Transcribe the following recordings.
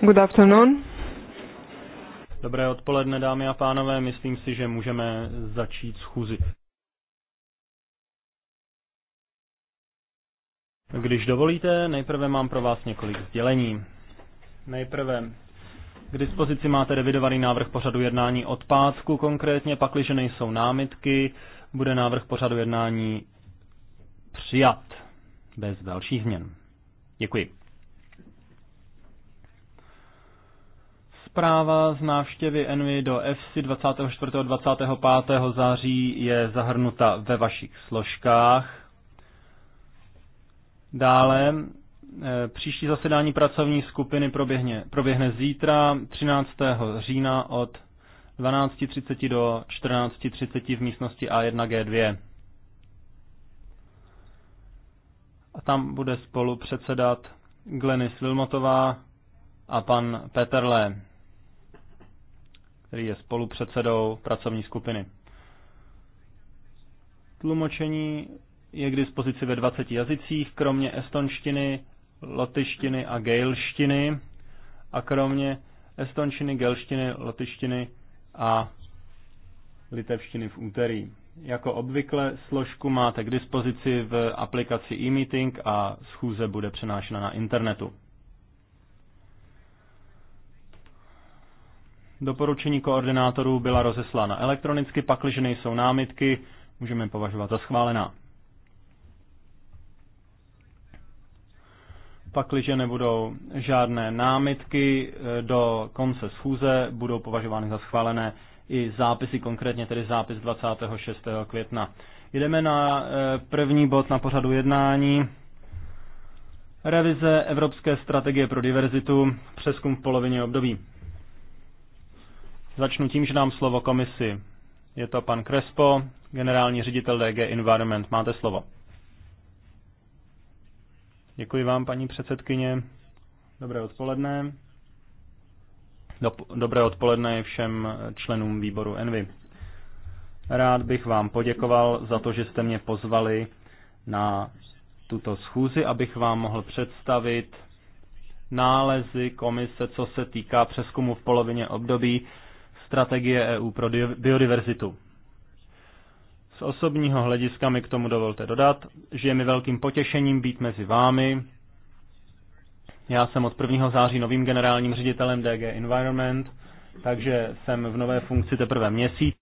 Good afternoon. Dobré odpoledne, dámy a pánové. Myslím si, že můžeme začít schůzi. Když dovolíte, nejprve mám pro vás několik sdělení. Nejprve k dispozici máte revidovaný návrh pořadu jednání od pátku konkrétně, pakliže nejsou námitky, bude návrh pořadu jednání přijat bez dalších změn. Děkuji. Zpráva z návštěvy Envy do FC 24. 25. září je zahrnuta ve vašich složkách. Dále eh, příští zasedání pracovní skupiny proběhne, proběhne zítra 13. října od 12.30 do 14.30 v místnosti A1G2. A tam bude spolu předsedat Glenis Vilmotová a pan Peterle který je spolupředsedou pracovní skupiny. Tlumočení je k dispozici ve 20 jazycích, kromě estonštiny, lotyštiny a gejlštiny a kromě estonštiny, gelštiny, lotyštiny a litevštiny v úterý. Jako obvykle složku máte k dispozici v aplikaci e-meeting a schůze bude přenášena na internetu. Doporučení koordinátorů byla rozeslána elektronicky, pakliže nejsou námitky, můžeme považovat za schválená. Pakliže nebudou žádné námitky e, do konce schůze, budou považovány za schválené i zápisy, konkrétně tedy zápis 26. května. Jdeme na e, první bod na pořadu jednání. Revize Evropské strategie pro diverzitu, přeskum v polovině období. Začnu tím, že dám slovo komisi. Je to pan Krespo, generální ředitel DG Environment. Máte slovo. Děkuji vám, paní předsedkyně. Dobré odpoledne. Dobré odpoledne všem členům výboru Envy. Rád bych vám poděkoval za to, že jste mě pozvali na tuto schůzi, abych vám mohl představit nálezy komise, co se týká přeskumu v polovině období strategie EU pro biodiverzitu. Z osobního hlediska mi k tomu dovolte dodat, že je mi velkým potěšením být mezi vámi. Já jsem od 1. září novým generálním ředitelem DG Environment, takže jsem v nové funkci teprve měsíc.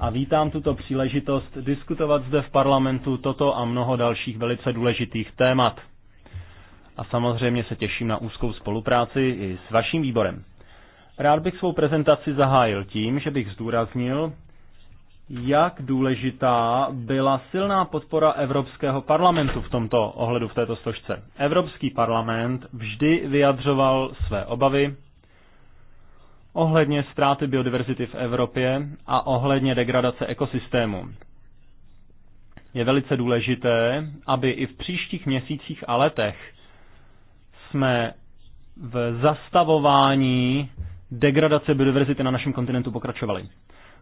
A vítám tuto příležitost diskutovat zde v parlamentu toto a mnoho dalších velice důležitých témat. A samozřejmě se těším na úzkou spolupráci i s vaším výborem. Rád bych svou prezentaci zahájil tím, že bych zdůraznil, jak důležitá byla silná podpora Evropského parlamentu v tomto ohledu, v této složce. Evropský parlament vždy vyjadřoval své obavy ohledně ztráty biodiverzity v Evropě a ohledně degradace ekosystému. Je velice důležité, aby i v příštích měsících a letech jsme v zastavování degradace biodiverzity na našem kontinentu pokračovaly.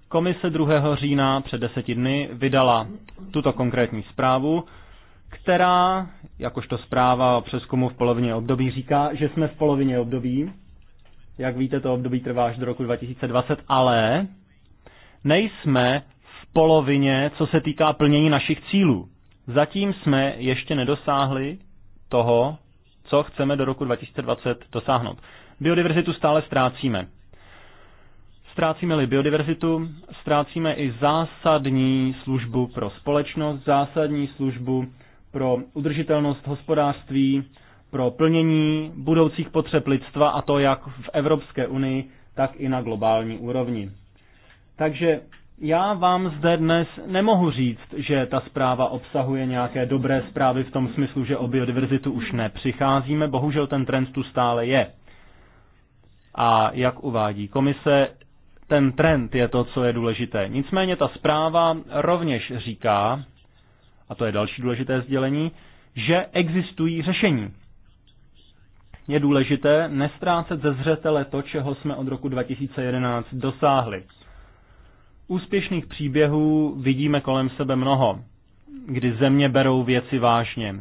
Komise 2. října před deseti dny vydala tuto konkrétní zprávu, která, jakožto zpráva o přeskumu v polovině období, říká, že jsme v polovině období. Jak víte, to období trvá až do roku 2020, ale nejsme v polovině, co se týká plnění našich cílů. Zatím jsme ještě nedosáhli toho, co chceme do roku 2020 dosáhnout biodiverzitu stále ztrácíme. Ztrácíme-li biodiverzitu, ztrácíme i zásadní službu pro společnost, zásadní službu pro udržitelnost hospodářství, pro plnění budoucích potřeb lidstva a to jak v Evropské unii, tak i na globální úrovni. Takže já vám zde dnes nemohu říct, že ta zpráva obsahuje nějaké dobré zprávy v tom smyslu, že o biodiverzitu už nepřicházíme, bohužel ten trend tu stále je. A jak uvádí komise, ten trend je to, co je důležité. Nicméně ta zpráva rovněž říká, a to je další důležité sdělení, že existují řešení. Je důležité nestrácet ze zřetele to, čeho jsme od roku 2011 dosáhli. Úspěšných příběhů vidíme kolem sebe mnoho, kdy země berou věci vážně,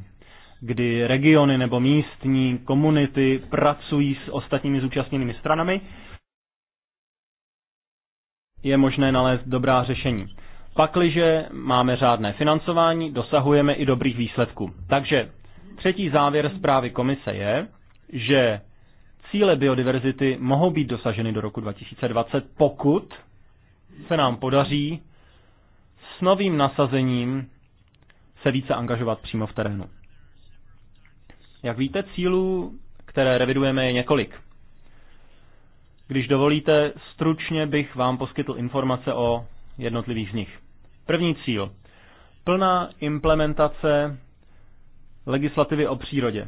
kdy regiony nebo místní komunity pracují s ostatními zúčastněnými stranami, je možné nalézt dobrá řešení. Pakliže máme řádné financování, dosahujeme i dobrých výsledků. Takže třetí závěr zprávy komise je, že cíle biodiverzity mohou být dosaženy do roku 2020, pokud se nám podaří s novým nasazením se více angažovat přímo v terénu. Jak víte, cílů, které revidujeme, je několik. Když dovolíte, stručně bych vám poskytl informace o jednotlivých z nich. První cíl. Plná implementace legislativy o přírodě.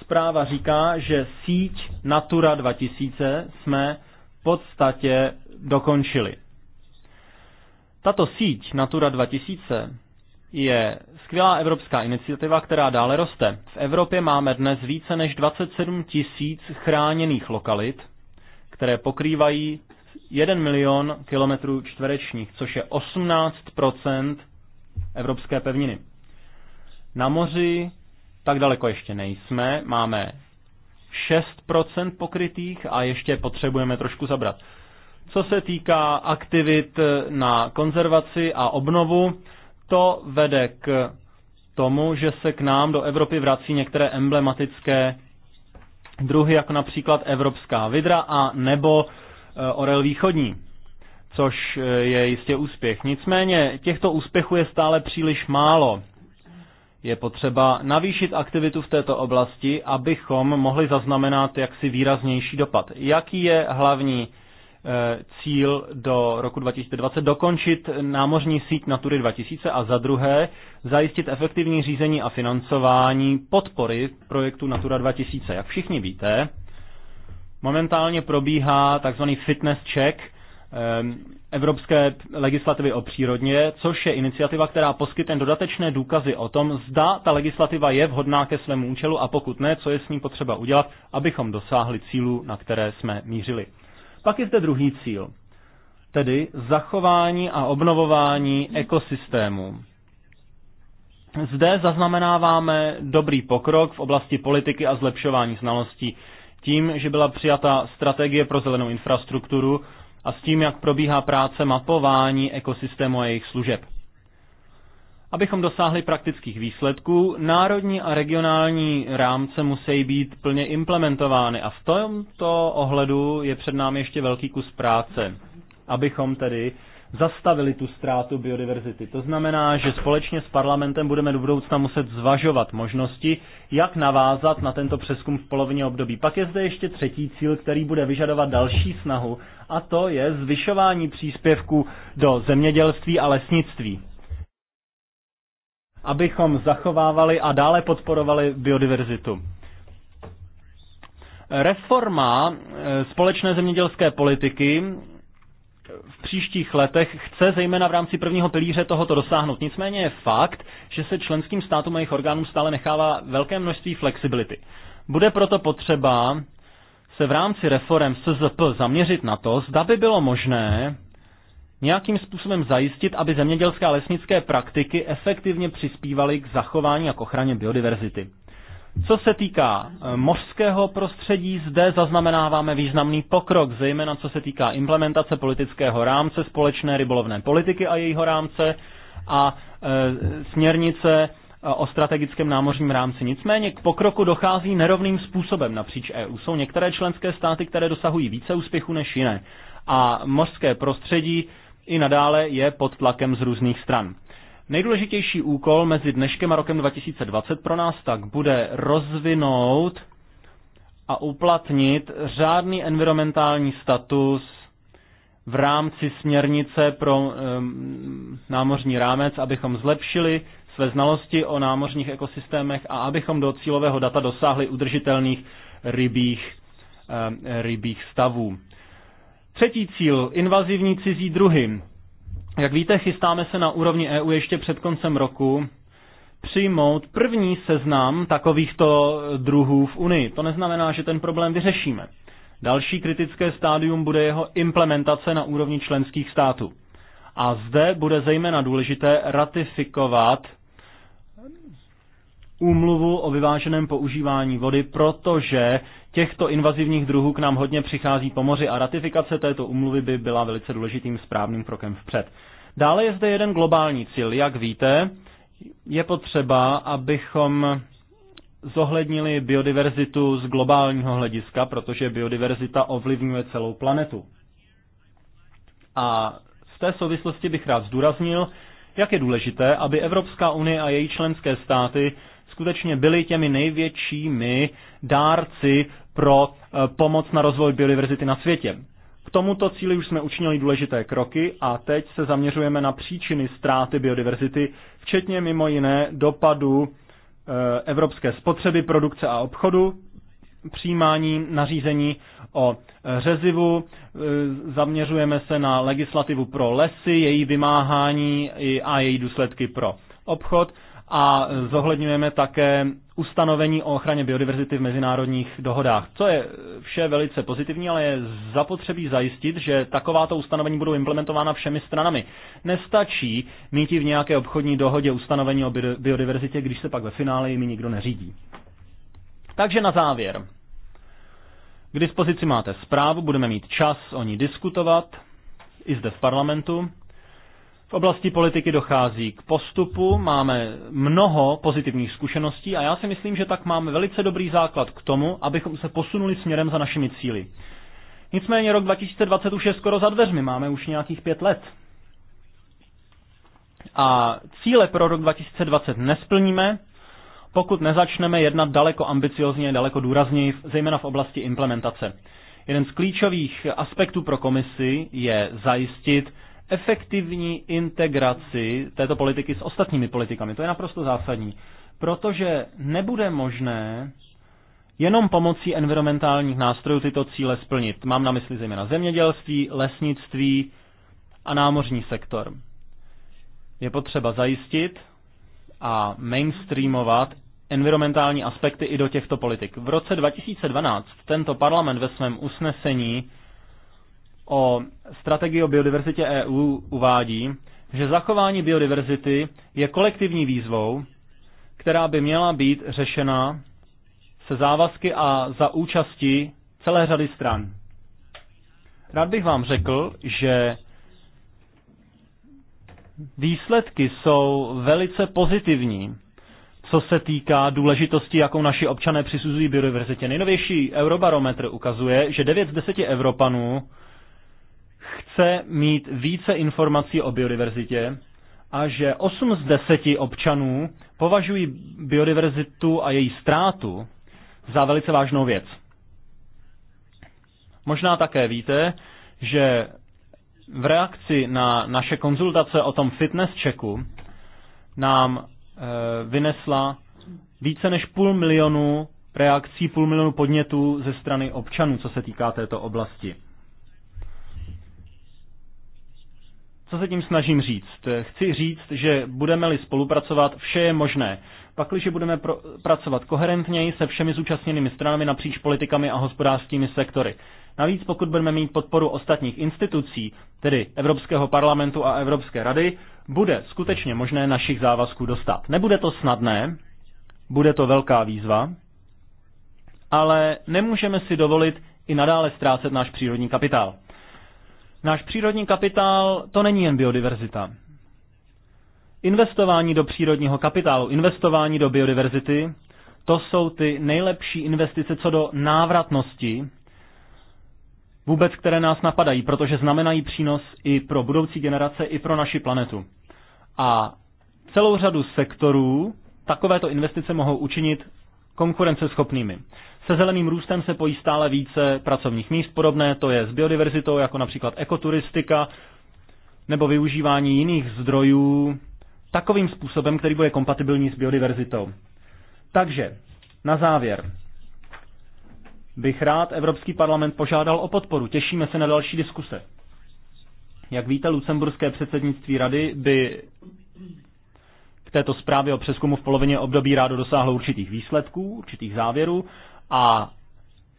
Zpráva říká, že síť Natura 2000 jsme v podstatě dokončili. Tato síť Natura 2000 je skvělá evropská iniciativa, která dále roste. V Evropě máme dnes více než 27 tisíc chráněných lokalit, které pokrývají 1 milion kilometrů čtverečních, což je 18 evropské pevniny. Na moři tak daleko ještě nejsme, máme 6% pokrytých a ještě potřebujeme trošku zabrat. Co se týká aktivit na konzervaci a obnovu, to vede k tomu, že se k nám do Evropy vrací některé emblematické druhy, jako například evropská vidra a nebo e, orel východní, což e, je jistě úspěch. Nicméně těchto úspěchů je stále příliš málo. Je potřeba navýšit aktivitu v této oblasti, abychom mohli zaznamenat jaksi výraznější dopad. Jaký je hlavní Eh, cíl do roku 2020 dokončit námořní síť Natury 2000 a za druhé zajistit efektivní řízení a financování podpory projektu Natura 2000. Jak všichni víte, momentálně probíhá tzv. fitness check ehm, evropské legislativy o přírodně, což je iniciativa, která poskytne dodatečné důkazy o tom, zda ta legislativa je vhodná ke svému účelu a pokud ne, co je s ní potřeba udělat, abychom dosáhli cílů, na které jsme mířili. Pak je zde druhý cíl, tedy zachování a obnovování ekosystému. Zde zaznamenáváme dobrý pokrok v oblasti politiky a zlepšování znalostí tím, že byla přijata strategie pro zelenou infrastrukturu a s tím, jak probíhá práce mapování ekosystému a jejich služeb. Abychom dosáhli praktických výsledků, národní a regionální rámce musí být plně implementovány a v tomto ohledu je před námi ještě velký kus práce, abychom tedy zastavili tu ztrátu biodiverzity. To znamená, že společně s parlamentem budeme do budoucna muset zvažovat možnosti, jak navázat na tento přeskum v polovině období. Pak je zde ještě třetí cíl, který bude vyžadovat další snahu, a to je zvyšování příspěvku do zemědělství a lesnictví abychom zachovávali a dále podporovali biodiverzitu. Reforma eh, společné zemědělské politiky v příštích letech chce zejména v rámci prvního pilíře tohoto dosáhnout. Nicméně je fakt, že se členským státům a jejich orgánům stále nechává velké množství flexibility. Bude proto potřeba se v rámci reform SZP zaměřit na to, zda by bylo možné nějakým způsobem zajistit, aby zemědělské a lesnické praktiky efektivně přispívaly k zachování a k ochraně biodiverzity. Co se týká eh, mořského prostředí, zde zaznamenáváme významný pokrok, zejména co se týká implementace politického rámce společné rybolovné politiky a jejího rámce a e, směrnice eh, o strategickém námořním rámci. Nicméně k pokroku dochází nerovným způsobem napříč EU. Jsou některé členské státy, které dosahují více úspěchu než jiné. A mořské prostředí i nadále je pod tlakem z různých stran. Nejdůležitější úkol mezi dneškem a rokem 2020 pro nás tak bude rozvinout a uplatnit řádný environmentální status v rámci směrnice pro um, námořní rámec, abychom zlepšili své znalosti o námořních ekosystémech a abychom do cílového data dosáhli udržitelných rybích, um, rybích stavů. Třetí cíl, invazivní cizí druhy. Jak víte, chystáme se na úrovni EU ještě před koncem roku přijmout první seznam takovýchto druhů v Unii. To neznamená, že ten problém vyřešíme. Další kritické stádium bude jeho implementace na úrovni členských států. A zde bude zejména důležité ratifikovat úmluvu o vyváženém používání vody, protože Těchto invazivních druhů k nám hodně přichází po moři a ratifikace této umluvy by byla velice důležitým správným krokem vpřed. Dále je zde jeden globální cíl. Jak víte, je potřeba, abychom zohlednili biodiverzitu z globálního hlediska, protože biodiverzita ovlivňuje celou planetu. A v té souvislosti bych rád zdůraznil, jak je důležité, aby Evropská unie a její členské státy skutečně byly těmi největšími dárci pro eh, pomoc na rozvoj biodiverzity na světě. K tomuto cíli už jsme učinili důležité kroky a teď se zaměřujeme na příčiny ztráty biodiverzity, včetně mimo jiné dopadu eh, evropské spotřeby, produkce a obchodu, přijímání nařízení o eh, řezivu, zaměřujeme se na legislativu pro lesy, její vymáhání a její důsledky pro obchod a zohledňujeme také ustanovení o ochraně biodiverzity v mezinárodních dohodách. Co je vše velice pozitivní, ale je zapotřebí zajistit, že takováto ustanovení budou implementována všemi stranami. Nestačí mít v nějaké obchodní dohodě ustanovení o biodiverzitě, když se pak ve finále jimi nikdo neřídí. Takže na závěr. K dispozici máte zprávu, budeme mít čas o ní diskutovat i zde v parlamentu. V oblasti politiky dochází k postupu, máme mnoho pozitivních zkušeností a já si myslím, že tak máme velice dobrý základ k tomu, abychom se posunuli směrem za našimi cíly. Nicméně rok 2020 už je skoro za dveřmi, máme už nějakých pět let. A cíle pro rok 2020 nesplníme, pokud nezačneme jednat daleko ambiciozně, daleko důrazněji, zejména v oblasti implementace. Jeden z klíčových aspektů pro komisi je zajistit, efektivní integraci této politiky s ostatními politikami. To je naprosto zásadní, protože nebude možné jenom pomocí environmentálních nástrojů tyto cíle splnit. Mám na mysli zejména zemědělství, lesnictví a námořní sektor. Je potřeba zajistit a mainstreamovat environmentální aspekty i do těchto politik. V roce 2012 tento parlament ve svém usnesení o strategii o biodiverzitě EU uvádí, že zachování biodiverzity je kolektivní výzvou, která by měla být řešena se závazky a za účasti celé řady stran. Rád bych vám řekl, že výsledky jsou velice pozitivní, co se týká důležitosti, jakou naši občané přisuzují biodiverzitě. Nejnovější eurobarometr ukazuje, že 9 z 10 Evropanů chce mít více informací o biodiverzitě a že 8 z 10 občanů považují biodiverzitu a její ztrátu za velice vážnou věc. Možná také víte, že v reakci na naše konzultace o tom fitness checku nám e, vynesla více než půl milionu reakcí, půl milionu podnětů ze strany občanů, co se týká této oblasti. Co se tím snažím říct? Chci říct, že budeme-li spolupracovat, vše je možné. Pakliže budeme pro- pracovat koherentněji se všemi zúčastněnými stranami napříč politikami a hospodářskými sektory. Navíc pokud budeme mít podporu ostatních institucí, tedy Evropského parlamentu a Evropské rady, bude skutečně možné našich závazků dostat. Nebude to snadné, bude to velká výzva, ale nemůžeme si dovolit i nadále ztrácet náš přírodní kapitál. Náš přírodní kapitál to není jen biodiverzita. Investování do přírodního kapitálu, investování do biodiverzity, to jsou ty nejlepší investice co do návratnosti, vůbec které nás napadají, protože znamenají přínos i pro budoucí generace, i pro naši planetu. A celou řadu sektorů takovéto investice mohou učinit konkurenceschopnými. Se zeleným růstem se pojí stále více pracovních míst, podobné to je s biodiverzitou, jako například ekoturistika nebo využívání jiných zdrojů takovým způsobem, který bude kompatibilní s biodiverzitou. Takže, na závěr, bych rád Evropský parlament požádal o podporu. Těšíme se na další diskuse. Jak víte, lucemburské předsednictví rady by k této zprávě o přeskumu v polovině období rádo dosáhlo určitých výsledků, určitých závěrů a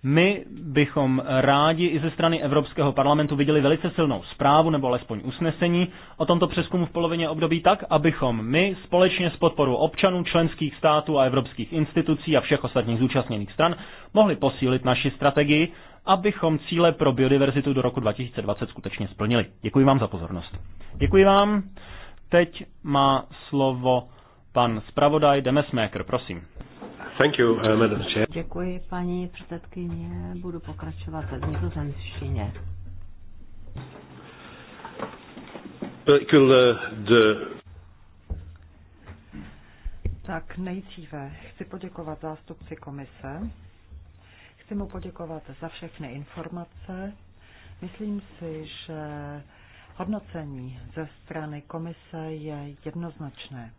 my bychom rádi i ze strany Evropského parlamentu viděli velice silnou zprávu nebo alespoň usnesení o tomto přeskumu v polovině období tak, abychom my společně s podporou občanů, členských států a evropských institucí a všech ostatních zúčastněných stran mohli posílit naši strategii, abychom cíle pro biodiverzitu do roku 2020 skutečně splnili. Děkuji vám za pozornost. Děkuji vám. Teď má slovo pan zpravodaj Demesmaker, prosím. Thank you, uh, Madam Chair. Děkuji, paní předsedkyně. Budu pokračovat v nizozemštině. de tak nejdříve chci poděkovat zástupci komise. Chci mu poděkovat za všechny informace. Myslím si, že hodnocení ze strany komise je jednoznačné.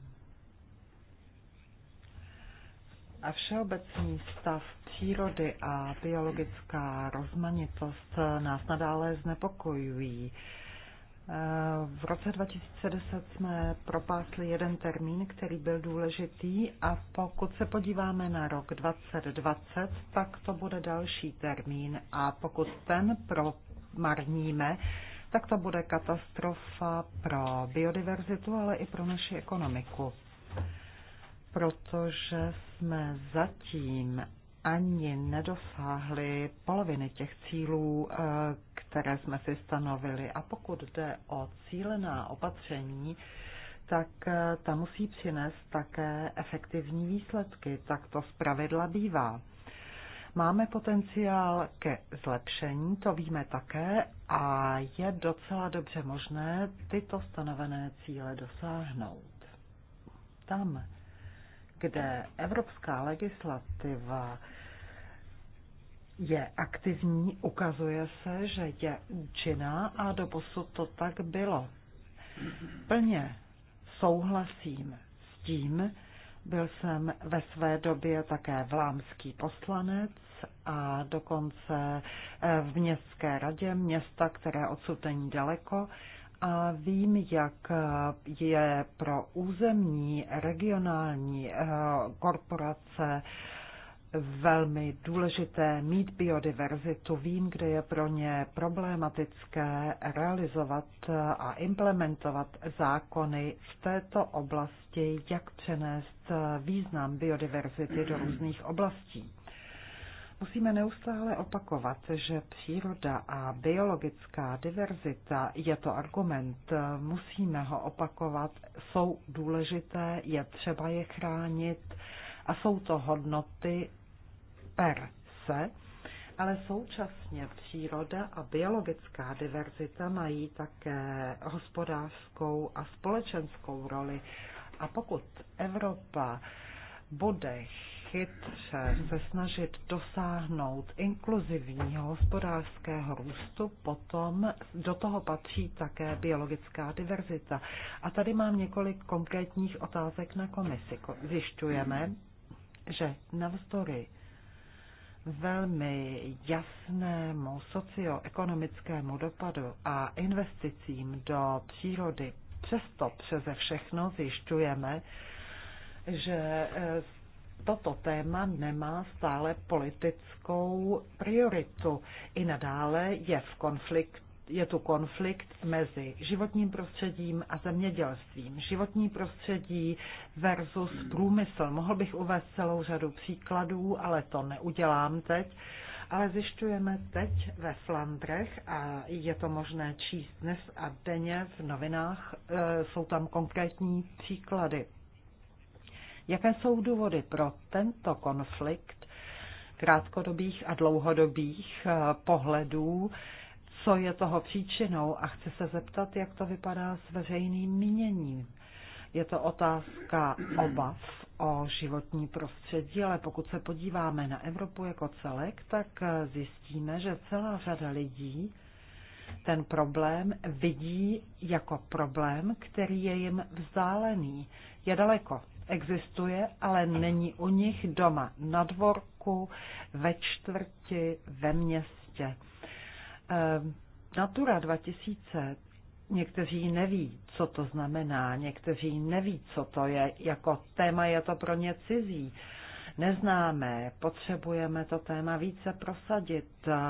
a všeobecný stav přírody a biologická rozmanitost nás nadále znepokojují. Eh, v roce 2010 jsme propásli jeden termín, který byl důležitý a pokud se podíváme na rok 2020, tak to bude další termín a pokud ten promarníme, tak to bude katastrofa pro biodiverzitu, ale i pro naši ekonomiku protože jsme zatím ani nedosáhli poloviny těch cílů, eh, které jsme si stanovili. A pokud jde o cílená opatření, tak eh, ta musí přinést také efektivní výsledky. Tak to zpravidla bývá. Máme potenciál ke zlepšení, to víme také, a je docela dobře možné tyto stanovené cíle dosáhnout. Tam, kde evropská legislativa je aktivní, ukazuje se, že je účinná a doposud to tak bylo. Plně souhlasím s tím, byl jsem ve své době také vlámský poslanec a dokonce eh, v městské radě města, které odsud není daleko a vím, jak je pro územní, regionální eh, korporace velmi důležité mít biodiverzitu. Vím, kde je pro ně problematické realizovat eh, a implementovat zákony v této oblasti, jak přenést eh, význam biodiverzity do různých oblastí. Musíme neustále opakovat, že příroda a biologická diverzita je to argument, musíme ho opakovat, jsou důležité, je třeba je chránit a jsou to hodnoty per se, ale současně příroda a biologická diverzita mají také hospodářskou a společenskou roli. A pokud Evropa bude chytře se snažit dosáhnout inkluzivního hospodářského růstu, potom do toho patří také biologická diverzita. A tady mám několik konkrétních otázek na komisi. Zjišťujeme, že navzdory velmi jasnému socioekonomickému dopadu a investicím do přírody, přesto přeze všechno zjišťujeme, že eh, toto téma nemá stále politickou prioritu. I nadále je v konflikt je tu konflikt mezi životním prostředím a zemědělstvím. Životní prostředí versus průmysl. Mohl bych uvést celou řadu příkladů, ale to neudělám teď. Ale zjišťujeme teď ve Flandrech a je to možné číst dnes a denně v novinách, e, jsou tam konkrétní příklady. Jaké jsou důvody pro tento konflikt krátkodobých a dlouhodobých eh, pohledů? Co je toho příčinou? A chci se zeptat, jak to vypadá s veřejným míněním. Je to otázka obav o životní prostředí, ale pokud se podíváme na Evropu jako celek, tak eh, zjistíme, že celá řada lidí ten problém vidí jako problém, který je jim vzdálený, je daleko existuje, ale není u nich doma na dvorku, ve čtvrti, ve městě. Ehm, Natura 2000 Někteří neví, co to znamená, někteří neví, co to je, jako téma je to pro ně cizí. Neznáme, potřebujeme to téma více prosadit,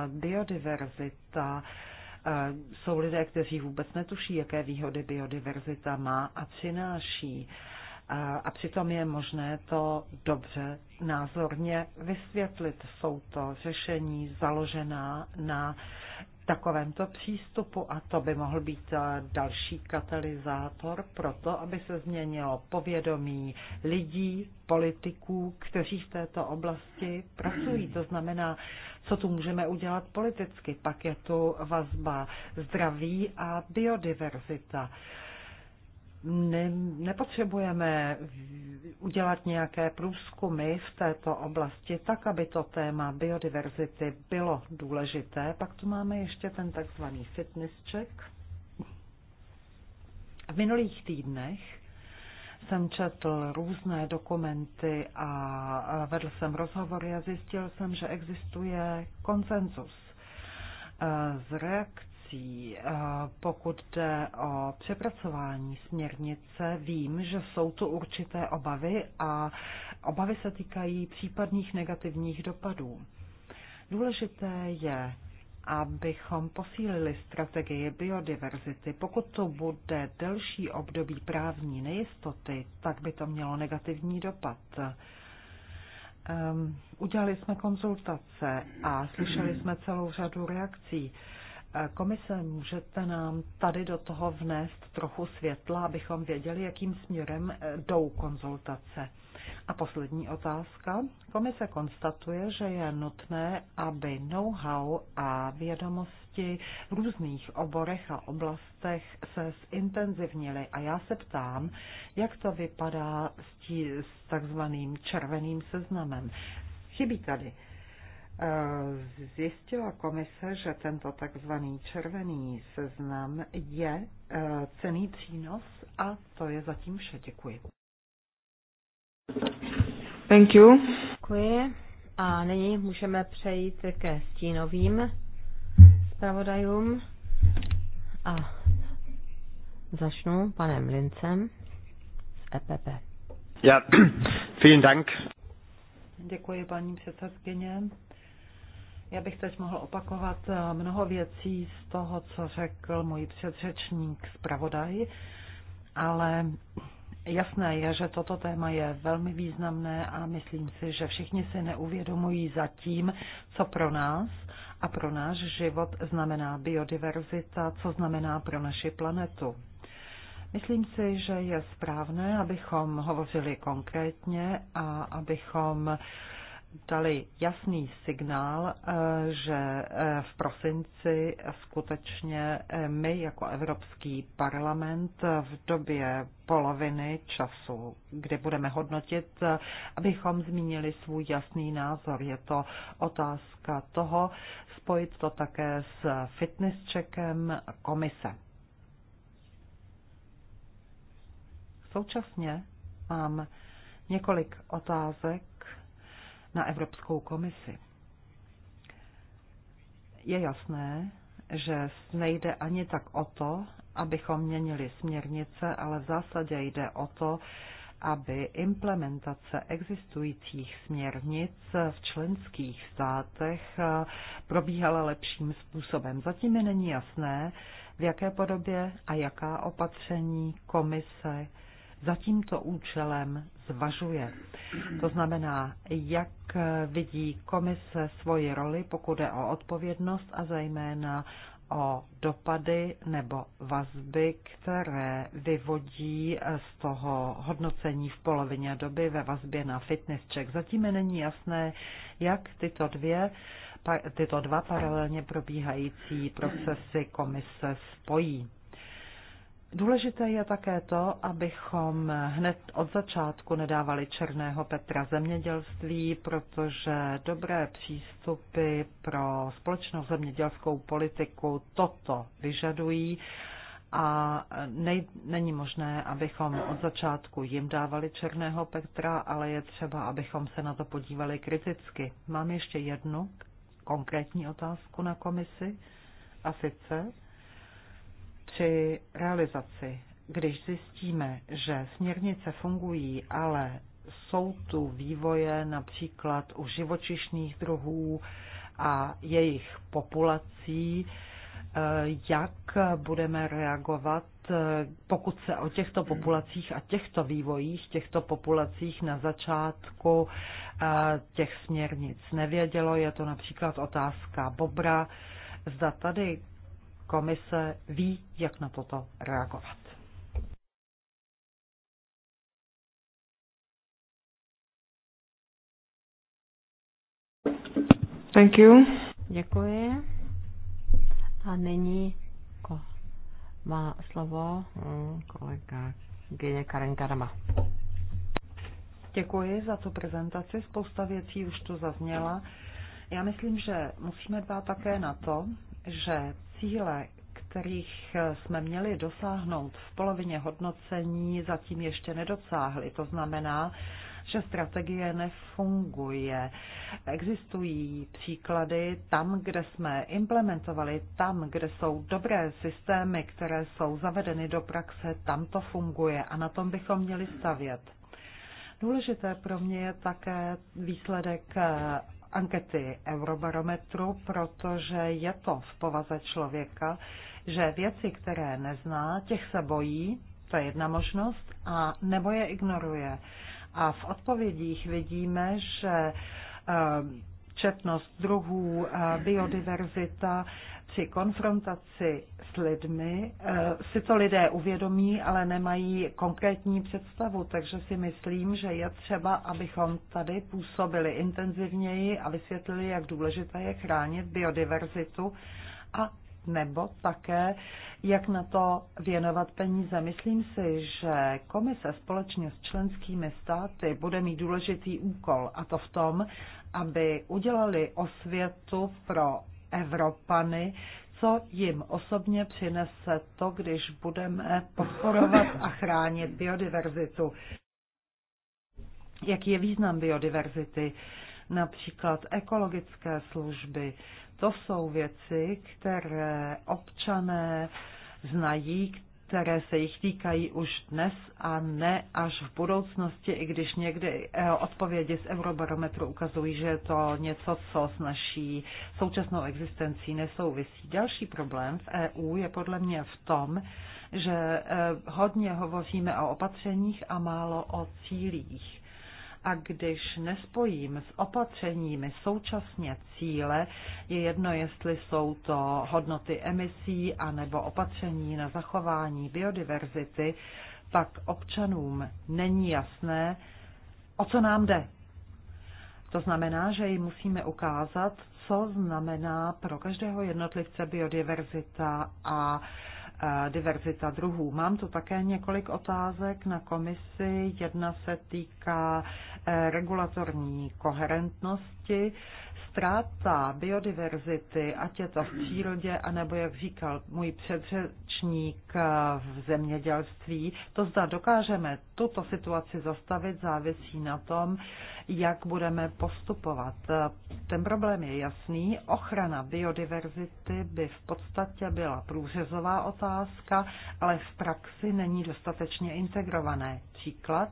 biodiverzita, ehm, jsou lidé, kteří vůbec netuší, jaké výhody biodiverzita má a přináší a přitom je možné to dobře názorně vysvětlit. Jsou to řešení založená na takovémto přístupu a to by mohl být eh, další katalyzátor pro to, aby se změnilo povědomí lidí, politiků, kteří v této oblasti pracují. To znamená, co tu můžeme udělat politicky. Pak je tu vazba zdraví a biodiverzita. Uh, ne, nepotřebujeme udělat nějaké průzkumy v této oblasti, tak aby to téma biodiverzity bylo důležité. Pak tu máme ještě ten takzvaný fitness check. V minulých týdnech jsem četl různé dokumenty a vedl jsem rozhovory a zjistil jsem, že existuje konsenzus eh, z reakce věcí. Eh, pokud jde o přepracování směrnice, vím, že jsou tu určité obavy a obavy se týkají případných negativních dopadů. Důležité je, abychom posílili strategii biodiverzity. Pokud to bude delší období právní nejistoty, tak by to mělo negativní dopad. Um, udělali jsme konzultace a slyšeli jsme celou řadu reakcí. Uh, Komise, můžete nám tady do toho vnést trochu světla, abychom věděli, jakým směrem eh, jdou konzultace. A poslední otázka. Komise konstatuje, že je nutné, aby know-how a vědomosti v různých oborech a oblastech se zintenzivnily. A já se ptám, jak to vypadá s, tí, s takzvaným červeným seznamem. Chybí tady Eh, zjistila komise, že tento takzvaný červený seznam je eh, cený přínos a to je zatím vše. Děkuji. Thank you. Děkuji. A nyní můžeme přejít ke stínovým zpravodajům. A začnu panem Lincem z EPP. Ja, vielen Dank. Děkuji, paní předsedkyně. Já bych teď mohl opakovat eh, mnoho věcí z toho, co řekl můj předřečník zpravodaj, ale jasné je, že toto téma je velmi významné a myslím si, že všichni si neuvědomují zatím, co pro nás a pro náš život znamená biodiverzita, co znamená pro naši planetu. Myslím si, že je správné, abychom hovořili konkrétně a abychom dali jasný signál, eh, že eh, v prosinci skutečně eh, my jako Evropský parlament v době poloviny času, kdy budeme hodnotit, abychom zmínili svůj jasný názor. Je to otázka toho spojit to také s fitness checkem komise. Současně mám několik otázek na Evropskou komisi. Je jasné, že nejde ani tak o to, abychom měnili směrnice, ale v zásadě jde o to, aby implementace existujících směrnic v členských státech eh, probíhala lepším způsobem. Zatím mi není jasné, v jaké podobě a jaká opatření komise za tímto účelem zvažuje. To znamená, jak vidí komise svoji roli, pokud je o odpovědnost a zejména o dopady nebo vazby, které vyvodí z toho hodnocení v polovině doby ve vazbě na fitness check. Zatím není jasné, jak tyto dvě tyto dva paralelně probíhající procesy komise spojí. Důležité je také to, abychom hned od začátku nedávali černého Petra zemědělství, protože dobré přístupy pro společnou zemědělskou politiku toto vyžadují a nej, není možné, abychom od začátku jim dávali černého Petra, ale je třeba, abychom se na to podívali kriticky. Mám ještě jednu konkrétní otázku na komisi a sice, při realizaci, když zjistíme, že směrnice fungují, ale jsou tu vývoje například u živočišných druhů a jejich populací, eh, jak budeme reagovat, eh, pokud se o těchto populacích a těchto vývojích, těchto populacích na začátku eh, těch směrnic nevědělo. Je to například otázka bobra. Zda tady komise ví, jak na toto reagovat. Thank you. Děkuji. A nyní ko, má slovo mm, kolega Gyně Karen Karma. Děkuji za tu prezentaci. Spousta věcí už tu zazněla. Já myslím, že musíme dbát také na to, že cíle, kterých eh, jsme měli dosáhnout v polovině hodnocení, zatím ještě nedosáhli. To znamená, že strategie nefunguje. Existují příklady tam, kde jsme implementovali, tam, kde jsou dobré systémy, které jsou zavedeny do praxe, tam to funguje a na tom bychom měli stavět. Důležité pro mě je také výsledek eh, ankety Eurobarometru, protože je to v povaze člověka, že věci, které nezná, těch se bojí, to je jedna možnost, a nebo je ignoruje. A v odpovědích vidíme, že eh, četnost druhů, eh, biodiverzita, při konfrontaci s lidmi eh, si to lidé uvědomí, ale nemají konkrétní představu, takže si myslím, že je třeba, abychom tady působili intenzivněji a vysvětlili, jak důležité je chránit biodiverzitu a nebo také, jak na to věnovat peníze. Myslím si, že komise společně s členskými státy bude mít důležitý úkol, a to v tom, aby udělali osvětu pro Evropany, co jim osobně přinese to, když budeme podporovat a chránit biodiverzitu. Jaký je význam biodiverzity? Například ekologické služby. To jsou věci, které občané znají, které se jich týkají už dnes a ne až v budoucnosti, i když někdy eh, odpovědi z Eurobarometru ukazují, že je to něco, co s naší současnou existencí nesouvisí. Další problém v EU je podle mě v tom, že eh, hodně hovoříme o opatřeních a málo o cílích a když nespojím s opatřeními současně cíle, je jedno, jestli jsou to hodnoty emisí anebo opatření na zachování biodiverzity, pak občanům není jasné, o co nám jde. To znamená, že jim musíme ukázat, co znamená pro každého jednotlivce biodiverzita a diverzita druhů. Mám tu také několik otázek na komisi. Jedna se týká eh, regulatorní koherentnosti ztráta biodiverzity, ať je to v přírodě, anebo jak říkal můj předřečník v zemědělství, to zda dokážeme tuto situaci zastavit, závisí na tom, jak budeme postupovat. Ten problém je jasný. Ochrana biodiverzity by v podstatě byla průřezová otázka, ale v praxi není dostatečně integrované. Příklad,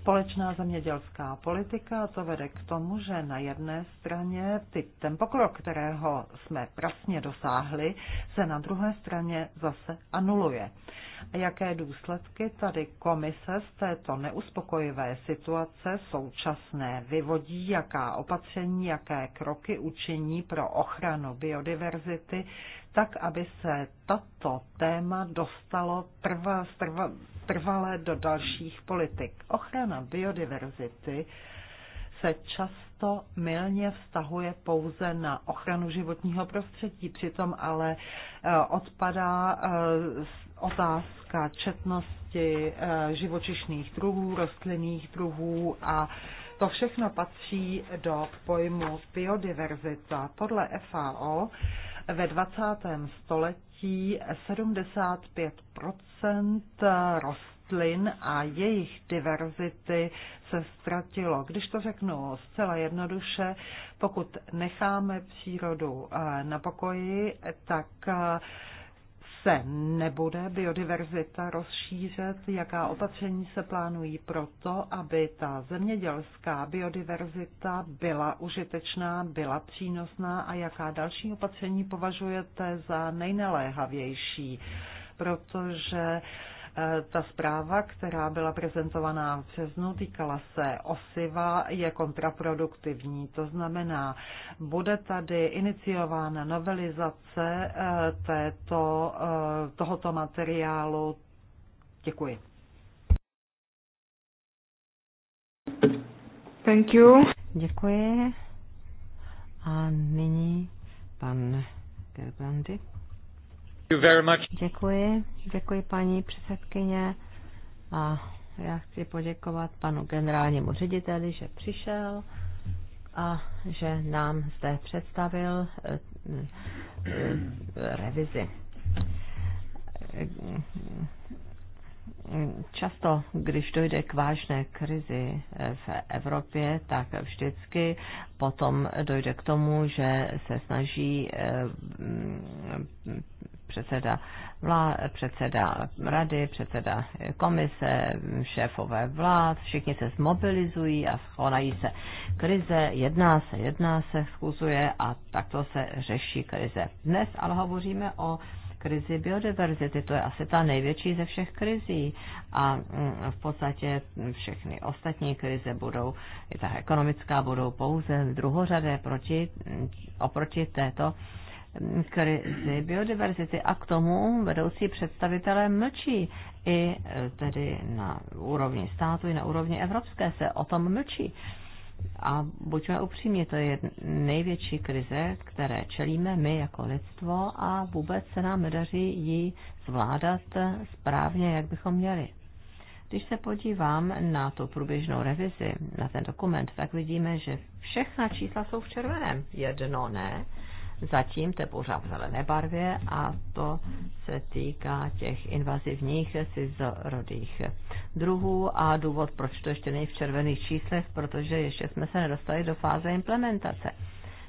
společná zemědělská politika. To vede k tomu, že na jedné straně ty, ten pokrok, kterého jsme prasně dosáhli, se na druhé straně zase anuluje. A jaké důsledky tady komise z této neuspokojivé situace současné vyvodí, jaká opatření, jaké kroky učiní pro ochranu biodiverzity, tak aby se tato téma dostalo trva, trva, trvale do dalších politik. Ochrana biodiverzity se často mylně vztahuje pouze na ochranu životního prostředí, přitom ale e, odpadá e, otázka četnosti e, živočišných druhů, rostlinných druhů a to všechno patří do pojmu biodiverzita. Podle FAO ve 20. století činností 75 rostlin a jejich diverzity se ztratilo. Když to řeknu zcela jednoduše, pokud necháme přírodu eh, na pokoji, tak eh, se nebude biodiverzita rozšířet, jaká opatření se plánují pro to, aby ta zemědělská biodiverzita byla užitečná, byla přínosná a jaká další opatření považujete za nejneléhavější, protože Eh, ta zpráva, která byla prezentovaná v březnu, týkala se osiva, je kontraproduktivní. To znamená, bude tady iniciována novelizace eh, této, eh, tohoto materiálu. Děkuji. Thank you. Děkuji. A nyní pan Gerbrandy. Děkuji, děkuji paní předsedkyně a já chci poděkovat panu generálnímu řediteli, že přišel a že nám zde představil eh, eh, revizi. Často, když dojde k vážné krizi eh, v Evropě, tak vždycky potom dojde k tomu, že se snaží předseda, vlá, předseda rady, předseda komise, šéfové vlád, všichni se zmobilizují a schonají se krize, jedná se, jedná se, schůzuje a takto se řeší krize. Dnes ale hovoříme o krizi biodiverzity. To je asi ta největší ze všech krizí a mm, v podstatě všechny ostatní krize budou, i ta ekonomická, budou pouze druhořadé proti, oproti této krizi biodiverzity a k tomu vedoucí představitelé mlčí. I e, tedy na úrovni státu, i na úrovni evropské se o tom mlčí. A buďme upřímní, to je největší krize, které čelíme my jako lidstvo a vůbec se nám nedaří ji zvládat správně, jak bychom měli. Když se podívám na tu průběžnou revizi, na ten dokument, tak vidíme, že všechna čísla jsou v červeném. Jedno ne, zatím, to je pořád v zelené barvě, a to se týká těch invazivních cizorodých druhů a důvod, proč to ještě není v červených číslech, protože ještě jsme se nedostali do fáze implementace.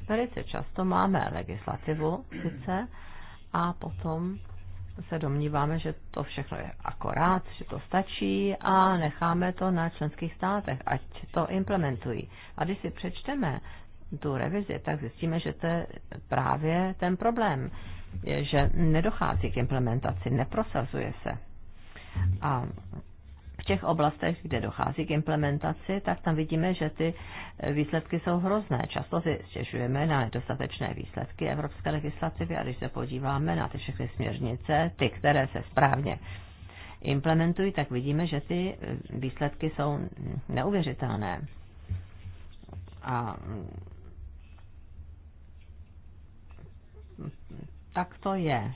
Velice často máme legislativu sice a potom se domníváme, že to všechno je akorát, že to stačí a necháme to na členských státech, ať to implementují. A když si přečteme tu revizi, tak zjistíme, že to je právě ten problém, že nedochází k implementaci, neprosazuje se. A v těch oblastech, kde dochází k implementaci, tak tam vidíme, že ty výsledky jsou hrozné. Často si stěžujeme na nedostatečné výsledky evropské legislativy a když se podíváme na ty všechny směrnice, ty, které se správně implementují, tak vidíme, že ty výsledky jsou neuvěřitelné. A tak to je.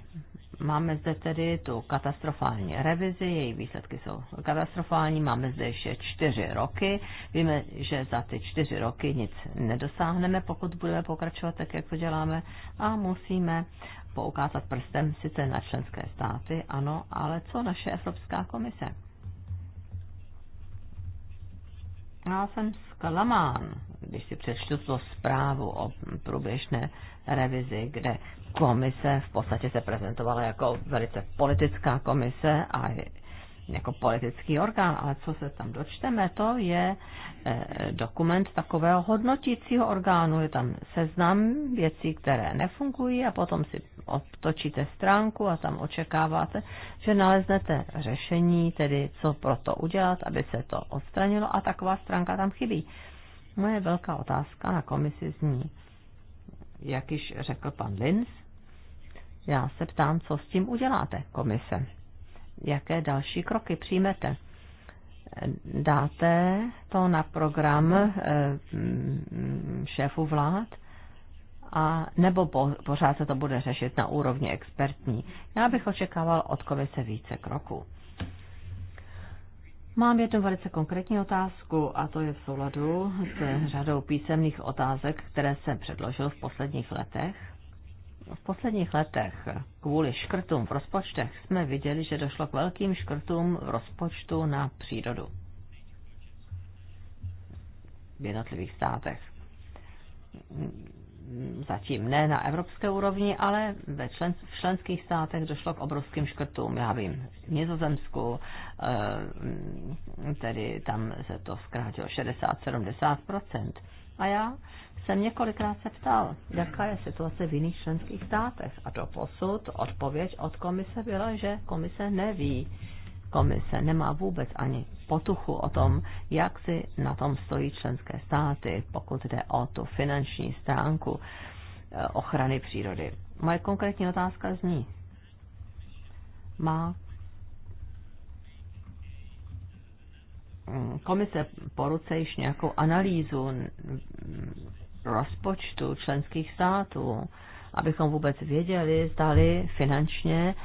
Máme zde tedy tu katastrofální revizi, její výsledky jsou katastrofální, máme zde ještě čtyři roky. Víme, že za ty čtyři roky nic nedosáhneme, pokud budeme pokračovat tak, jak to děláme a musíme poukázat prstem sice na členské státy, ano, ale co naše Evropská komise? Já jsem zklamán, když si přečtu tu zprávu o průběžné revizi, kde komise v podstatě se prezentovala jako velice politická komise a jako politický orgán, ale co se tam dočteme, to je eh, dokument takového hodnotícího orgánu. Je tam seznam věcí, které nefungují a potom si otočíte stránku a tam očekáváte, že naleznete řešení, tedy co pro to udělat, aby se to odstranilo a taková stránka tam chybí. Moje velká otázka na komisi zní, jak již řekl pan Linz, já se ptám, co s tím uděláte, komise jaké další kroky přijmete. Dáte to na program eh, mm, šéfu vlád? a nebo po, pořád se to bude řešit na úrovni expertní. Já bych očekával od se více kroků. Mám jednu velice konkrétní otázku a to je v souladu s řadou písemných otázek, které jsem předložil v posledních letech v posledních letech kvůli škrtům v rozpočtech jsme viděli, že došlo k velkým škrtům v rozpočtu na přírodu v jednotlivých státech. Zatím ne na evropské úrovni, ale ve člen, v členských státech došlo k obrovským škrtům. Já vím, v Nizozemsku, eh, tedy tam se to zkrátilo 60-70%. A já jsem několikrát se ptal, jaká je situace v jiných členských státech. A do posud odpověď od komise byla, že komise neví. Komise nemá vůbec ani potuchu o tom, jak si na tom stojí členské státy, pokud jde o tu finanční stránku eh, ochrany přírody. Moje konkrétní otázka zní, má Mm, komise po ruce již nějakou analýzu rozpočtu členských států, abychom vůbec věděli, zdali finančně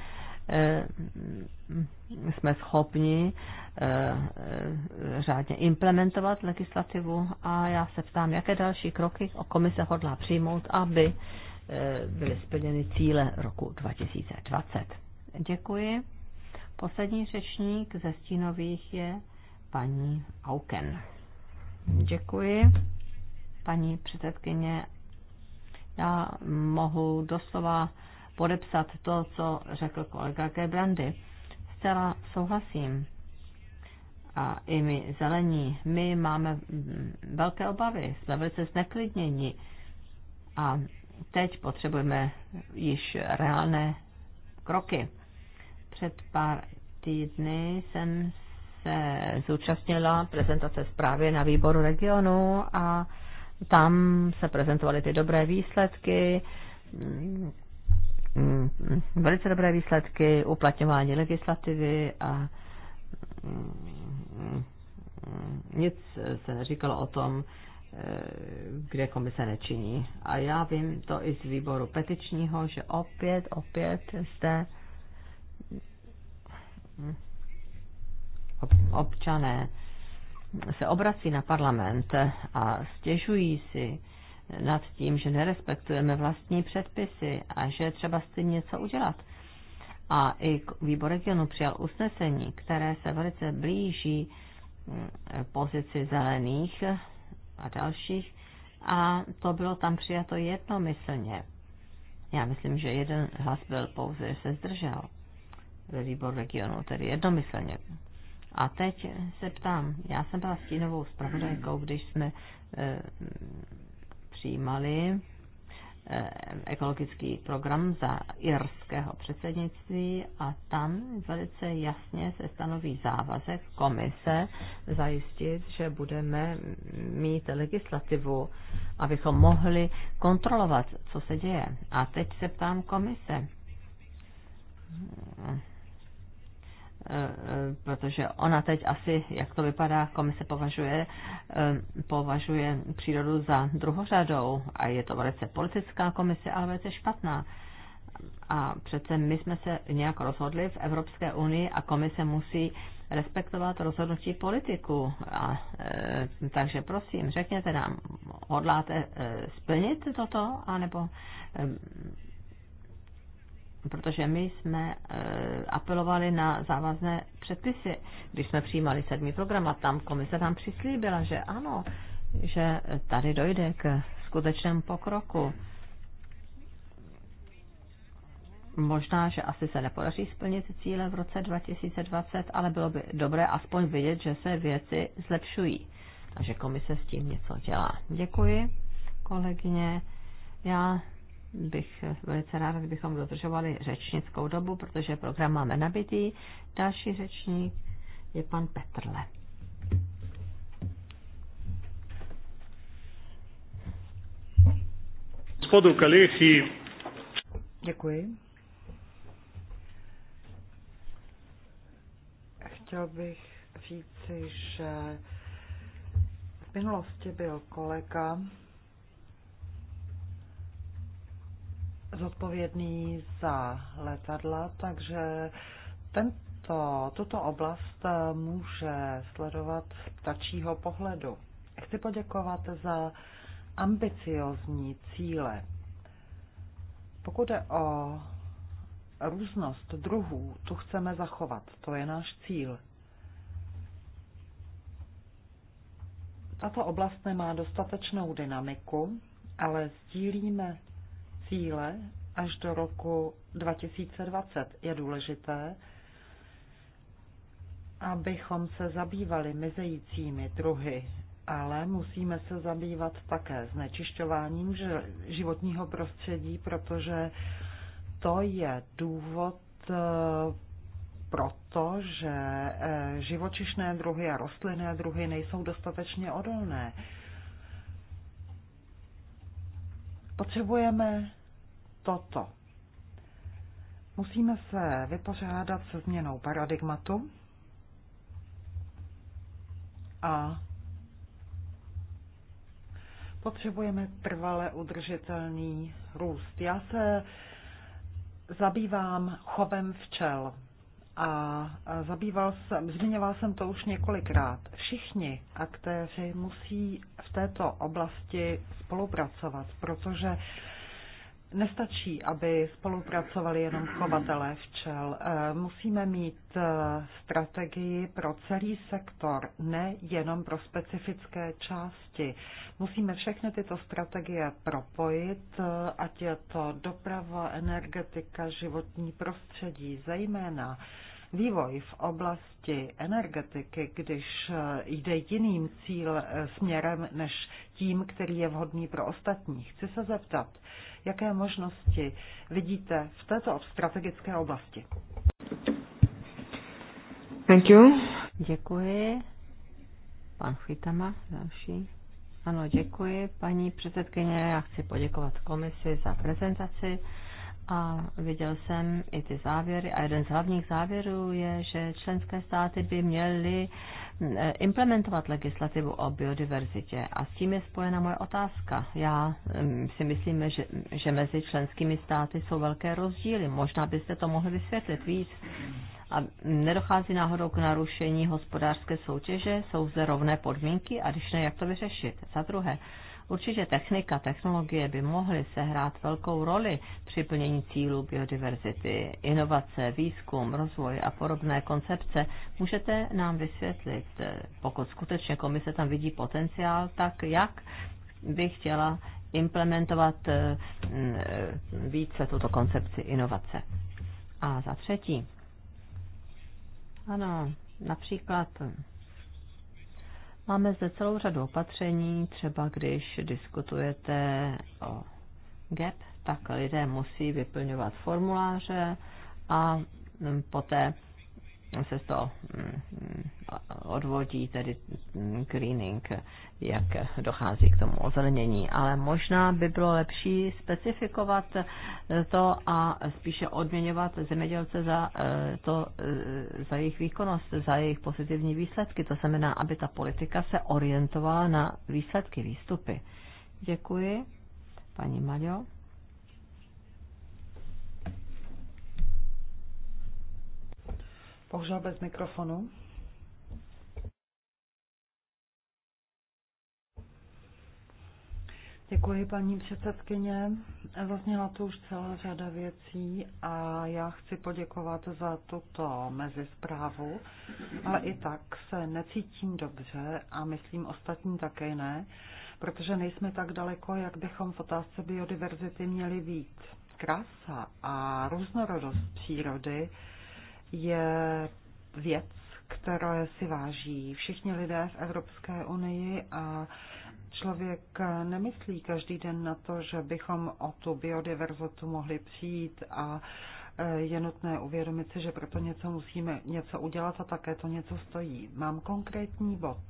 eh, mm, jsme schopni eh, řádně implementovat legislativu a já se ptám, jaké další kroky komise hodlá přijmout, aby eh, byly splněny cíle roku 2020. Děkuji. Poslední řečník ze Stínových je paní Auken. Děkuji, paní předsedkyně. Já mohu doslova podepsat to, co řekl kolega Gebrandy. Zcela souhlasím. A i my zelení, my máme velké obavy, jsme velice zneklidněni. A teď potřebujeme již reálné kroky. Před pár týdny jsem se zúčastnila prezentace zprávy na výboru regionu a tam se prezentovaly ty dobré výsledky, mm, velice dobré výsledky uplatňování legislativy a mm, nic se neříkalo o tom, eh, kde komise nečiní. A já vím to i z výboru petičního, že opět, opět jste občané se obrací na parlament a stěžují si nad tím, že nerespektujeme vlastní předpisy a že je třeba s tím něco udělat. A i výbor regionu přijal usnesení, které se velice blíží mm, pozici zelených a dalších a to bylo tam přijato jednomyslně. Já myslím, že jeden hlas byl pouze, že se zdržel ve výbor regionu, tedy jednomyslně a teď se ptám, já jsem byla stínovou zpravodajkou, když jsme e, přijímali eh, ekologický program za irského předsednictví a tam velice jasně se stanoví závazek komise zajistit, že budeme mít legislativu, abychom mohli kontrolovat, co se děje. A teď se ptám komise, protože ona teď asi, jak to vypadá, komise považuje, eh, považuje přírodu za druhořadou a je to velice politická komise, ale velice špatná. A přece my jsme se nějak rozhodli v Evropské unii a komise musí respektovat rozhodnutí politiku. A, e, takže prosím, řekněte nám, hodláte e, splnit toto, anebo e, protože my jsme eh, apelovali na závazné předpisy, když jsme přijímali sedmý program a tam komise nám přislíbila, že ano, že tady dojde k skutečnému pokroku. Možná, že asi se nepodaří splnit cíle v roce 2020, ale bylo by dobré aspoň vidět, že se věci zlepšují. Takže komise s tím něco dělá. Děkuji, kolegyně. Já bych velice rád kdybychom dodržovali řečnickou dobu, protože program máme nabitý. Další řečník je pan Petrle. Spodu Kalichy. Děkuji. Chtěl bych říci, že v minulosti byl kolega zodpovědný za letadla, takže tento, tuto oblast může sledovat z ptačího pohledu. Chci poděkovat za ambiciozní cíle. Pokud je o různost druhů, tu chceme zachovat. To je náš cíl. Tato oblast nemá dostatečnou dynamiku, ale sdílíme cíle až do roku 2020. Je důležité, abychom se zabývali mizejícími druhy, ale musíme se zabývat také znečišťováním životního prostředí, protože to je důvod eh, proto, že eh, živočišné druhy a rostlinné druhy nejsou dostatečně odolné. Potřebujeme toto. Musíme se vypořádat se změnou paradigmatu a potřebujeme trvale udržitelný růst. Já se zabývám chovem včel a zabýval jsem, zmiňoval jsem to už několikrát. Všichni aktéři musí v této oblasti spolupracovat, protože Nestačí, aby spolupracovali jenom chovatelé včel. Eh, musíme mít eh, strategii pro celý sektor, ne jenom pro specifické části. Musíme všechny tyto strategie propojit, eh, ať je to doprava, energetika, životní prostředí, zejména vývoj v oblasti energetiky, když eh, jde jiným cíl eh, směrem než tím, který je vhodný pro ostatní. Chci se zeptat, jaké možnosti vidíte v této strategické oblasti? Thank you. Děkuji. Pan Chytama, další. Ano, děkuji, paní předsedkyně. Já chci poděkovat komisi za prezentaci a viděl jsem i ty závěry a jeden z hlavních závěrů je, že členské státy by měly e, implementovat legislativu o biodiverzitě a s tím je spojena moje otázka. Já si myslím, že, že mezi členskými státy jsou velké rozdíly. Možná byste to mohli vysvětlit víc. A nedochází náhodou k narušení hospodářské soutěže, jsou zde rovné podmínky a když ne, jak to vyřešit? Za druhé, Určitě technika, technologie by mohly sehrát velkou roli při plnění cílů biodiverzity, inovace, výzkum, rozvoj a podobné koncepce. Můžete nám vysvětlit, pokud skutečně komise tam vidí potenciál, tak jak by chtěla implementovat eh, mm, více tuto koncepci inovace. A za třetí, ano, například Máme zde celou řadu opatření, třeba když diskutujete o GAP, tak lidé musí vyplňovat formuláře a poté se to mm, mm, odvodí tedy greening, mm, jak dochází k tomu ozelenění. Ale možná by bylo lepší specifikovat to a spíše odměňovat zemědělce za, eh, to, eh, za jejich výkonnost, za jejich pozitivní výsledky. To znamená, aby ta politika se orientovala na výsledky, výstupy. Děkuji. Paní Maďo. Bohužel bez mikrofonu. Děkuji, paní předsedkyně. Zazněla tu už celá řada věcí a já chci poděkovat za tuto mezisprávu, ale i tak se necítím dobře a myslím ostatní také ne, protože nejsme tak daleko, jak bychom v otázce biodiverzity měli být. Krása a různorodost přírody je věc, které si váží všichni lidé v Evropské unii a člověk nemyslí každý den na to, že bychom o tu biodiverzitu mohli přijít a e, je nutné uvědomit si, že proto něco musíme něco udělat a také to něco stojí. Mám konkrétní bod.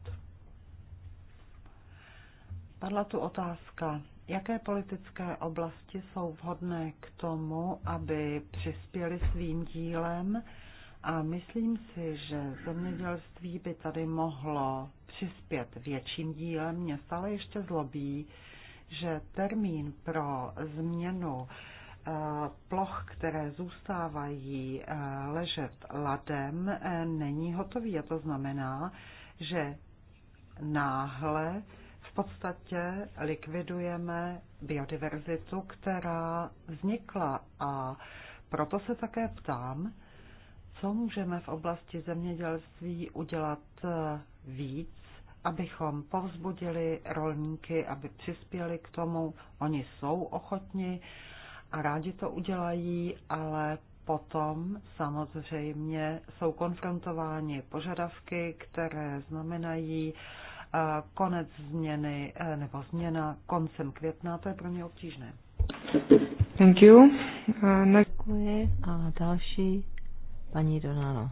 Padla tu otázka, jaké politické oblasti jsou vhodné k tomu, aby přispěli svým dílem a myslím si, že zemědělství by tady mohlo přispět větším dílem. Mě stále ještě zlobí, že termín pro změnu eh, ploch, které zůstávají eh, ležet ladem, eh, není hotový. A to znamená, že náhle v podstatě likvidujeme biodiverzitu, která vznikla. A proto se také ptám, co můžeme v oblasti zemědělství udělat eh, víc, abychom povzbudili rolníky, aby přispěli k tomu. Oni jsou ochotni a rádi to udělají, ale potom samozřejmě jsou konfrontováni požadavky, které znamenají eh, konec změny eh, nebo změna koncem května. To je pro ně obtížné. Thank you. Uh, na... Děkuji. A další Paní Donano.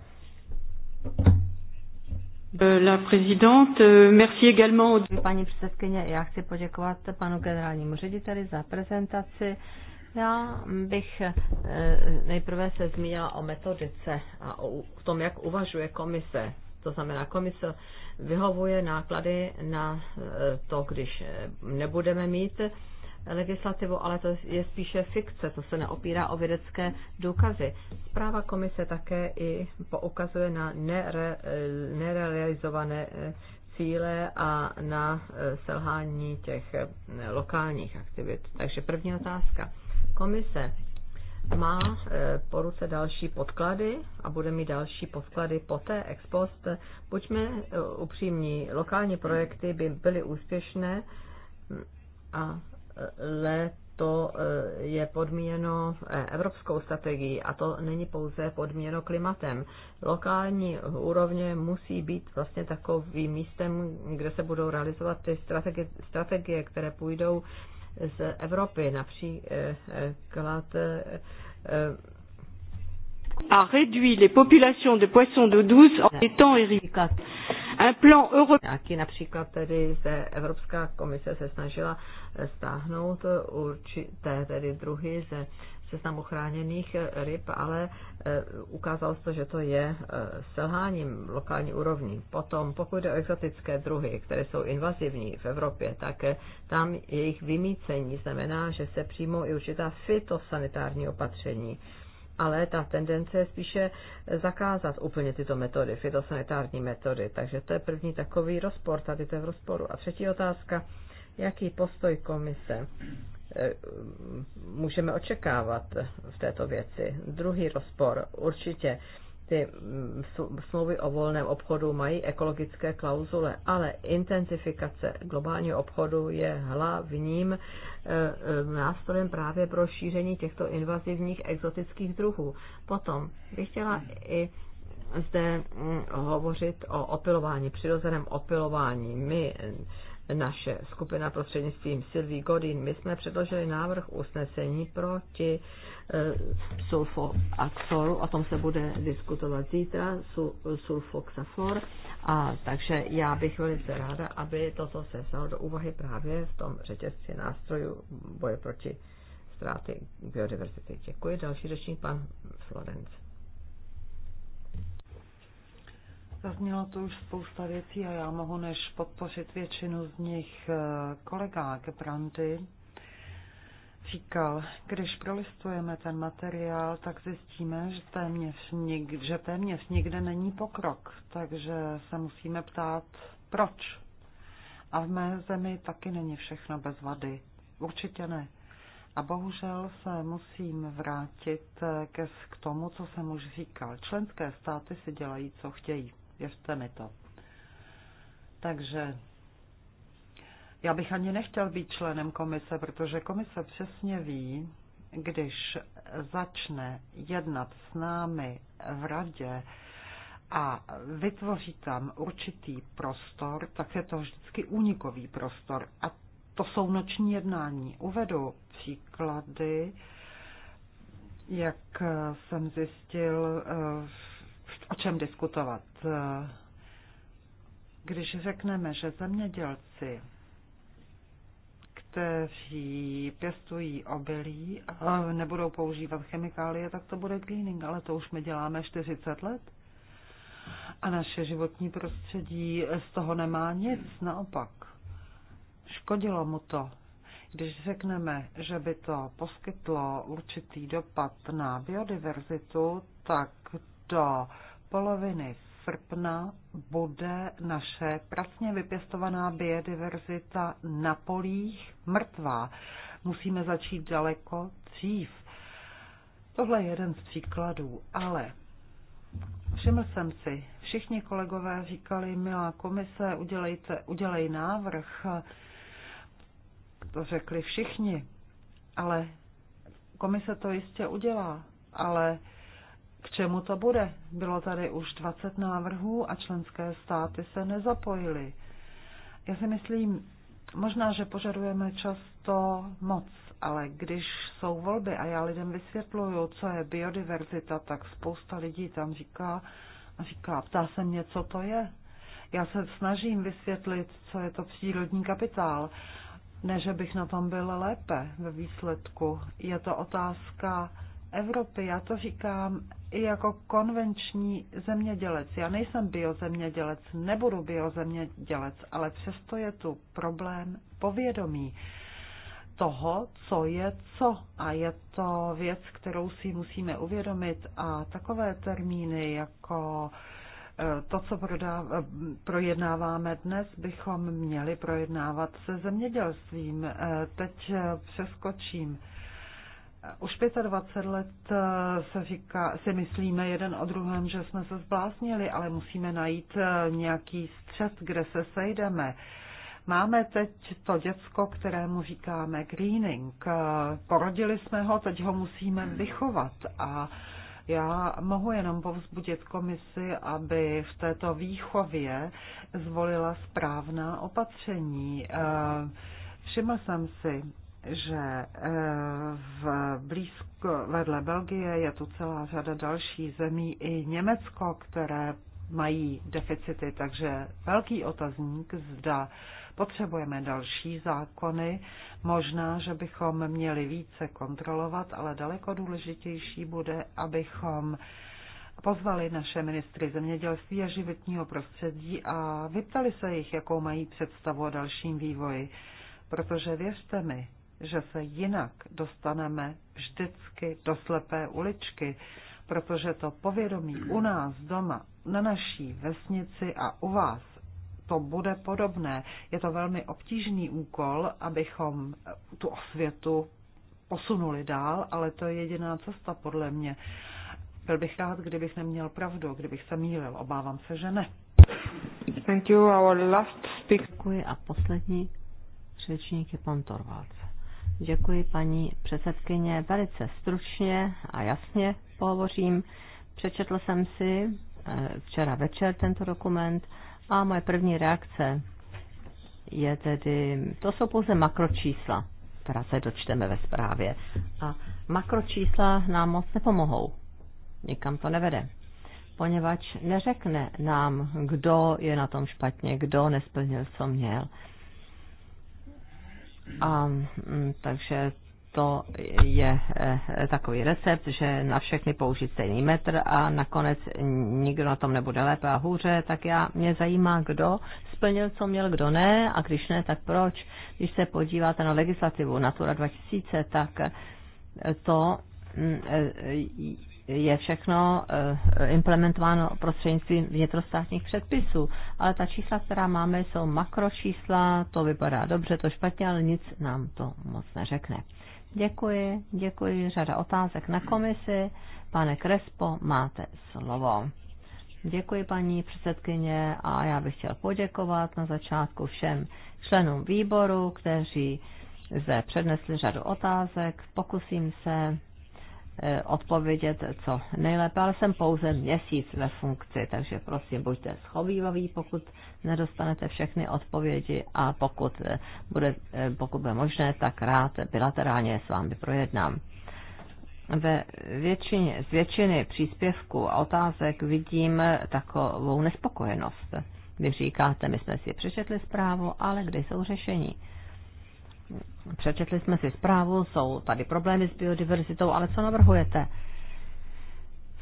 Euh, la présidente, euh, merci également. Paní předsedkyně, já chci poděkovat panu generálnímu řediteli za prezentaci. Já bych eh, nejprve se zmínila o metodice a o tom, jak uvažuje komise. To znamená, komise vyhovuje náklady na eh, to, když eh, nebudeme mít legislativu, ale to je spíše fikce, to se neopírá o vědecké důkazy. Zpráva komise také i poukazuje na nere, nerealizované eh, cíle a na eh, selhání těch eh, lokálních aktivit. Takže první otázka. Komise má po ruce další podklady a bude mít další podklady poté ex post. Buďme upřímní, lokální projekty by byly úspěšné mm, a to eh, je podmíněno eh, evropskou strategií a to není pouze podmíněno klimatem. Lokální úrovně musí být vlastně takovým místem, kde se budou realizovat ty strategie, strategie které půjdou z Evropy. Například eh, a réduit les populations de poissons d'eau douce en étant érigées. Un plan européen. například tedy se Evropská komise se snažila eh, stáhnout eh, určité tedy druhy ze seznamu chráněných eh, ryb, ale ukázalo se, že to je selháním lokální úrovní. Potom, pokud jde o exotické druhy, které jsou invazivní v Evropě, tak tam jejich vymícení znamená, že se přijmou i určitá fitosanitární opatření ale ta tendence je spíše zakázat úplně tyto metody, fitosanitární metody. Takže to je první takový rozpor, tady to je v rozporu. A třetí otázka, jaký postoj komise eh, můžeme očekávat v této věci. Druhý rozpor, určitě ty mm, smlouvy o volném obchodu mají ekologické klauzule, ale intenzifikace globálního obchodu je hlavním eh, eh, nástrojem právě pro šíření těchto invazivních exotických druhů. Potom bych chtěla i zde mm, hovořit o opilování, přirozeném opilování. My naše skupina prostřednictvím Silví Godin. My jsme předložili návrh usnesení proti e, sulfoaxoru, o tom se bude diskutovat zítra, su, sulfoxafor, a takže já bych velice ráda, aby toto se vzalo do úvahy právě v tom řetězci nástrojů boje proti ztráty biodiverzity. Děkuji. Další řečník pan Florence. Zaznělo to už spousta věcí a já mohu než podpořit většinu z nich eh, kolega Gebrandy. Říkal, když prolistujeme ten materiál, tak zjistíme, že téměř, nik, že téměř nikde není pokrok, takže se musíme ptát, proč. A v mé zemi taky není všechno bez vady. Určitě ne. A bohužel se musím vrátit eh, k tomu, co jsem už říkal. Členské státy si dělají, co chtějí. Věřte mi to. Takže já bych ani nechtěl být členem komise, protože komise přesně ví, když začne jednat s námi v radě a vytvoří tam určitý prostor, tak je to vždycky únikový prostor. A to jsou noční jednání. Uvedu příklady, jak jsem zjistil v eh, o čem diskutovat. Když řekneme, že zemědělci, kteří pěstují obilí, nebudou používat chemikálie, tak to bude cleaning, ale to už my děláme 40 let. A naše životní prostředí z toho nemá nic, naopak. Škodilo mu to. Když řekneme, že by to poskytlo určitý dopad na biodiverzitu, tak to poloviny srpna bude naše pracně vypěstovaná biodiverzita na polích mrtvá. Musíme začít daleko dřív. Tohle je jeden z příkladů, ale všiml jsem si, všichni kolegové říkali, milá komise, udělejte, udělej návrh. To řekli všichni, ale komise to jistě udělá, ale k čemu to bude? Bylo tady už 20 návrhů a členské státy se nezapojily. Já si myslím, možná, že požadujeme často moc, ale když jsou volby a já lidem vysvětluju, co je biodiverzita, tak spousta lidí tam říká, a říká, ptá se mě, co to je. Já se snažím vysvětlit, co je to přírodní kapitál. Ne, že bych na tom byl lépe ve výsledku. Je to otázka Evropy. Já to říkám i jako konvenční zemědělec. Já nejsem biozemědělec, nebudu biozemědělec, ale přesto je tu problém povědomí toho, co je co. A je to věc, kterou si musíme uvědomit a takové termíny jako eh, to, co projednáváme dnes, bychom měli projednávat se zemědělstvím. Eh, teď eh, přeskočím Eh, už 25 let eh, se říká, si myslíme jeden o druhém, že jsme se zbláznili, ale musíme najít eh, nějaký střed, kde se sejdeme. Máme teď to děcko, kterému říkáme greening. Porodili jsme ho, teď ho musíme vychovat a já mohu jenom povzbudit komisi, aby v této výchově zvolila správná opatření. Všiml jsem si, že e, v blízko vedle Belgie je tu celá řada dalších zemí i Německo, které mají deficity, takže velký otazník, zda potřebujeme další zákony, možná, že bychom měli více kontrolovat, ale daleko důležitější bude, abychom pozvali naše ministry zemědělství a životního prostředí a vyptali se jich, jakou mají představu o dalším vývoji. Protože věřte mi, že se jinak dostaneme vždycky do slepé uličky, protože to povědomí u nás doma, na naší vesnici a u vás, to bude podobné. Je to velmi obtížný úkol, abychom tu osvětu posunuli dál, ale to je jediná cesta podle mě. Byl bych rád, kdybych neměl pravdu, kdybych se mýlil. Obávám se, že ne. Thank you. Our last speaker. Děkuji a poslední řečník je pan Torvalds. Děkuji, paní předsedkyně. Velice stručně a jasně pohovořím. Přečetl jsem si eh, včera večer tento dokument a moje první reakce je tedy, to jsou pouze makročísla, která se dočteme ve zprávě. A makročísla nám moc nepomohou. Nikam to nevede. Poněvadž neřekne nám, kdo je na tom špatně, kdo nesplnil, co měl. A mm, takže to je eh, takový recept, že na všechny použít stejný metr a nakonec nikdo na tom nebude lépe a hůře, tak já mě zajímá, kdo splnil, co měl, kdo ne a když ne, tak proč. Když se podíváte na legislativu Natura 2000, tak to mm, eh, je všechno eh, implementováno prostřednictvím vnitrostátních předpisů. Ale ta čísla, která máme, jsou makročísla, to vypadá dobře, to špatně, ale nic nám to moc neřekne. Děkuji, děkuji. Řada otázek na komisi. Pane Krespo, máte slovo. Děkuji, paní předsedkyně, a já bych chtěl poděkovat na začátku všem členům výboru, kteří zde přednesli řadu otázek. Pokusím se Eh, odpovědět co nejlépe, ale jsem pouze měsíc ve funkci, takže prosím, buďte schovývaví, pokud nedostanete všechny odpovědi a pokud eh, bude, eh, pokud bude možné, tak rád bilaterálně s vámi projednám. Ve většině, z většiny příspěvků a otázek vidím takovou nespokojenost. Vy říkáte, my jsme si přečetli zprávu, ale kde jsou řešení? Přečetli jsme si zprávu, jsou tady problémy s biodiverzitou, ale co navrhujete?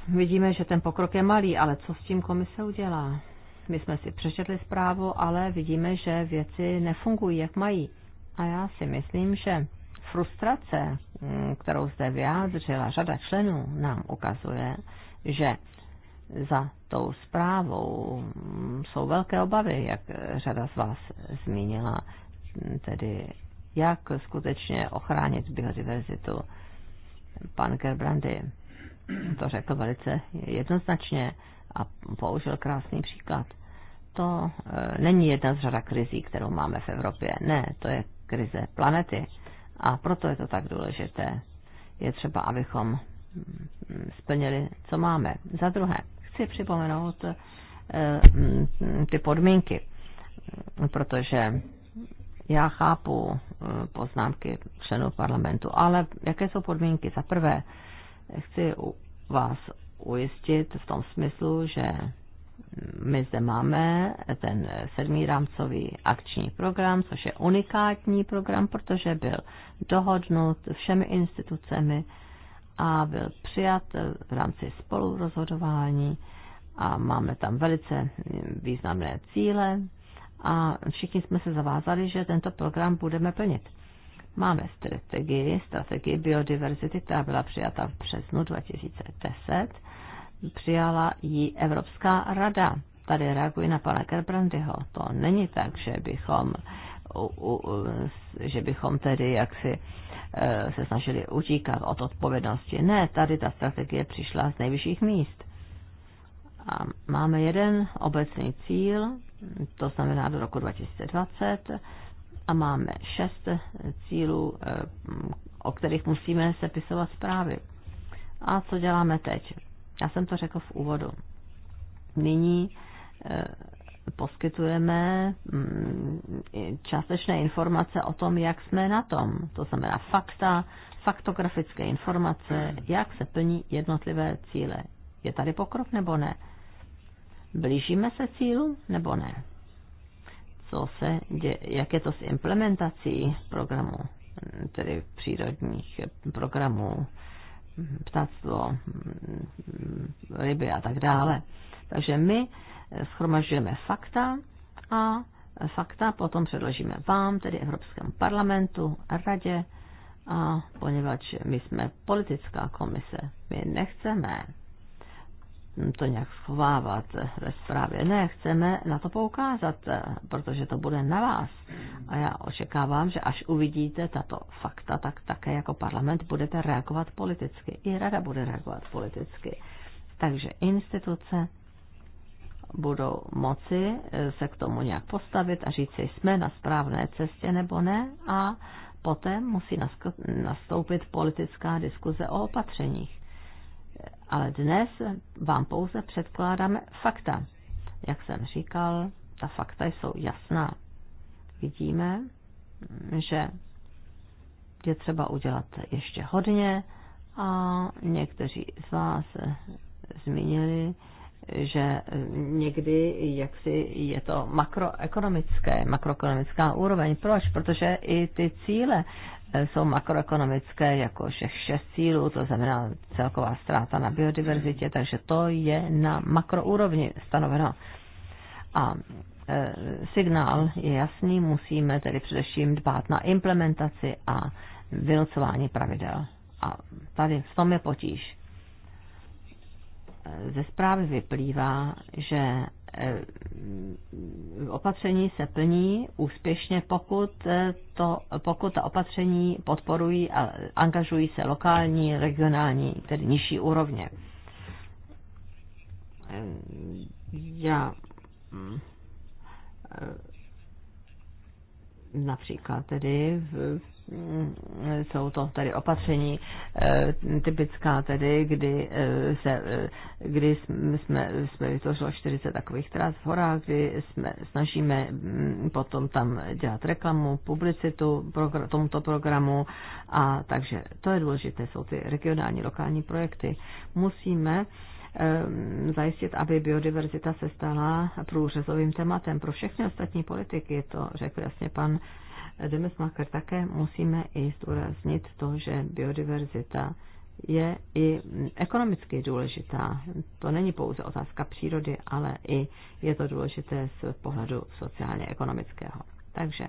Vidíme, že ten pokrok je malý, ale co s tím komise udělá? My jsme si přečetli zprávu, ale vidíme, že věci nefungují, jak mají. A já si myslím, že frustrace, mm, kterou zde vyjádřila řada členů, nám ukazuje, že za tou zprávou mm, jsou velké obavy, jak řada z vás zmínila, mm, tedy jak skutečně ochránit biodiverzitu. Pan Gerbrandy to řekl velice jednoznačně a použil krásný příklad. To e, není jedna z řada krizí, kterou máme v Evropě. Ne, to je krize planety. A proto je to tak důležité. Je třeba, abychom mm, splnili, co máme. Za druhé, chci připomenout e, ty podmínky, protože já chápu eh, poznámky členů parlamentu, ale jaké jsou podmínky? Za prvé, chci vás ujistit v tom smyslu, že my zde máme ten sedmý rámcový akční program, což je unikátní program, protože byl dohodnut všemi institucemi a byl přijat v rámci spolurozhodování a máme tam velice významné cíle, a všichni jsme se zavázali, že tento program budeme plnit. Máme strategii, strategii biodiverzity, která byla přijata v březnu 2010. Přijala ji Evropská rada. Tady reaguji na pana Kerbrandyho. To není tak, že bychom, u, u, že bychom tedy jaksi e, se snažili utíkat od odpovědnosti. Ne, tady ta strategie přišla z nejvyšších míst. A máme jeden obecný cíl, to znamená do roku 2020, a máme šest cílů, eh, o kterých musíme sepisovat zprávy. A co děláme teď? Já jsem to řekl v úvodu. Nyní eh, poskytujeme mm, částečné informace o tom, jak jsme na tom. To znamená fakta, faktografické informace, jak se plní jednotlivé cíle. Je tady pokrok nebo ne? Blížíme se cílu nebo ne? Co se dě, jak je to s implementací programu, tedy přírodních programů, ptactvo, ryby a tak dále. Takže my schromažďujeme fakta a fakta potom předložíme vám, tedy Evropskému parlamentu, a radě, a poněvadž my jsme politická komise, my nechceme Hm, to nějak schovávat ve zprávě. Ne, chceme na to poukázat, eh, protože to bude na vás. A já očekávám, že až uvidíte tato fakta, tak také jako parlament budete reagovat politicky. I rada bude reagovat politicky. Takže instituce budou moci eh, se k tomu nějak postavit a říct, si, jsme na správné cestě nebo ne a poté musí nastoupit politická diskuze o opatřeních ale dnes vám pouze předkládáme fakta. Jak jsem říkal, ta fakta jsou jasná. Vidíme, že je třeba udělat ještě hodně a někteří z vás zmínili, že někdy jaksi je to makroekonomické, makroekonomická úroveň. Proč? Protože i ty cíle Eh, jsou makroekonomické jako všech šest cílů, to znamená celková ztráta na biodiverzitě, takže to je na makroúrovni stanoveno. A e, signál je jasný, musíme tedy především dbát na implementaci a vynucování pravidel. A tady v tom je potíž. Eh, ze zprávy vyplývá, že Eh, opatření se plní úspěšně, pokud, eh, to, pokud ta opatření podporují a angažují se lokální, regionální, tedy nižší úrovně. Eh, já například tedy v jsou to tedy opatření eh, typická tedy, kdy, eh, se, eh, kdy jsme, jsme vytvořili 40 takových tras v horách, kdy jsme, snažíme mm, potom tam dělat reklamu, publicitu progr- tomuto programu a takže to je důležité, jsou ty regionální, lokální projekty. Musíme zajistit, aby biodiverzita se stala průřezovým tématem pro všechny ostatní politiky, to řekl jasně pan Demesmacher také musíme i zdůraznit to, že biodiverzita je i ekonomicky důležitá. To není pouze otázka přírody, ale i je to důležité z pohledu sociálně-ekonomického. Takže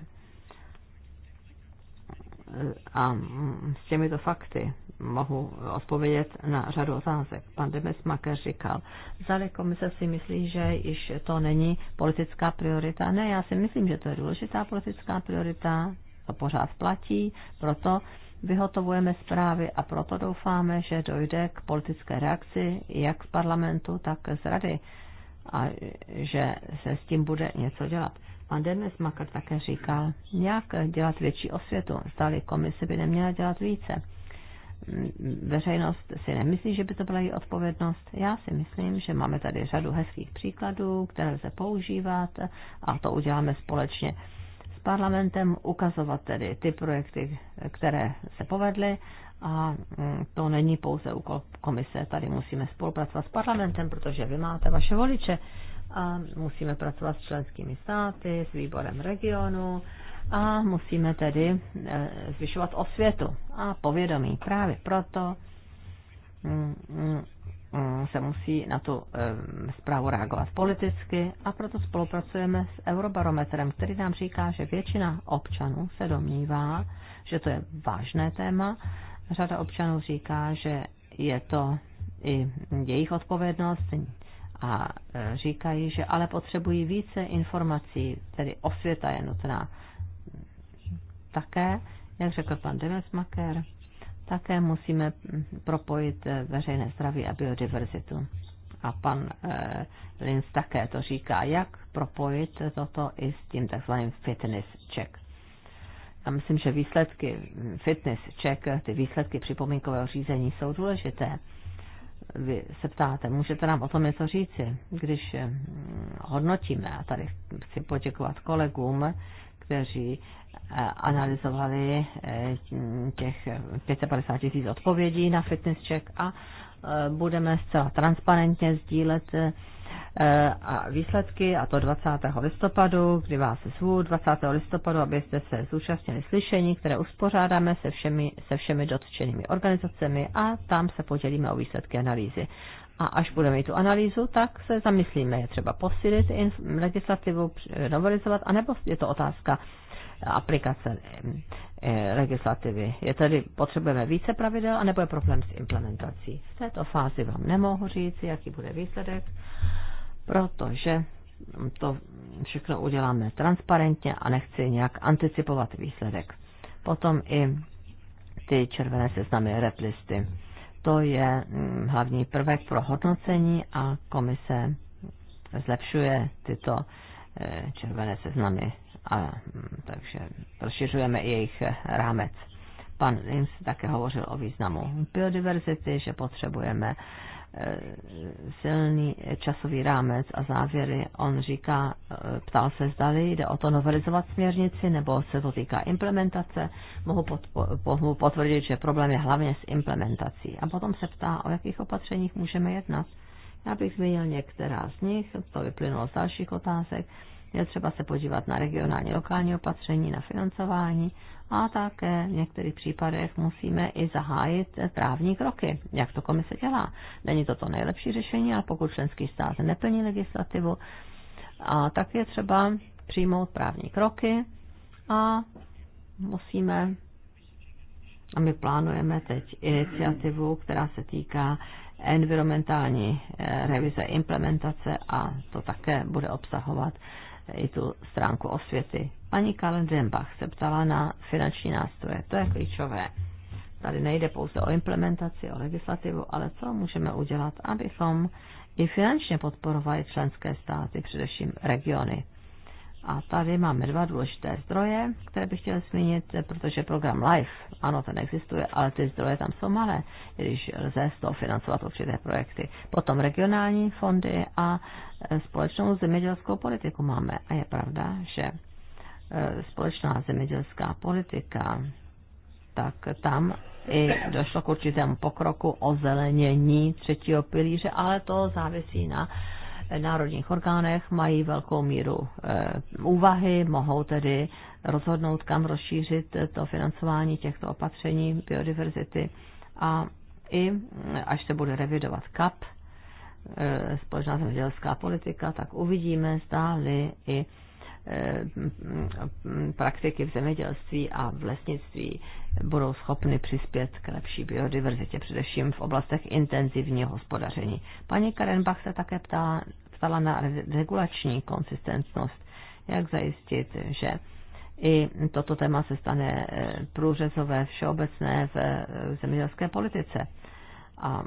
a mm, s těmito fakty mohu odpovědět na řadu otázek. Pan Demesmaker říkal, zále komise si myslí, že již to není politická priorita. Ne, já si myslím, že to je důležitá politická priorita, to pořád platí, proto vyhotovujeme zprávy a proto doufáme, že dojde k politické reakci jak z parlamentu, tak z rady a že se s tím bude něco dělat. Pan Dennis Makar také říkal, jak dělat větší osvětu, zdali komise by neměla dělat více. Veřejnost si nemyslí, že by to byla její odpovědnost. Já si myslím, že máme tady řadu hezkých příkladů, které lze používat a to uděláme společně s parlamentem, ukazovat tedy ty projekty, které se povedly a mm, to není pouze úkol komise, tady musíme spolupracovat s parlamentem, protože vy máte vaše voliče a musíme pracovat s členskými státy, s výborem regionu a musíme tedy e, zvyšovat osvětu a povědomí. Právě proto mm, mm, mm, se musí na tu e, zprávu reagovat politicky a proto spolupracujeme s Eurobarometrem, který nám říká, že většina občanů se domnívá, že to je vážné téma. Řada občanů říká, že je to i jejich odpovědnost, a e, říkají, že ale potřebují více informací, tedy osvěta je nutná. Také, jak řekl pan Demesmaker, také musíme propojit e, veřejné zdraví a biodiverzitu. A pan eh, Linz také to říká, jak propojit toto i s tím takzvaným fitness check. Já myslím, že výsledky fitness check, ty výsledky připomínkového řízení jsou důležité vy se ptáte, můžete nám o tom něco říci, když eh, hodnotíme, a tady chci poděkovat kolegům, kteří eh, analyzovali eh, těch 550 tisíc odpovědí na fitness check a budeme zcela transparentně sdílet Eh, a výsledky, a to 20. listopadu, kdy vás zvu 20. listopadu, abyste se zúčastnili slyšení, které uspořádáme se všemi, se všemi dotčenými organizacemi a tam se podělíme o výsledky analýzy. A až budeme mít tu analýzu, tak se zamyslíme, je třeba posílit legislativu, eh, novelizovat, anebo je to otázka aplikace eh, legislativy. Je tedy potřebujeme více pravidel, anebo je problém s implementací. V této fázi vám nemohu říct, jaký bude výsledek, protože to všechno uděláme transparentně a nechci nějak anticipovat výsledek. Potom i ty červené seznamy replisty. To je mm, hlavní prvek pro hodnocení a komise zlepšuje tyto eh, červené seznamy. A, mm, takže rozšiřujeme i jejich eh, rámec. Pan Lims také hovořil o významu biodiverzity, že potřebujeme Eh, silný časový rámec a závěry. On říká, eh, ptal se zdali, jde o to novelizovat směrnici, nebo se to týká implementace. Mohu, potvrdit, že problém je hlavně s implementací. A potom se ptá, o jakých opatřeních můžeme jednat. Já bych zmínil některá z nich, to vyplynulo z dalších otázek. Je třeba se podívat na regionální, lokální opatření, na financování a také v některých případech musíme i zahájit právní kroky, jak to komise dělá. Není to to nejlepší řešení, ale pokud členský stát neplní legislativu, a tak je třeba přijmout právní kroky a musíme, a my plánujeme teď iniciativu, která se týká environmentální eh, revize implementace a to také bude obsahovat i tu stránku osvěty. Paní Karen Dembach se ptala na finanční nástroje. To je klíčové. Tady nejde pouze o implementaci, o legislativu, ale co můžeme udělat, abychom i finančně podporovali členské státy, především regiony. A tady máme dva důležité zdroje, které bych chtěl zmínit, protože program LIFE, ano, ten existuje, ale ty zdroje tam jsou malé, když lze z toho financovat určité projekty. Potom regionální fondy a e, společnou zemědělskou politiku máme. A je pravda, že e, společná zemědělská politika, tak tam i došlo k určitému pokroku o zelenění třetího pilíře, ale to závisí na národních orgánech, mají velkou míru eh, úvahy, mohou tedy rozhodnout, kam rozšířit to financování těchto opatření biodiverzity a i až se bude revidovat CAP, eh, společná zemědělská politika, tak uvidíme, zdáli i Eh, praktiky v zemědělství a v lesnictví budou schopny přispět k lepší biodiverzitě, především v oblastech intenzivního hospodaření. Paní Karenbach se také ptá, ptala na regulační konsistentnost, jak zajistit, že i toto téma se stane eh, průřezové, všeobecné v eh, zemědělské politice a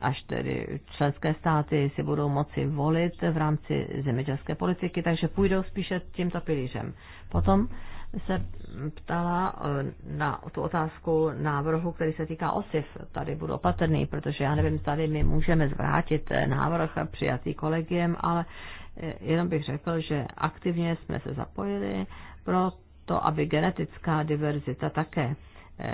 až tedy členské státy si budou moci volit v rámci zemědělské politiky, takže půjdou spíše tímto pilířem. Potom se ptala e, na tu otázku návrhu, který se týká osiv. Tady budu opatrný, protože já nevím, tady my můžeme zvrátit e, návrh přijatý kolegiem, ale e, jenom bych řekl, že aktivně jsme se zapojili pro to, aby genetická diverzita také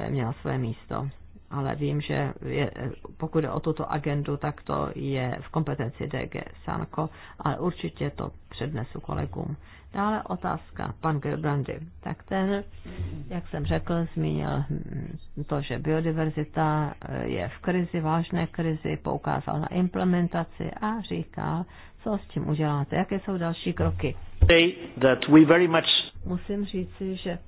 měla své místo ale vím, že je, pokud jde o tuto agendu, tak to je v kompetenci DG Sanko, ale určitě to přednesu kolegům. Dále otázka, pan Gerbrandy. Tak ten, jak jsem řekl, zmínil to, že biodiverzita eh, je v krizi, vážné krizi, poukázal na implementaci a říká, co s tím uděláte, jaké jsou další kroky. Musím říci, že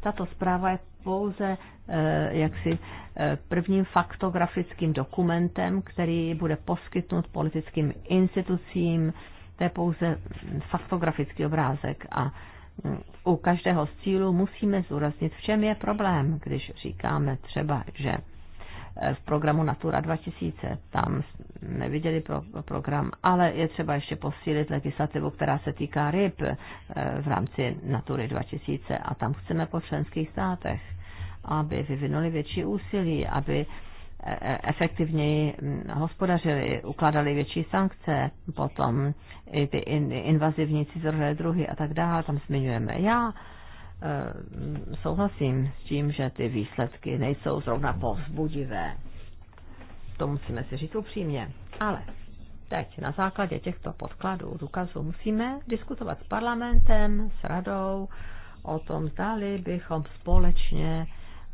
tato zpráva je pouze eh, jaksi eh, prvním faktografickým dokumentem, který bude poskytnut politickým institucím. To je pouze faktografický obrázek a mm, u každého z cílu musíme zúraznit, v čem je problém, když říkáme třeba, že Eh, v programu Natura 2000. Tam jsme viděli pro, program, ale je třeba ještě posílit legislativu, která se týká ryb eh, v rámci Natury 2000 a tam chceme po členských státech, aby vyvinuli větší úsilí, aby eh, efektivněji hm, hospodařili, ukládali větší sankce, potom i ty invazivní cizorové druhy a tak dále, tam zmiňujeme. Já Eh, souhlasím s tím, že ty výsledky nejsou zrovna povzbudivé. To musíme si říct upřímně. Ale teď na základě těchto podkladů, důkazů, musíme diskutovat s parlamentem, s radou o tom, zdali bychom společně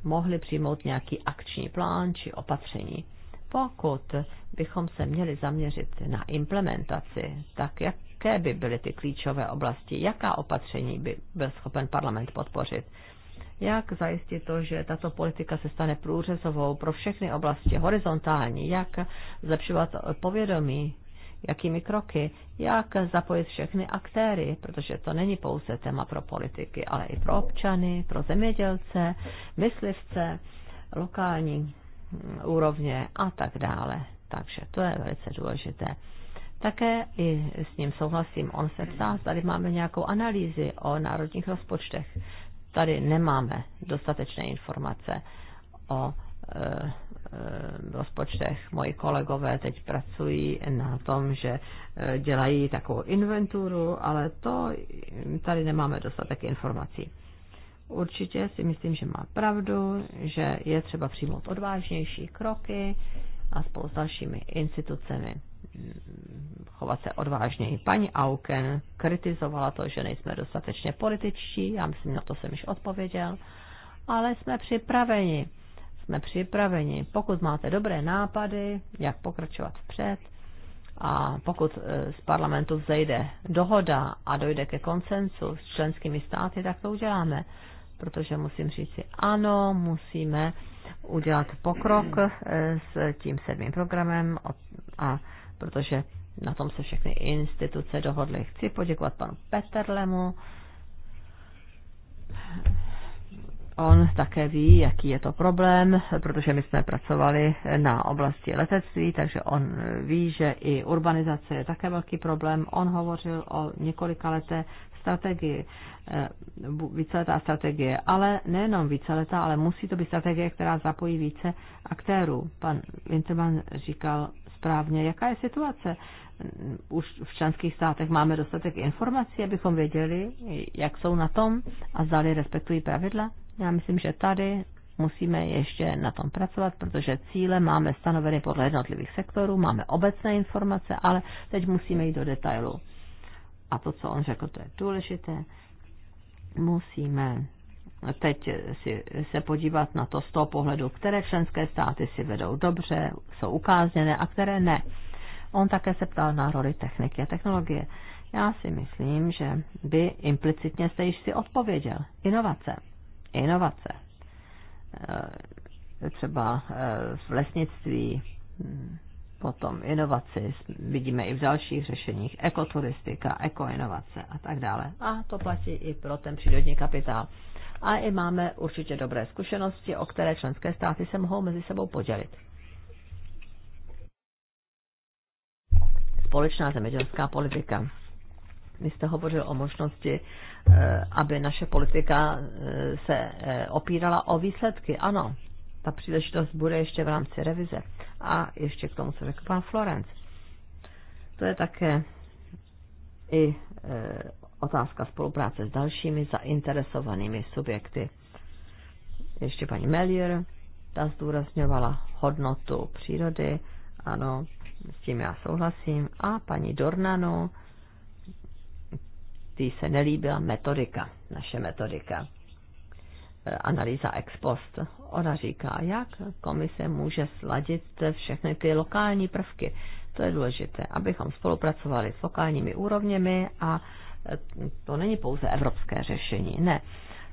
mohli přijmout nějaký akční plán či opatření. Pokud bychom se měli zaměřit na implementaci, tak jak jaké by byly ty klíčové oblasti, jaká opatření by byl schopen parlament podpořit. Jak zajistit to, že tato politika se stane průřezovou pro všechny oblasti, horizontální, jak zlepšovat povědomí, jakými kroky, jak zapojit všechny aktéry, protože to není pouze téma pro politiky, ale i pro občany, pro zemědělce, myslivce, lokální úrovně a tak dále. Takže to je velice důležité. Také i s ním souhlasím. On se ptá, tady máme nějakou analýzy o národních rozpočtech. Tady nemáme dostatečné informace o e, e, rozpočtech. Moji kolegové teď pracují na tom, že e, dělají takovou inventuru, ale to tady nemáme dostatek informací. Určitě si myslím, že má pravdu, že je třeba přijmout odvážnější kroky a spolu s dalšími institucemi Eh, chovat se odvážněji. Paní Auken kritizovala to, že nejsme dostatečně političtí, já myslím, na to jsem již odpověděl, ale jsme připraveni. Jsme připraveni. Pokud máte dobré nápady, jak pokračovat vpřed, a pokud eh, z parlamentu vzejde dohoda a dojde ke koncensu s členskými státy, tak to uděláme. Protože musím říct si, ano, musíme udělat pokrok eh, s tím sedmým programem a protože na tom se všechny instituce dohodly. Chci poděkovat panu Peterlemu. On také ví, jaký je to problém, protože my jsme pracovali na oblasti letectví, takže on ví, že i urbanizace je také velký problém. On hovořil o několika leté strategii, eh, víceletá strategie, ale nejenom víceletá, ale musí to být strategie, která zapojí více aktérů. Pan Winterman říkal, správně. Jaká je situace? Už v členských státech máme dostatek informací, abychom věděli, jak jsou na tom a zdali respektují pravidla. Já myslím, že tady musíme ještě na tom pracovat, protože cíle máme stanoveny podle jednotlivých sektorů, máme obecné informace, ale teď musíme jít do detailu. A to, co on řekl, to je důležité. Musíme teď si, se podívat na to z toho pohledu, které členské státy si vedou dobře, jsou ukázněné a které ne. On také se ptal na roli techniky a technologie. Já si myslím, že by implicitně jste již si odpověděl. Inovace. Inovace. Eh, třeba eh, v lesnictví, hm, potom inovaci, vidíme i v dalších řešeních, ekoturistika, ekoinovace a tak dále. A to platí i pro ten přírodní kapitál a i máme určitě dobré zkušenosti, o které členské státy se mohou mezi sebou podělit. Společná zemědělská politika. Vy jste hovořil o možnosti, eh, aby naše politika eh, se eh, opírala o výsledky. Ano, ta příležitost bude ještě v rámci revize. A ještě k tomu, co řekl pan Florence. To je také i otázka spolupráce s dalšími zainteresovanými subjekty. Ještě paní Melier, ta zdůrazňovala hodnotu přírody, ano, s tím já souhlasím. A paní Dornano, tý se nelíbila metodika, naše metodika, e, analýza ex post. Ona říká, jak komise může sladit všechny ty lokální prvky. To je důležité, abychom spolupracovali s lokálními úrovněmi a to není pouze evropské řešení, ne.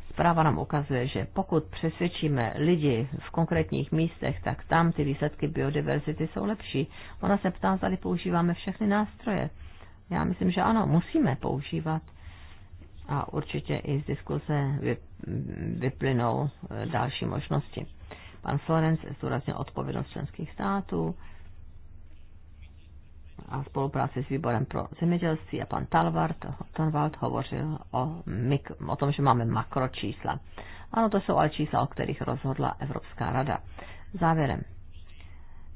Zpráva nám ukazuje, že pokud přesvědčíme lidi v konkrétních místech, tak tam ty výsledky biodiverzity jsou lepší. Ona se ptá, zda používáme všechny nástroje. Já myslím, že ano, musíme používat. A určitě i z diskuse vyplynou eh, další možnosti. Pan Florence zdůraznil odpovědnost členských států a spolupráci s výborem pro zemědělství a pan Talvart, Tonvald hovořil o, mik, o tom, že máme makročísla. Ano, to jsou ale čísla, o kterých rozhodla Evropská rada. Závěrem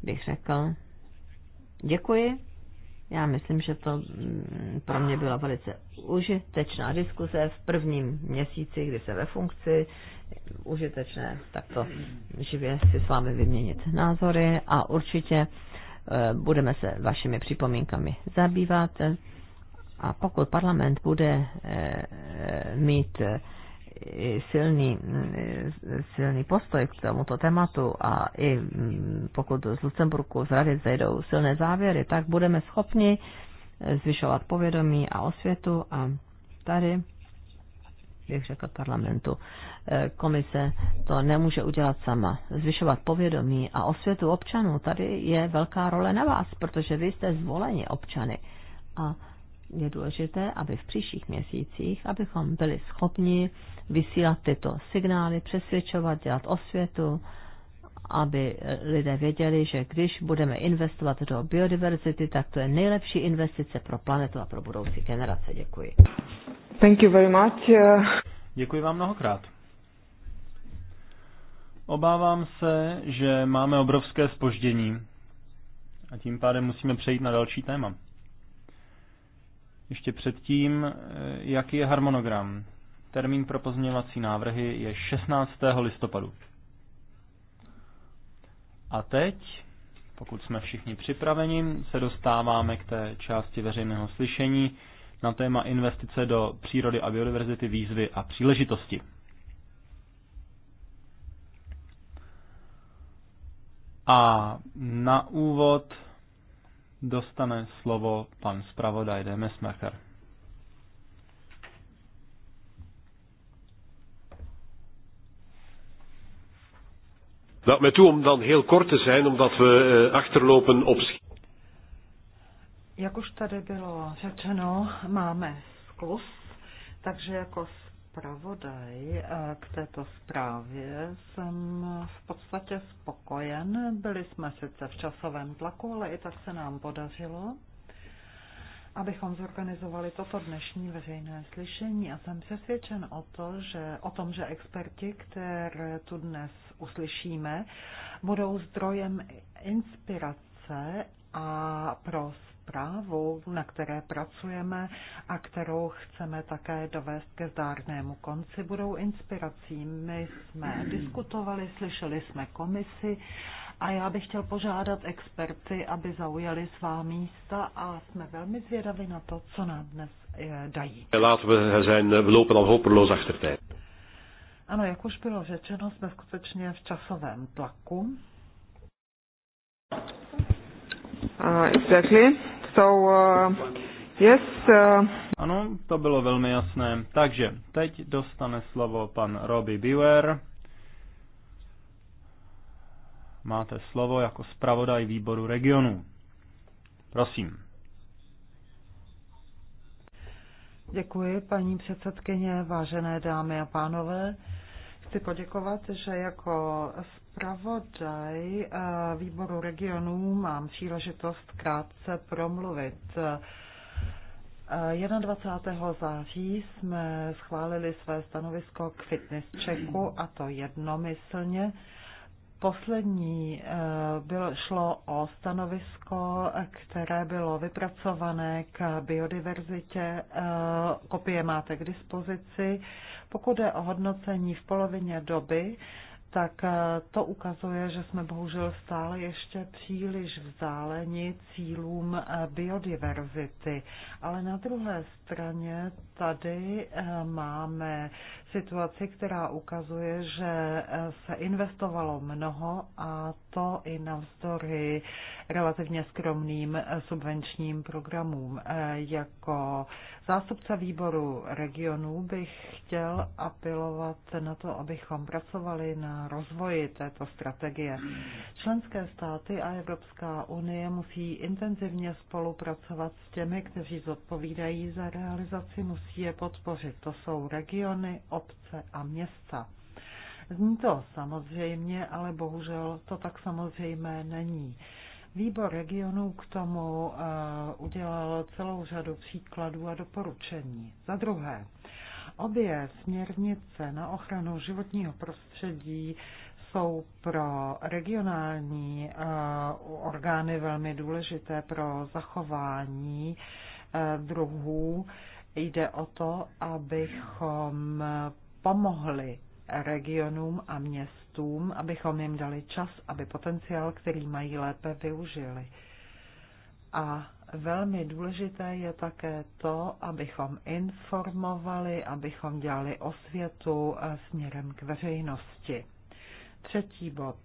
bych řekl, děkuji. Já myslím, že to mm, pro mě byla velice užitečná diskuse v prvním měsíci, kdy jsem ve funkci. Užitečné takto živě si s vámi vyměnit názory a určitě Eh, budeme se vašimi připomínkami zabývat a pokud parlament bude eh, mít eh, silný, silný postoj k tomuto tématu a i mm, pokud z Lucemburku z Rady zajdou silné závěry, tak budeme schopni zvyšovat povědomí a osvětu a tady bych řekl, parlamentu. Eh, komise to nemůže udělat sama. Zvyšovat povědomí a osvětu občanů, tady je velká role na vás, protože vy jste zvoleni občany. A je důležité, aby v příštích měsících, abychom byli schopni vysílat tyto signály, přesvědčovat, dělat osvětu, aby lidé věděli, že když budeme investovat do biodiverzity, tak to je nejlepší investice pro planetu a pro budoucí generace. Děkuji. Thank you very much. Děkuji vám mnohokrát. Obávám se, že máme obrovské spoždění a tím pádem musíme přejít na další téma. Ještě předtím, eh, jaký je harmonogram? Termín pro pozměňovací návrhy je 16. listopadu. A teď, pokud jsme všichni připraveni, se dostáváme k té části veřejného slyšení, na téma investice do přírody a biodiverzity, výzvy a příležitosti. A na úvod dostane slovo pan zpravodaj Demesmacher. Laat mij toe om dan heel kort te zijn, omdat we eh, achterlopen op. Jak už tady bylo řečeno, máme zkus, takže jako zpravodaj eh, k této zprávě jsem v podstatě spokojen. Byli jsme sice v časovém tlaku, ale i tak se nám podařilo, abychom zorganizovali toto dnešní veřejné slyšení. A jsem přesvědčen o, to, že, o tom, že experti, které tu dnes uslyšíme, budou zdrojem inspirace a pro zprávu, na které pracujeme a kterou chceme také dovést ke zdárnému konci, budou inspirací. My jsme diskutovali, slyšeli jsme komisi a já bych chtěl požádat experty, aby zaujali svá místa a jsme velmi zvědavi na to, co nám dnes eh, dají. Eh, lopen Ano, jak už bylo řečeno, jsme skutečně v časovém tlaku. Uh, exactly. So, uh, yes, uh... Ano, to bylo velmi jasné. Takže teď dostane slovo pan Roby Buer. Máte slovo jako zpravodaj výboru regionu. Prosím. Děkuji, paní předsedkyně, vážené dámy a pánové chci poděkovat, že jako zpravodaj eh, výboru regionů mám příležitost krátce promluvit. 21. Eh, září jsme schválili své stanovisko k fitness checku a to jednomyslně. Poslední eh, bylo, šlo o stanovisko, které bylo vypracované k biodiverzitě. Eh, kopie máte k dispozici. Pokud je o hodnocení v polovině doby, tak eh, to ukazuje, že jsme bohužel stále ještě příliš vzdáleni cílům eh, biodiverzity. Ale na druhé straně tady eh, máme situaci, která ukazuje, že se investovalo mnoho a to i navzdory relativně skromným subvenčním programům. E, jako zástupce výboru regionů bych chtěl apelovat na to, abychom pracovali na rozvoji této strategie. Členské státy a Evropská unie musí intenzivně spolupracovat s těmi, kteří zodpovídají za realizaci, musí je podpořit. To jsou regiony, obce a města. Zní to samozřejmě, ale bohužel to tak samozřejmé není. Výbor regionů k tomu eh, udělal celou řadu příkladů a doporučení. Za druhé, obě směrnice na ochranu životního prostředí jsou pro regionální eh, orgány velmi důležité pro zachování eh, druhů. Jde o to, abychom pomohli regionům a městům, abychom jim dali čas, aby potenciál, který mají, lépe využili. A velmi důležité je také to, abychom informovali, abychom dělali osvětu eh, směrem k veřejnosti. Třetí bod.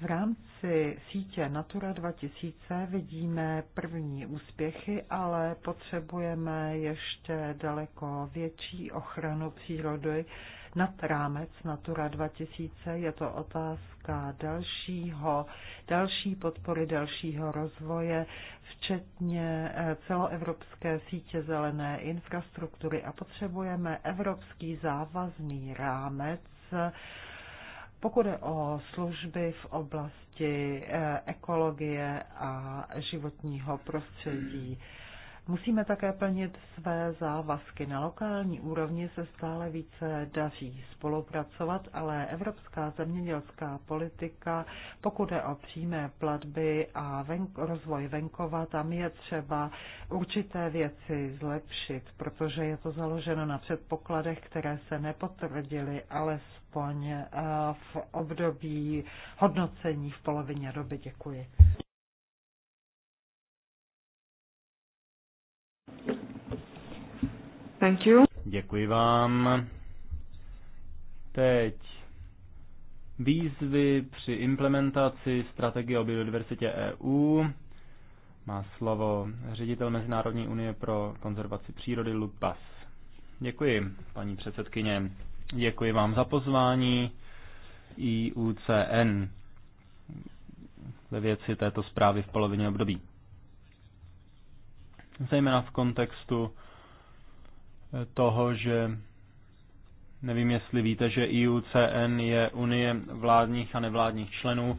V rámci sítě Natura 2000 vidíme první úspěchy, ale potřebujeme ještě daleko větší ochranu přírody nad rámec Natura 2000. Je to otázka dalšího, další podpory, dalšího rozvoje, včetně eh, celoevropské sítě zelené infrastruktury a potřebujeme evropský závazný rámec pokud je o služby v oblasti eh, ekologie a životního prostředí, Musíme také plnit své závazky. Na lokální úrovni se stále více daří spolupracovat, ale evropská zemědělská politika, pokud je o přímé platby a venko, rozvoj venkova, tam je třeba určité věci zlepšit, protože je to založeno na předpokladech, které se nepotvrdily, alespoň eh, v období hodnocení v polovině doby. Děkuji. Thank you. Děkuji vám. Teď výzvy při implementaci strategie o biodiverzitě EU. Má slovo ředitel Mezinárodní unie pro konzervaci přírody Lupas. Děkuji, paní předsedkyně. Děkuji vám za pozvání IUCN ve věci této zprávy v polovině období. Zejména v kontextu toho, že nevím, jestli víte, že IUCN je unie vládních a nevládních členů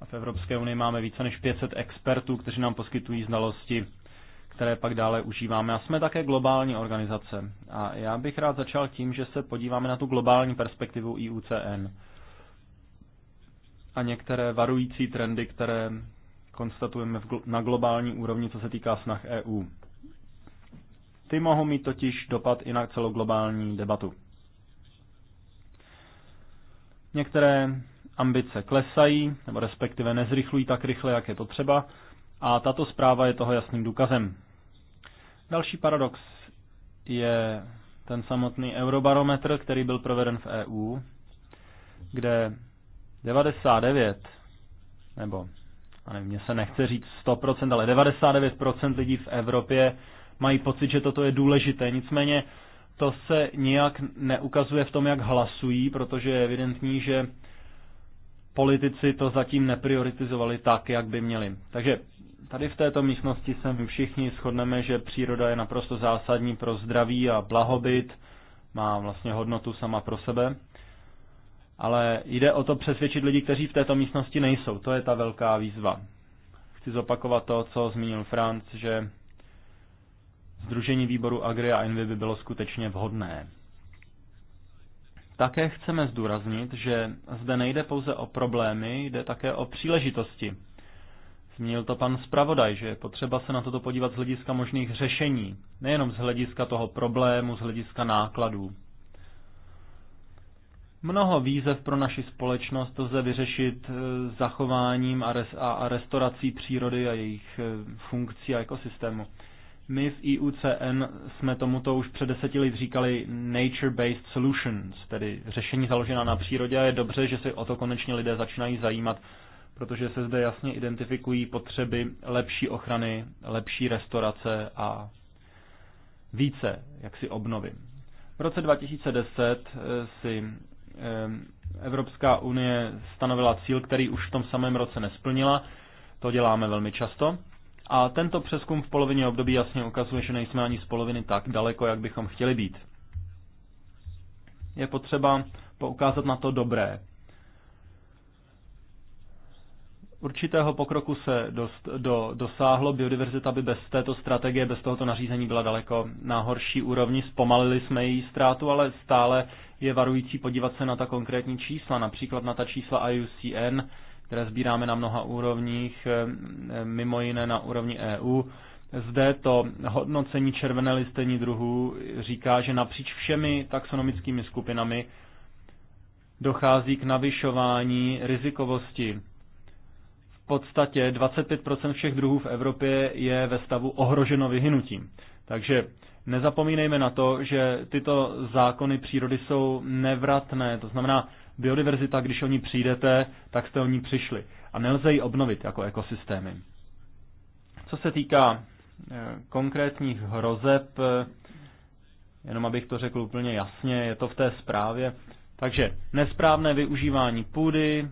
a v Evropské unii máme více než 500 expertů, kteří nám poskytují znalosti, které pak dále užíváme. A jsme také globální organizace. A já bych rád začal tím, že se podíváme na tu globální perspektivu IUCN a některé varující trendy, které konstatujeme na globální úrovni, co se týká snah EU. Ty mohou mít totiž dopad i na celou globální debatu. Některé ambice klesají, nebo respektive nezrychlují tak rychle, jak je to třeba, a tato zpráva je toho jasným důkazem. Další paradox je ten samotný eurobarometr, který byl proveden v EU, kde 99, nebo a nevím, mě se nechce říct 100%, ale 99% lidí v Evropě mají pocit, že toto je důležité. Nicméně to se nijak neukazuje v tom, jak hlasují, protože je evidentní, že politici to zatím neprioritizovali tak, jak by měli. Takže tady v této místnosti se všichni shodneme, že příroda je naprosto zásadní pro zdraví a blahobyt, má vlastně hodnotu sama pro sebe. Ale jde o to přesvědčit lidi, kteří v této místnosti nejsou. To je ta velká výzva. Chci zopakovat to, co zmínil Franc, že Združení výboru Agri a Envy by bylo skutečně vhodné. Také chceme zdůraznit, že zde nejde pouze o problémy, jde také o příležitosti. Zmínil to pan zpravodaj, že je potřeba se na toto podívat z hlediska možných řešení, nejenom z hlediska toho problému, z hlediska nákladů. Mnoho výzev pro naši společnost lze vyřešit eh, zachováním a, a restaurací přírody a jejich eh, funkcí a ekosystému. My v IUCN jsme tomuto už před deseti let říkali nature-based solutions, tedy řešení založená na přírodě a je dobře, že se o to konečně lidé začínají zajímat, protože se zde jasně identifikují potřeby lepší ochrany, lepší restaurace a více jak si obnovy. V roce 2010 eh, si eh, Evropská unie stanovila cíl, který už v tom samém roce nesplnila. To děláme velmi často. A tento přeskum v polovině období jasně ukazuje, že nejsme ani z poloviny tak daleko, jak bychom chtěli být. Je potřeba poukázat na to dobré. Určitého pokroku se dost, do, dosáhlo, biodiverzita by bez této strategie, bez tohoto nařízení byla daleko na horší úrovni, zpomalili jsme její ztrátu, ale stále je varující podívat se na ta konkrétní čísla, například na ta čísla IUCN, které sbíráme na mnoha úrovních, eh, eh, mimo jiné na úrovni EU. Zde to hodnocení červené listení druhů říká, že napříč všemi taxonomickými skupinami dochází k navyšování rizikovosti. V podstatě 25% všech druhů v Evropě je ve stavu ohroženo vyhynutím. Takže nezapomínejme na to, že tyto zákony přírody jsou nevratné. To znamená, Biodiverzita, když o ní přijdete, tak jste o ní přišli. A nelze ji obnovit jako ekosystémy. Co se týká eh, konkrétních hrozeb, eh, jenom abych to řekl úplně jasně, je to v té zprávě. Takže nesprávné využívání půdy,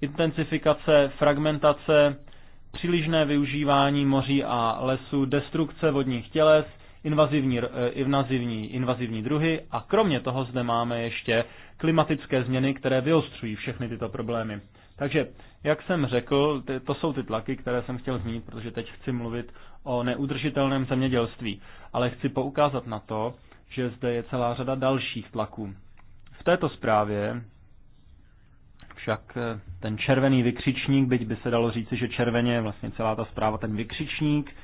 intensifikace, fragmentace, přílišné využívání moří a lesů, destrukce vodních těles, invazivní, eh, invazivní, invazivní druhy a kromě toho zde máme ještě klimatické změny, které vyostřují všechny tyto problémy. Takže, jak jsem řekl, to jsou ty tlaky, které jsem chtěl zmínit, protože teď chci mluvit o neudržitelném zemědělství, ale chci poukázat na to, že zde je celá řada dalších tlaků. V této zprávě však eh, ten červený vykřičník, byť by se dalo říci, že červeně je vlastně celá ta zpráva ten vykřičník,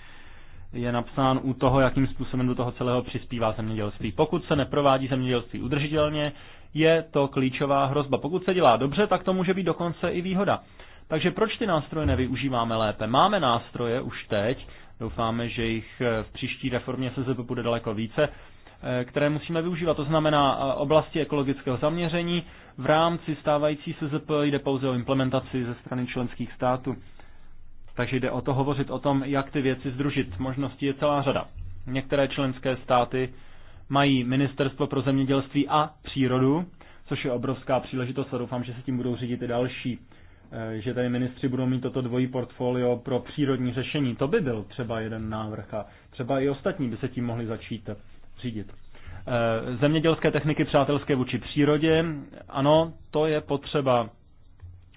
je napsán u toho, jakým způsobem do toho celého přispívá zemědělství. Pokud se neprovádí zemědělství udržitelně, je to klíčová hrozba. Pokud se dělá dobře, tak to může být dokonce i výhoda. Takže proč ty nástroje nevyužíváme lépe? Máme nástroje už teď, doufáme, že jich eh, v příští reformě se SZP bude daleko více, eh, které musíme využívat. To znamená eh, oblasti ekologického zaměření. V rámci stávající SZP jde pouze o implementaci ze strany členských států. Takže jde o to hovořit o tom, jak ty věci združit. Možností je celá řada. Některé členské státy mají Ministerstvo pro zemědělství a přírodu, což je obrovská příležitost a doufám, že se tím budou řídit i další. Eh, že tady ministři budou mít toto dvojí portfolio pro přírodní řešení. To by byl třeba jeden návrh a třeba i ostatní by se tím mohli začít řídit. Eh, zemědělské techniky přátelské vůči přírodě, ano, to je potřeba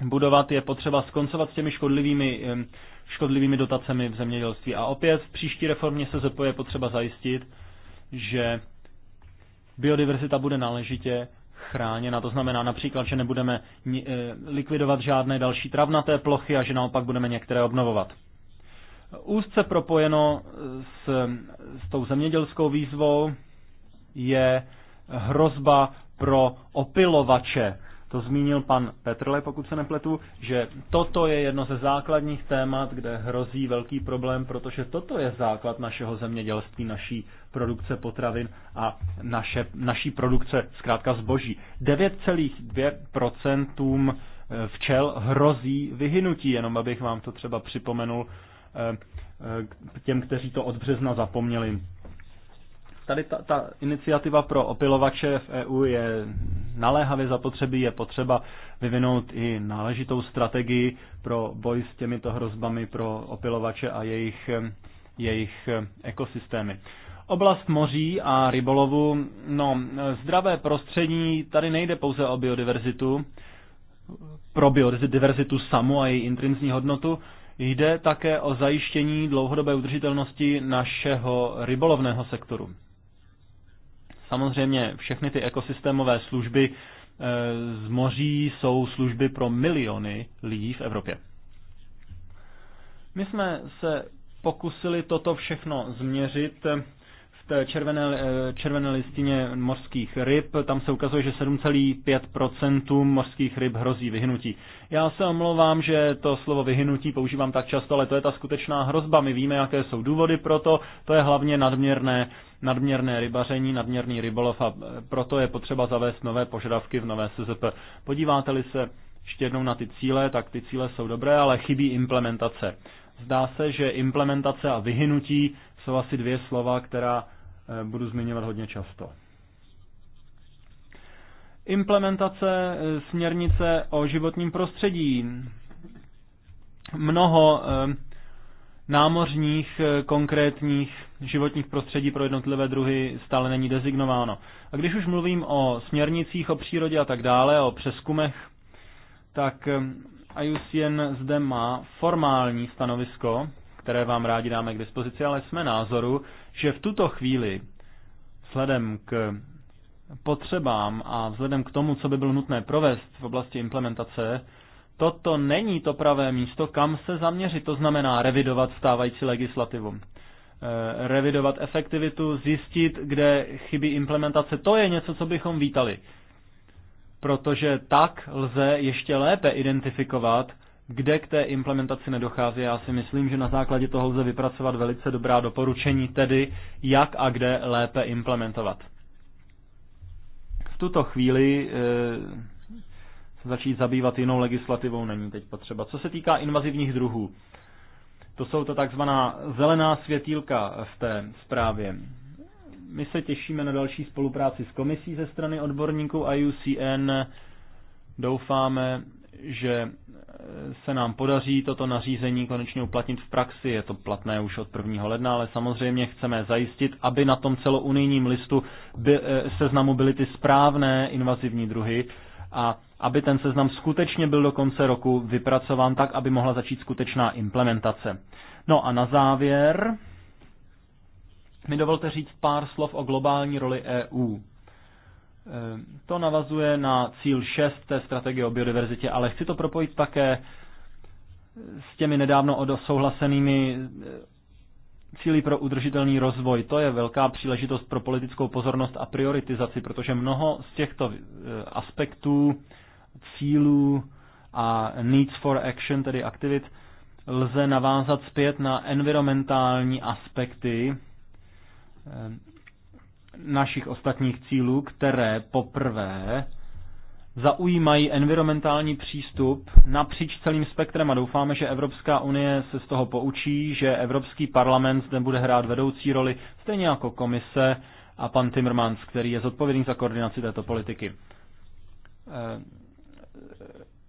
budovat, je potřeba skoncovat s těmi škodlivými eh, škodlivými dotacemi v zemědělství. A opět v příští reformě se ZP je potřeba zajistit, že biodiverzita bude náležitě chráněna. To znamená například, že nebudeme eh, likvidovat žádné další travnaté plochy a že naopak budeme některé obnovovat. Úzce propojeno s, s tou zemědělskou výzvou je hrozba pro opilovače to zmínil pan Petrle, pokud se nepletu, že toto je jedno ze základních témat, kde hrozí velký problém, protože toto je základ našeho zemědělství, naší produkce potravin a naše, naší produkce zkrátka zboží. 9,2% eh, včel hrozí vyhynutí, jenom abych vám to třeba připomenul eh, eh, těm, kteří to od března zapomněli tady ta, ta iniciativa pro opilovače v EU je naléhavě zapotřebí, je potřeba vyvinout i náležitou strategii pro boj s těmito hrozbami pro opilovače a jejich, jejich ekosystémy. Oblast moří a rybolovu, no, zdravé prostředí, tady nejde pouze o biodiverzitu, pro biodiverzitu samu a její intrinzní hodnotu, Jde také o zajištění dlouhodobé udržitelnosti našeho rybolovného sektoru. Samozřejmě všechny ty ekosystémové služby eh, z moří jsou služby pro miliony lidí v Evropě. My jsme se pokusili toto všechno změřit eh, v té červené, eh, červené listině mořských ryb. Tam se ukazuje, že 7,5% mořských ryb hrozí vyhnutí. Já se omlouvám, že to slovo vyhnutí používám tak často, ale to je ta skutečná hrozba. My víme, jaké jsou důvody pro to. To je hlavně nadměrné nadměrné rybaření, nadměrný rybolov a e, proto je potřeba zavést nové požadavky v nové SZP. Podíváte-li se ještě jednou na ty cíle, tak ty cíle jsou dobré, ale chybí implementace. Zdá se, že implementace a vyhynutí jsou asi dvě slova, která e, budu zmiňovat hodně často. Implementace e, směrnice o životním prostředí. Mnoho námořních eh, konkrétních životních prostředí pro jednotlivé druhy stále není dezignováno. A když už mluvím o směrnicích o přírodě a tak dále, o přeskumech, tak eh, IUCN zde má formální stanovisko, které vám rádi dáme k dispozici, ale jsme názoru, že v tuto chvíli vzhledem k potřebám a vzhledem k tomu, co by bylo nutné provést v oblasti implementace, toto není to pravé místo, kam se zaměřit. To znamená revidovat stávající legislativu. Eh, revidovat efektivitu, zjistit, kde chybí implementace. To je něco, co bychom vítali. Protože tak lze ještě lépe identifikovat, kde k té implementaci nedochází. Já si myslím, že na základě toho lze vypracovat velice dobrá doporučení, tedy jak a kde lépe implementovat. V tuto chvíli eh, se začít zabývat jinou legislativou, není teď potřeba. Co se týká invazivních druhů, to jsou to takzvaná zelená světýlka v té zprávě. My se těšíme na další spolupráci s komisí ze strany odborníků IUCN. Doufáme, že se nám podaří toto nařízení konečně uplatnit v praxi. Je to platné už od 1. ledna, ale samozřejmě chceme zajistit, aby na tom celounijním listu by, eh, seznamu byly ty správné invazivní druhy a aby ten seznam skutečně byl do konce roku vypracován tak, aby mohla začít skutečná implementace. No a na závěr mi dovolte říct pár slov o globální roli EU. E, to navazuje na cíl 6 té strategie o biodiverzitě, ale chci to propojit také s těmi nedávno odosouhlasenými e, cíly pro udržitelný rozvoj. To je velká příležitost pro politickou pozornost a prioritizaci, protože mnoho z těchto e, aspektů cílů a needs for action, tedy aktivit, lze navázat zpět na environmentální aspekty eh, našich ostatních cílů, které poprvé zaujímají environmentální přístup napříč celým spektrem a doufáme, že Evropská unie se z toho poučí, že Evropský parlament zde bude hrát vedoucí roli, stejně jako komise a pan Timmermans, který je zodpovědný za koordinaci této politiky. Eh,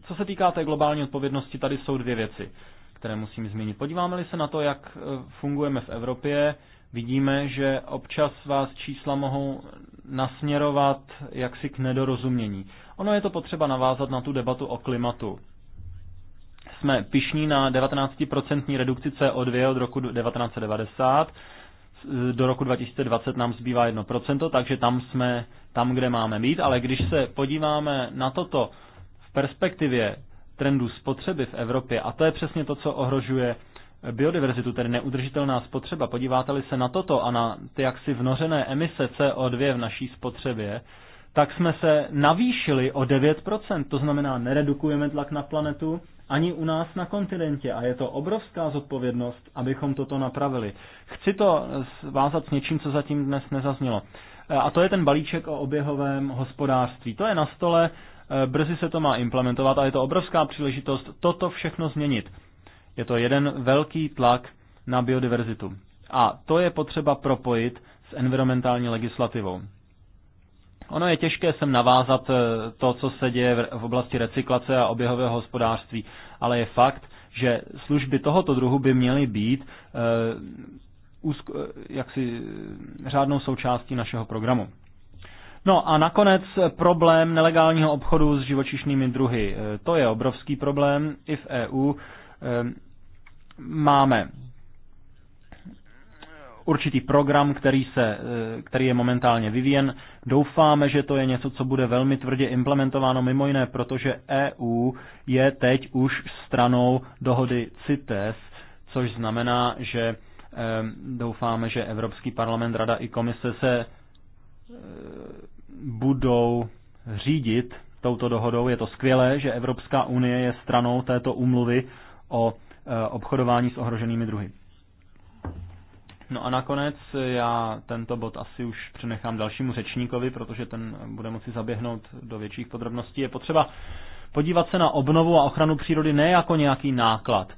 co se týká té globální odpovědnosti, tady jsou dvě věci, které musím zmínit. Podíváme-li se na to, jak e, fungujeme v Evropě, vidíme, že občas vás čísla mohou nasměrovat jaksi k nedorozumění. Ono je to potřeba navázat na tu debatu o klimatu. Jsme pišní na 19% redukci CO2 od roku 1990, do roku 2020 nám zbývá 1%, takže tam jsme tam, kde máme být, ale když se podíváme na toto perspektivě trendu spotřeby v Evropě, a to je přesně to, co ohrožuje biodiverzitu, tedy neudržitelná spotřeba, podíváte-li se na toto a na ty jaksi vnořené emise CO2 v naší spotřebě, tak jsme se navýšili o 9%, to znamená, neredukujeme tlak na planetu ani u nás na kontinentě a je to obrovská zodpovědnost, abychom toto napravili. Chci to svázat s něčím, co zatím dnes nezaznělo. A to je ten balíček o oběhovém hospodářství. To je na stole Eh, brzy se to má implementovat a je to obrovská příležitost toto všechno změnit. Je to jeden velký tlak na biodiverzitu. A to je potřeba propojit s environmentální legislativou. Ono je těžké sem navázat eh, to, co se děje v oblasti recyklace a oběhového hospodářství, ale je fakt, že služby tohoto druhu by měly být eh, jaksi řádnou součástí našeho programu. No a nakonec problém nelegálního obchodu s živočišnými druhy. E, to je obrovský problém i v EU. E, máme určitý program, který, se, e, který je momentálně vyvíjen. Doufáme, že to je něco, co bude velmi tvrdě implementováno, mimo jiné, protože EU je teď už stranou dohody CITES, což znamená, že doufáme, že Evropský parlament, Rada i komise se budou řídit touto dohodou. Je to skvělé, že Evropská unie je stranou této úmluvy o e, obchodování s ohroženými druhy. No a nakonec e, já tento bod asi už přenechám dalšímu řečníkovi, protože ten bude moci zaběhnout do větších podrobností. Je potřeba podívat se na obnovu a ochranu přírody ne jako nějaký náklad.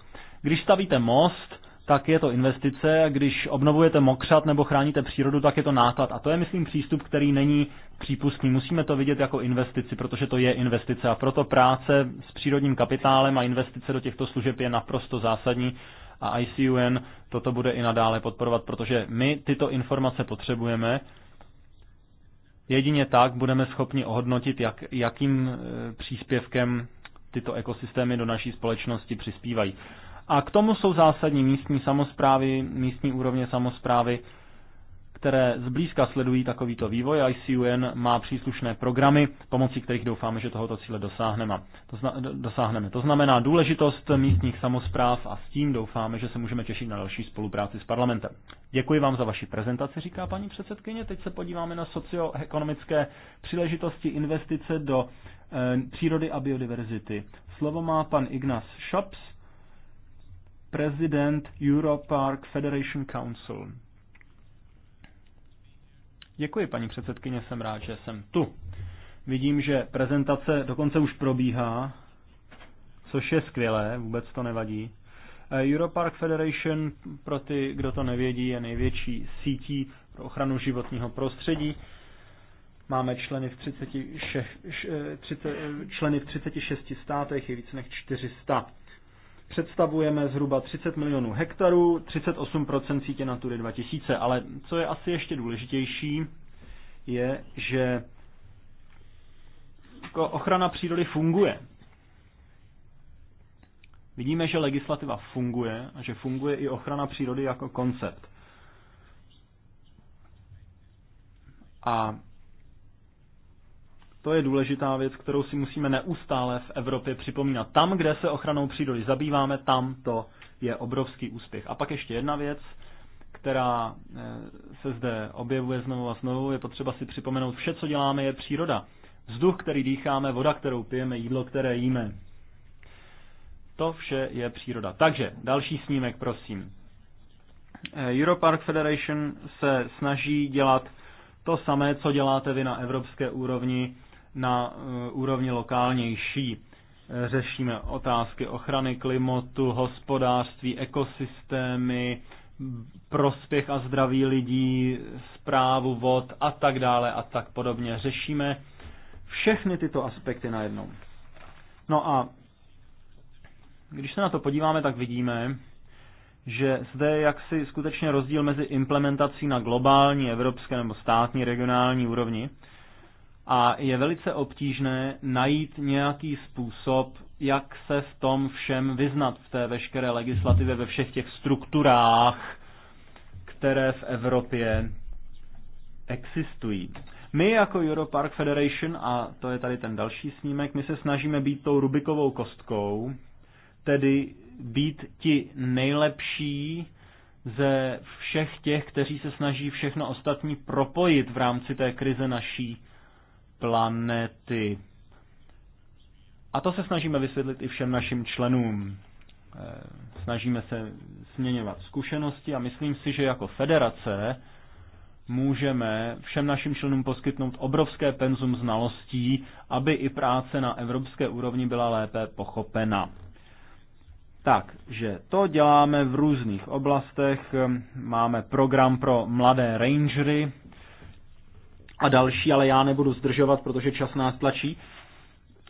Když stavíte most, tak je to investice a když obnovujete mokřat nebo chráníte přírodu, tak je to náklad. A to je, myslím, přístup, který není přípustný. Musíme to vidět jako investici, protože to je investice a proto práce s přírodním kapitálem a investice do těchto služeb je naprosto zásadní a ICUN toto bude i nadále podporovat, protože my tyto informace potřebujeme. Jedině tak budeme schopni ohodnotit, jak, jakým e, příspěvkem tyto ekosystémy do naší společnosti přispívají. A k tomu jsou zásadní místní samozprávy, místní úrovně samozprávy, které zblízka sledují takovýto vývoj ICUN má příslušné programy, pomocí kterých doufáme, že tohoto cíle dosáhneme. To, zna, dosáhneme. to znamená důležitost místních samozpráv a s tím doufáme, že se můžeme těšit na další spolupráci s parlamentem. Děkuji vám za vaši prezentaci, říká paní předsedkyně. Teď se podíváme na socioekonomické příležitosti investice do e, přírody a biodiverzity. Slovo má pan Ignas Shops, prezident Europark Federation Council. Děkuji, paní předsedkyně, jsem rád, že jsem tu. Vidím, že prezentace dokonce už probíhá, což je skvělé, vůbec to nevadí. Eh, Europark Federation, pro ty, kdo to nevědí, je největší sítí pro ochranu životního prostředí. Máme členy v, 36, eh, eh, členy v 36 státech, je více než 400 představujeme zhruba 30 milionů hektarů, 38% sítě Natury 2000, ale co je asi ještě důležitější, je, že jako ochrana přírody funguje. Vidíme, že legislativa funguje a že funguje i ochrana přírody jako koncept. A to je důležitá věc, kterou si musíme neustále v Evropě připomínat. Tam, kde se ochranou přírody zabýváme, tam to je obrovský úspěch. A pak ještě jedna věc, která eh, se zde objevuje znovu a znovu, je potřeba si připomenout, vše, co děláme, je příroda. Vzduch, který dýcháme, voda, kterou pijeme, jídlo, které jíme. To vše je příroda. Takže, další snímek, prosím. Eh, Europark Federation se snaží dělat to samé, co děláte vy na evropské úrovni na eh, úrovni lokálnější. Eh, řešíme otázky ochrany klimatu, hospodářství, ekosystémy, prospěch a zdraví lidí, zprávu vod a tak dále a tak podobně. Řešíme všechny tyto aspekty najednou. No a když se na to podíváme, tak vidíme, že zde je jaksi skutečně rozdíl mezi implementací na globální, evropské nebo státní, regionální úrovni a je velice obtížné najít nějaký způsob, jak se v tom všem vyznat v té veškeré legislativě, ve všech těch strukturách, které v Evropě existují. My jako Europark Federation, a to je tady ten další snímek, my se snažíme být tou Rubikovou kostkou, tedy být ti nejlepší ze všech těch, kteří se snaží všechno ostatní propojit v rámci té krize naší planety. A to se snažíme vysvětlit i všem našim členům. Eh, snažíme se směňovat zkušenosti a myslím si, že jako federace můžeme všem našim členům poskytnout obrovské penzum znalostí, aby i práce na evropské úrovni byla lépe pochopena. Takže to děláme v různých oblastech. Máme program pro mladé rangery, a další, ale já nebudu zdržovat, protože čas nás tlačí.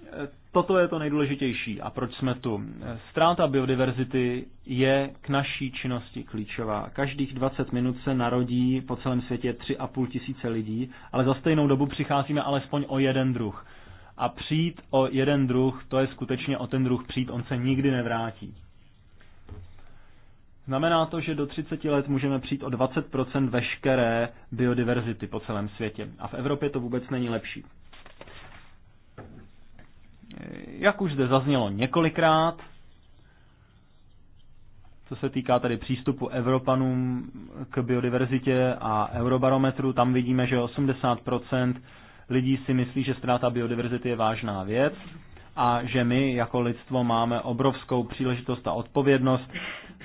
E, toto je to nejdůležitější a proč jsme tu. E, ztráta biodiverzity je k naší činnosti klíčová. Každých 20 minut se narodí po celém světě 3,5 tisíce lidí, ale za stejnou dobu přicházíme alespoň o jeden druh. A přijít o jeden druh, to je skutečně o ten druh přijít, on se nikdy nevrátí. Znamená to, že do 30 let můžeme přijít o 20% veškeré biodiverzity po celém světě. A v Evropě to vůbec není lepší. Jak už zde zaznělo několikrát, co se týká tady přístupu Evropanům k biodiverzitě a eurobarometru, tam vidíme, že 80% lidí si myslí, že ztráta biodiverzity je vážná věc a že my jako lidstvo máme obrovskou příležitost a odpovědnost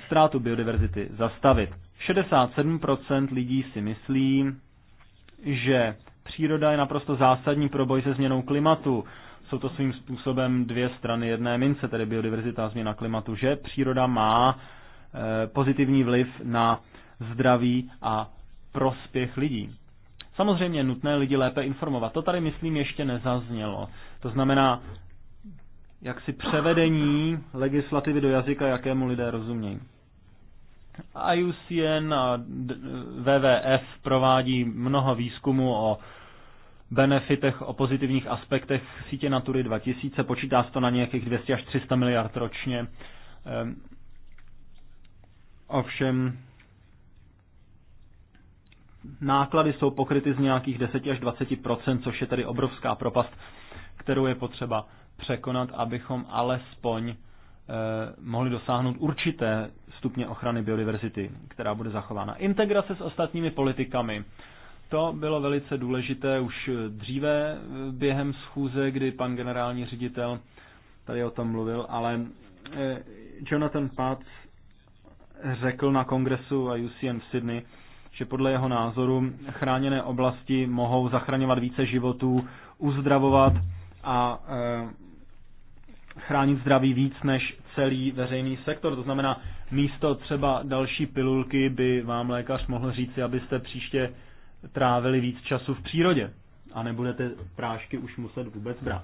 ztrátu biodiverzity zastavit. 67% lidí si myslí, že příroda je naprosto zásadní pro boj se změnou klimatu. Jsou to svým způsobem dvě strany jedné mince, tedy biodiverzita a změna klimatu, že příroda má eh, pozitivní vliv na zdraví a prospěch lidí. Samozřejmě nutné lidi lépe informovat. To tady, myslím, ještě nezaznělo. To znamená, jaksi převedení legislativy do jazyka, jakému lidé rozumějí. IUCN a WWF provádí mnoho výzkumu o benefitech, o pozitivních aspektech sítě Natury 2000, počítá se to na nějakých 200 až 300 miliard ročně. Ehm, ovšem, náklady jsou pokryty z nějakých 10 až 20 což je tedy obrovská propast, kterou je potřeba překonat, abychom alespoň eh, mohli dosáhnout určité stupně ochrany biodiverzity, která bude zachována. Integrace s ostatními politikami. To bylo velice důležité už dříve eh, během schůze, kdy pan generální ředitel tady o tom mluvil, ale eh, Jonathan Pats řekl na kongresu a UCN v Sydney, že podle jeho názoru chráněné oblasti mohou zachraňovat více životů, uzdravovat a chránit zdraví víc než celý veřejný sektor. To znamená, místo třeba další pilulky by vám lékař mohl říci, abyste příště trávili víc času v přírodě a nebudete prášky už muset vůbec brát.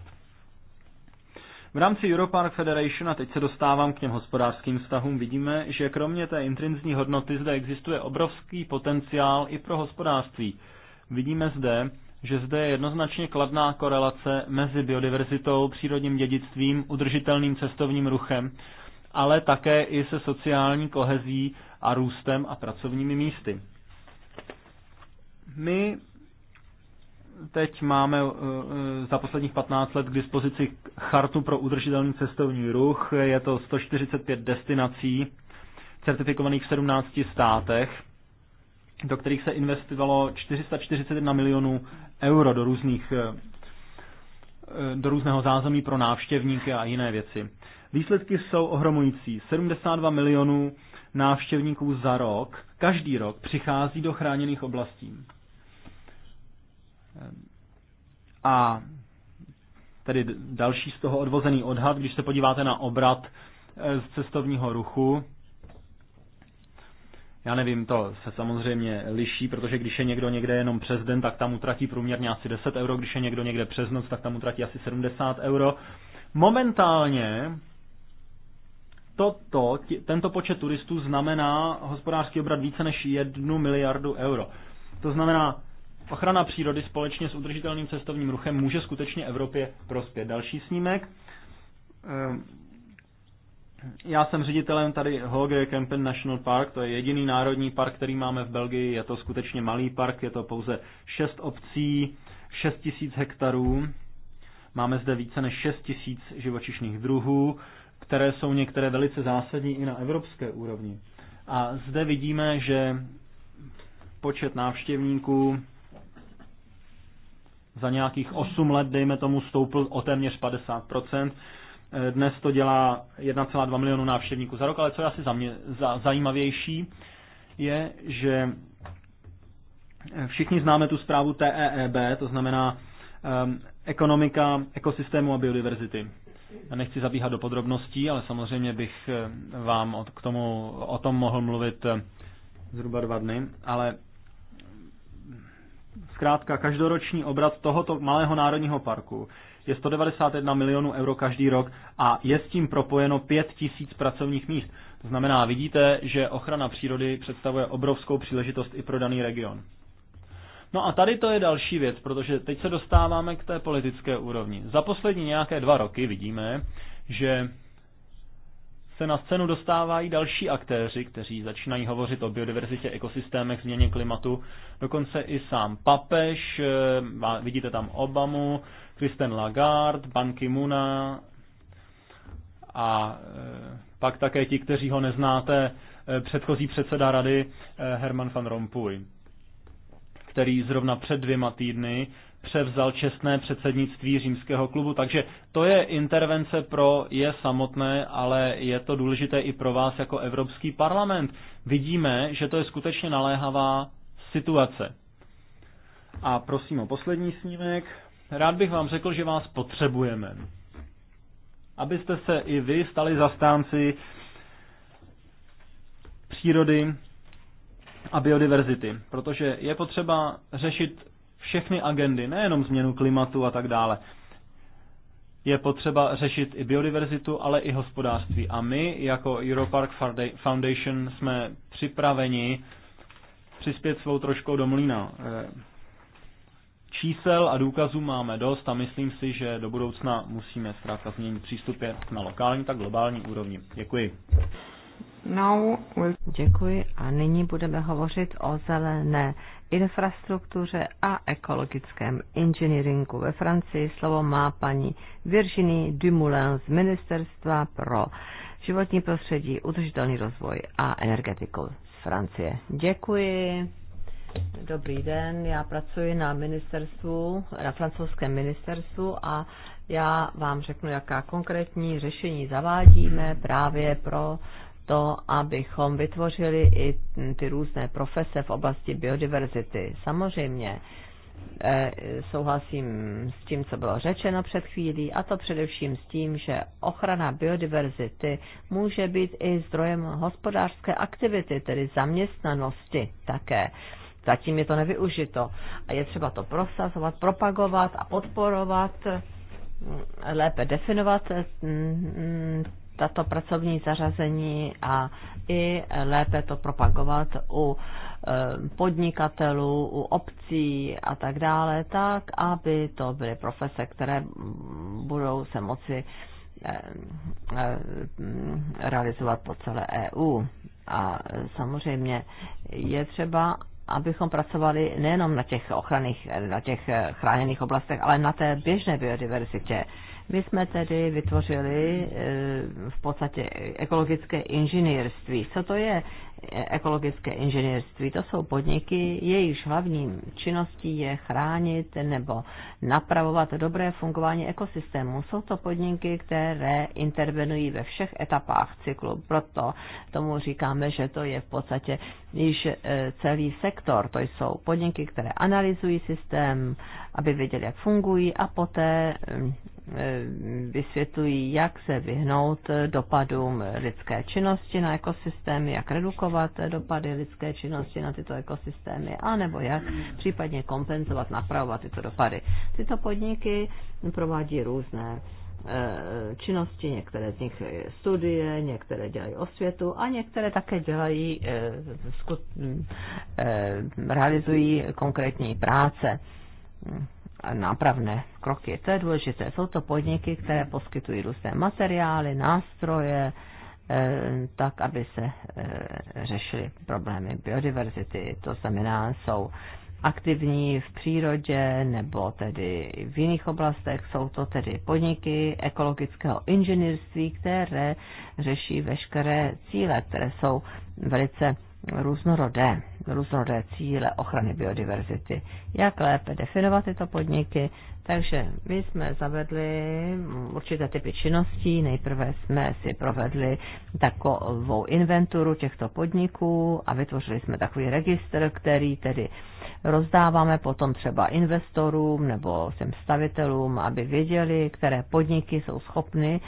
V rámci Europark Federation, a teď se dostávám k těm hospodářským vztahům, vidíme, že kromě té intrinzní hodnoty zde existuje obrovský potenciál i pro hospodářství. Vidíme zde, že zde je jednoznačně kladná korelace mezi biodiverzitou, přírodním dědictvím, udržitelným cestovním ruchem, ale také i se sociální kohezí a růstem a pracovními místy. My teď máme eh, eh, za posledních 15 let k dispozici chartu pro udržitelný cestovní ruch. Je to 145 destinací certifikovaných v 17 státech, do kterých se investovalo 441 milionů euro do různých eh, eh, do různého zázemí pro návštěvníky a jiné věci. Výsledky jsou ohromující. 72 milionů návštěvníků za rok, každý rok, přichází do chráněných oblastí. Eh, a tedy další z toho odvozený odhad, když se podíváte na obrat z cestovního ruchu, já nevím, to se samozřejmě liší, protože když je někdo někde jenom přes den, tak tam utratí průměrně asi 10 euro, když je někdo někde přes noc, tak tam utratí asi 70 euro. Momentálně toto, tento počet turistů znamená hospodářský obrat více než 1 miliardu euro. To znamená, ochrana přírody společně s udržitelným cestovním ruchem může skutečně Evropě prospět. Další snímek. Ehm já jsem ředitelem tady Hoge Kempen National Park, to je jediný národní park, který máme v Belgii, je to skutečně malý park, je to pouze šest obcí, šest tisíc hektarů, máme zde více než šest tisíc živočišných druhů, které jsou některé velice zásadní i na evropské úrovni. A zde vidíme, že počet návštěvníků za nějakých 8 let, dejme tomu, stoupl o téměř 50%. Dnes to dělá 1,2 milionu návštěvníků za rok, ale co je asi za mě, za, zajímavější, je, že všichni známe tu zprávu TEEB, to znamená um, ekonomika, ekosystému a biodiverzity. Já nechci zabíhat do podrobností, ale samozřejmě bych ehm, vám od, k tomu, o tom mohl mluvit ehm, zhruba dva dny, ale zkrátka každoroční obrat tohoto malého národního parku je 191 milionů euro každý rok a je s tím propojeno 5 tisíc pracovních míst. To znamená, vidíte, že ochrana přírody představuje obrovskou příležitost i pro daný region. No a tady to je další věc, protože teď se dostáváme k té politické úrovni. Za poslední nějaké dva roky vidíme, že se na scénu dostávají další aktéři, kteří začínají hovořit o biodiverzitě, ekosystémech, změně klimatu, dokonce i sám papež, eh, vidíte tam Obamu, Kristen Lagarde, Ban Ki-muna a e, pak také ti, kteří ho neznáte, e, předchozí předseda rady e, Herman van Rompuy, který zrovna před dvěma týdny převzal čestné předsednictví římského klubu. Takže to je intervence pro je samotné, ale je to důležité i pro vás jako Evropský parlament. Vidíme, že to je skutečně naléhavá situace. A prosím o poslední snímek. Rád bych vám řekl, že vás potřebujeme. Abyste se i vy stali zastánci přírody a biodiverzity, protože je potřeba řešit všechny agendy, nejenom změnu klimatu a tak dále. Je potřeba řešit i biodiverzitu, ale i hospodářství. A my jako Europark Foundation jsme připraveni přispět svou troškou do mlína eh, Čísel a důkazů máme dost a myslím si, že do budoucna musíme zkrátka změnit přístup jak na lokální, tak globální úrovni. Děkuji. No, děkuji a nyní budeme hovořit o zelené infrastruktuře a ekologickém inženýringu ve Francii. Slovo má paní Virginie Dumoulin z Ministerstva pro životní prostředí, udržitelný rozvoj a energetiku z Francie. Děkuji. Dobrý den, já pracuji na ministerstvu, na francouzském ministerstvu a já vám řeknu, jaká konkrétní řešení zavádíme právě pro to, abychom vytvořili i ty různé profese v oblasti biodiverzity. Samozřejmě eh, souhlasím s tím, co bylo řečeno před chvílí, a to především s tím, že ochrana biodiverzity může být i zdrojem hospodářské aktivity, tedy zaměstnanosti také. Zatím je to nevyužito. A je třeba to prosazovat, propagovat a podporovat, mm, lépe definovat mm, tato pracovní zařazení a i lépe to propagovat u eh, podnikatelů, u obcí a tak dále, tak, aby to byly profese, které budou se moci eh, eh, realizovat po celé EU. A samozřejmě je třeba, abychom pracovali nejenom na těch ochranných, na těch eh, chráněných oblastech, ale na té běžné biodiverzitě. My jsme tedy vytvořili e, v podstatě ekologické inženýrství. Co to je ekologické inženýrství? To jsou podniky, jejichž hlavním činností je chránit nebo napravovat dobré fungování ekosystému. Jsou to podniky, které intervenují ve všech etapách cyklu. Proto tomu říkáme, že to je v podstatě již e, celý sektor. To jsou podniky, které analyzují systém, aby věděli, jak fungují a poté Eh, vysvětlují, jak se vyhnout eh, dopadům lidské činnosti na ekosystémy, jak redukovat eh, dopady lidské činnosti na tyto ekosystémy, anebo jak případně kompenzovat, napravovat tyto dopady. Tyto podniky provádí různé činnosti, některé z nich studie, některé dělají osvětu a některé také dělají, mm, realizují konkrétní práce nápravné kroky. To je důležité. Jsou to podniky, které poskytují různé materiály, nástroje, eh, tak, aby se eh, řešily problémy biodiverzity. To znamená, jsou aktivní v přírodě nebo tedy v jiných oblastech. Jsou to tedy podniky ekologického inženýrství, které řeší veškeré cíle, které jsou velice různorodé, různorodé cíle ochrany biodiverzity. Jak lépe definovat tyto podniky? Takže my jsme zavedli určité typy činností. Nejprve jsme si provedli takovou inventuru těchto podniků a vytvořili jsme takový registr, který tedy uh, rozdáváme potom třeba investorům nebo těm stavitelům, aby věděli, které podniky jsou schopny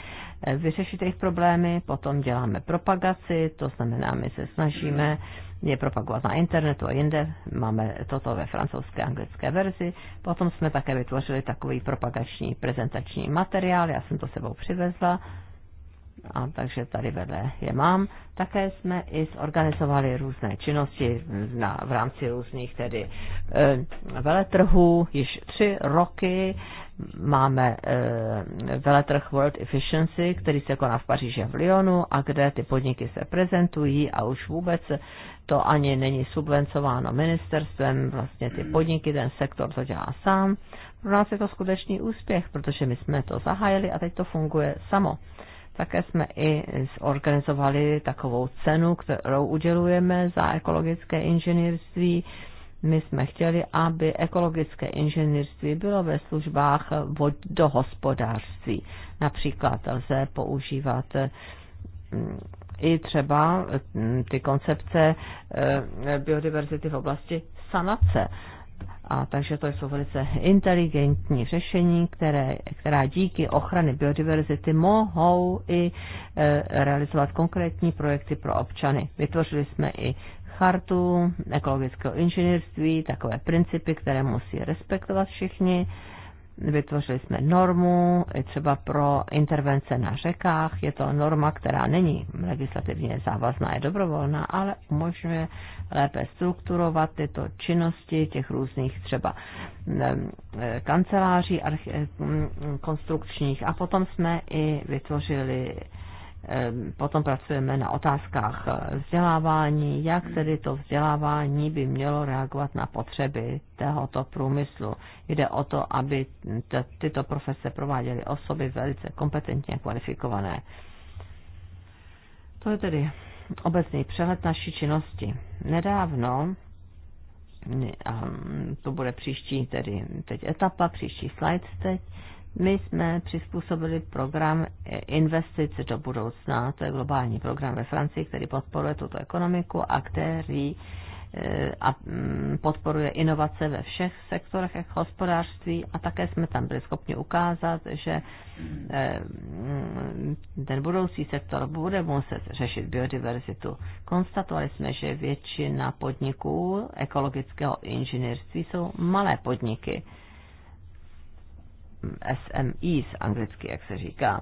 eh, vyřešit jejich problémy. Potom děláme propagaci, to znamená, my se snažíme je propagovat na internetu a jinde. Máme toto ve francouzské a anglické verzi. Potom jsme také vytvořili takový propagační prezentační materiál, já jsem to sebou přivezla a takže tady vedle je mám. Také jsme i zorganizovali různé činnosti na, v rámci různých tedy e, veletrhů. Již tři roky máme e, veletrh World Efficiency, který se koná v Paříži a v Lyonu a kde ty podniky se prezentují a už vůbec to ani není subvencováno ministerstvem, vlastně ty podniky, ten sektor to dělá sám. Pro nás je to skutečný úspěch, protože my jsme to zahájili a teď to funguje samo. Také jsme i zorganizovali takovou cenu, kterou udělujeme za ekologické inženýrství. My jsme chtěli, aby ekologické inženýrství bylo ve službách do hospodářství. Například lze používat mm, i třeba mm, ty koncepce eh, biodiverzity v oblasti sanace a takže to jsou velice inteligentní řešení, které, která díky ochrany biodiverzity mohou i e, realizovat konkrétní projekty pro občany. Vytvořili jsme i chartu ekologického inženýrství, takové principy, které musí respektovat všichni. E, Vytvořili jsme normu třeba pro intervence na řekách. Je to norma, která není legislativně závazná, je dobrovolná, ale umožňuje lépe strukturovat tyto činnosti těch různých třeba eh, kanceláří eh, konstrukčních. A potom jsme i vytvořili potom pracujeme na otázkách eh, vzdělávání, jak tedy to vzdělávání by mělo reagovat na potřeby tohoto průmyslu. Jde o to, aby tyto profese prováděly osoby velice kompetentně kvalifikované. To je tedy obecný přehled naší činnosti. Nedávno, to bude příští tedy teď etapa, příští slide teď, my jsme přizpůsobili program investic do budoucna, to je globální program ve Francii, který podporuje tuto ekonomiku a který eh, a mm, podporuje inovace ve všech sektorech hospodářství a také jsme tam byli schopni ukázat, že eh, mm, ten budoucí sektor bude muset řešit biodiverzitu. Konstatovali jsme, že většina podniků ekologického inženýrství jsou malé podniky SMI e z anglicky, jak se říká.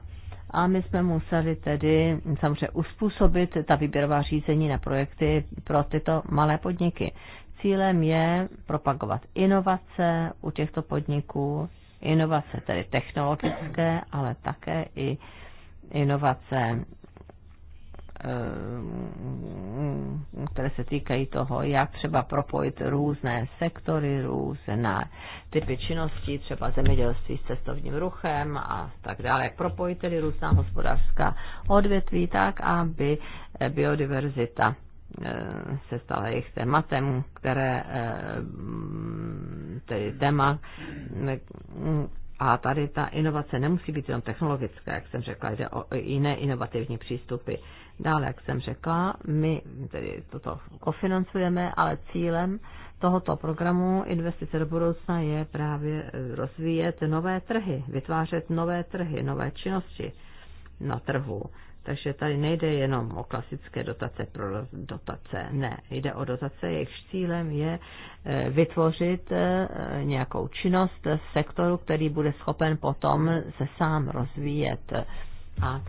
A my jsme museli tedy samozřejmě uspůsobit ta výběrová řízení na projekty pro tyto malé podniky. Cílem je propagovat inovace u těchto podniků, inovace tedy technologické, ale také i inovace Eh, které se týkají toho, jak třeba propojit různé sektory, různé typy činností, třeba zemědělství s cestovním ruchem a tak dále, jak propojit tedy různá hospodářská odvětví tak, aby eh, biodiverzita eh, se stala jejich tématem, které tedy téma mm, a tady ta inovace nemusí být jenom technologická, jak jsem řekla, jde o jiné inovativní přístupy. Dále, jak jsem řekla, my tedy toto kofinancujeme, ale cílem tohoto programu investice do budoucna je právě e, rozvíjet nové trhy, vytvářet nové trhy, nové činnosti na trhu. Takže tady nejde jenom o klasické dotace pro dotace, ne, jde o dotace, jejichž cílem je e, vytvořit e, nějakou činnost v sektoru, který bude schopen potom se sám rozvíjet. A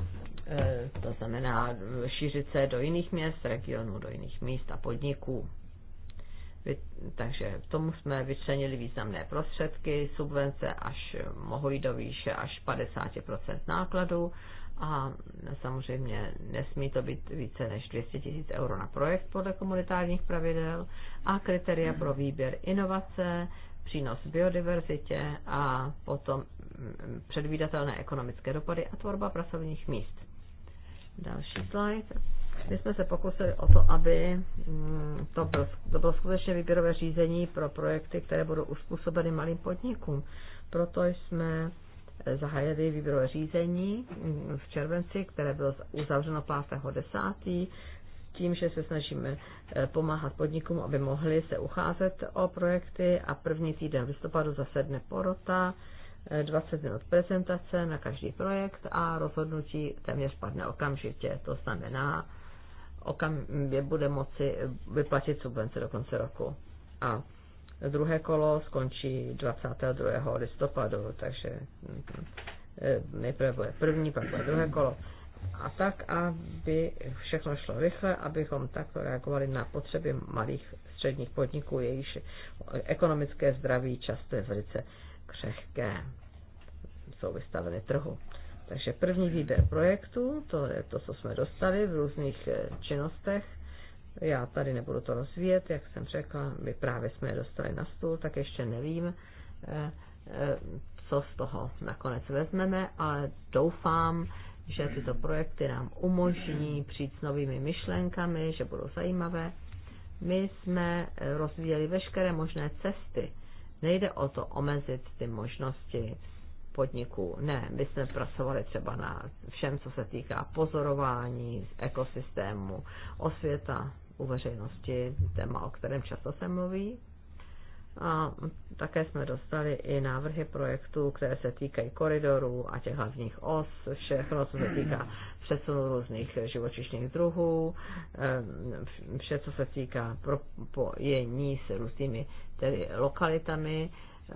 Eh, to znamená šířit se do jiných měst, regionů, do jiných míst a podniků. Takže tomu jsme vyčlenili významné prostředky, subvence až mohou jít do výše až 50% nákladů a samozřejmě nesmí to být více než 200 000 euro na projekt podle komunitárních pravidel a kritéria pro výběr inovace, přínos biodiverzitě a potom mm, předvídatelné ekonomické dopady a tvorba pracovních míst. Další slide. My jsme se pokusili o to, aby mm, to bylo, to bylo skutečně výběrové řízení pro projekty, které budou uspůsobeny malým podnikům. Proto jsme eh, zahájili výběrové řízení mm, v červenci, které bylo uzavřeno 5.10. s tím, že se snažíme eh, pomáhat podnikům, aby mohli se ucházet o projekty a první týden v listopadu zasedne porota 20 minut prezentace na každý projekt a rozhodnutí téměř padne okamžitě. To znamená, okam, je bude moci vyplatit subvence do konce roku. A druhé kolo skončí 22. listopadu, takže hm, nejprve bude první, pak bude druhé kolo. A tak, aby všechno šlo rychle, abychom takto reagovali na potřeby malých středních podniků, jejichž ekonomické zdraví často je velice křehké, jsou vystaveny trhu. Takže první výběr projektů, to je to, co jsme dostali v různých eh, činnostech. Já tady nebudu to rozvíjet, jak jsem řekla, my právě jsme je dostali na stůl, tak ještě nevím, eh, eh, co z toho nakonec vezmeme, ale doufám, že tyto projekty nám umožní přijít s novými myšlenkami, že budou zajímavé. My jsme rozvíjeli veškeré možné cesty, Nejde o to omezit ty možnosti podniků. Ne, my jsme pracovali třeba na všem, co se týká pozorování, ekosystému, osvěta u veřejnosti, téma, o kterém často se mluví, a také jsme dostali i návrhy projektů, které se týkají koridorů a těch hlavních os, všechno, co se týká přesunu různých živočišných druhů, eh, vše, co se týká propojení s různými tedy lokalitami, eh,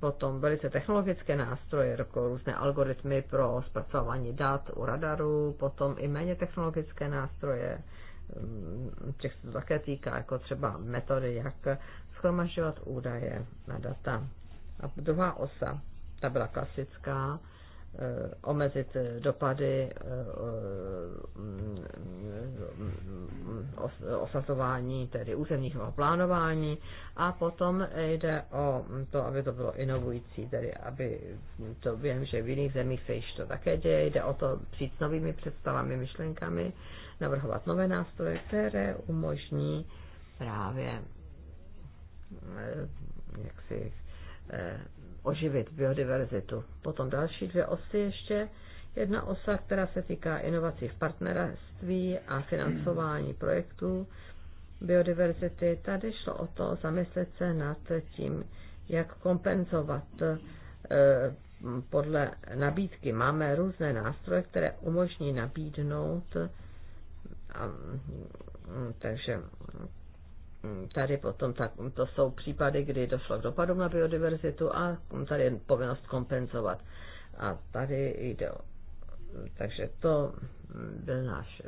potom velice technologické nástroje, jako různé algoritmy pro zpracování dat u radaru, potom i méně technologické nástroje, eh, těch se to také týká, jako třeba metody, jak schromažďovat údaje na data. A druhá osa, ta byla klasická, e, omezit dopady e, e, mm, mm, mm, osazování, tedy územního plánování a potom jde o to, aby to bylo inovující, tedy aby to vím, že v jiných zemích se již to také děje, jde o to přijít s novými představami, myšlenkami, navrhovat nové nástroje, které umožní právě Eh, jaksi eh, oživit biodiverzitu. Potom další dvě osy ještě. Jedna osa, která se týká inovací v partnerství a financování projektů biodiverzity. Tady šlo o to zamyslet se nad tím, jak kompenzovat eh, podle nabídky. Máme různé nástroje, které umožní nabídnout, a, takže Mm, tady potom tak, to jsou případy, kdy došlo k dopadům na biodiverzitu a tady je povinnost kompenzovat. A tady jde o takže to byl náš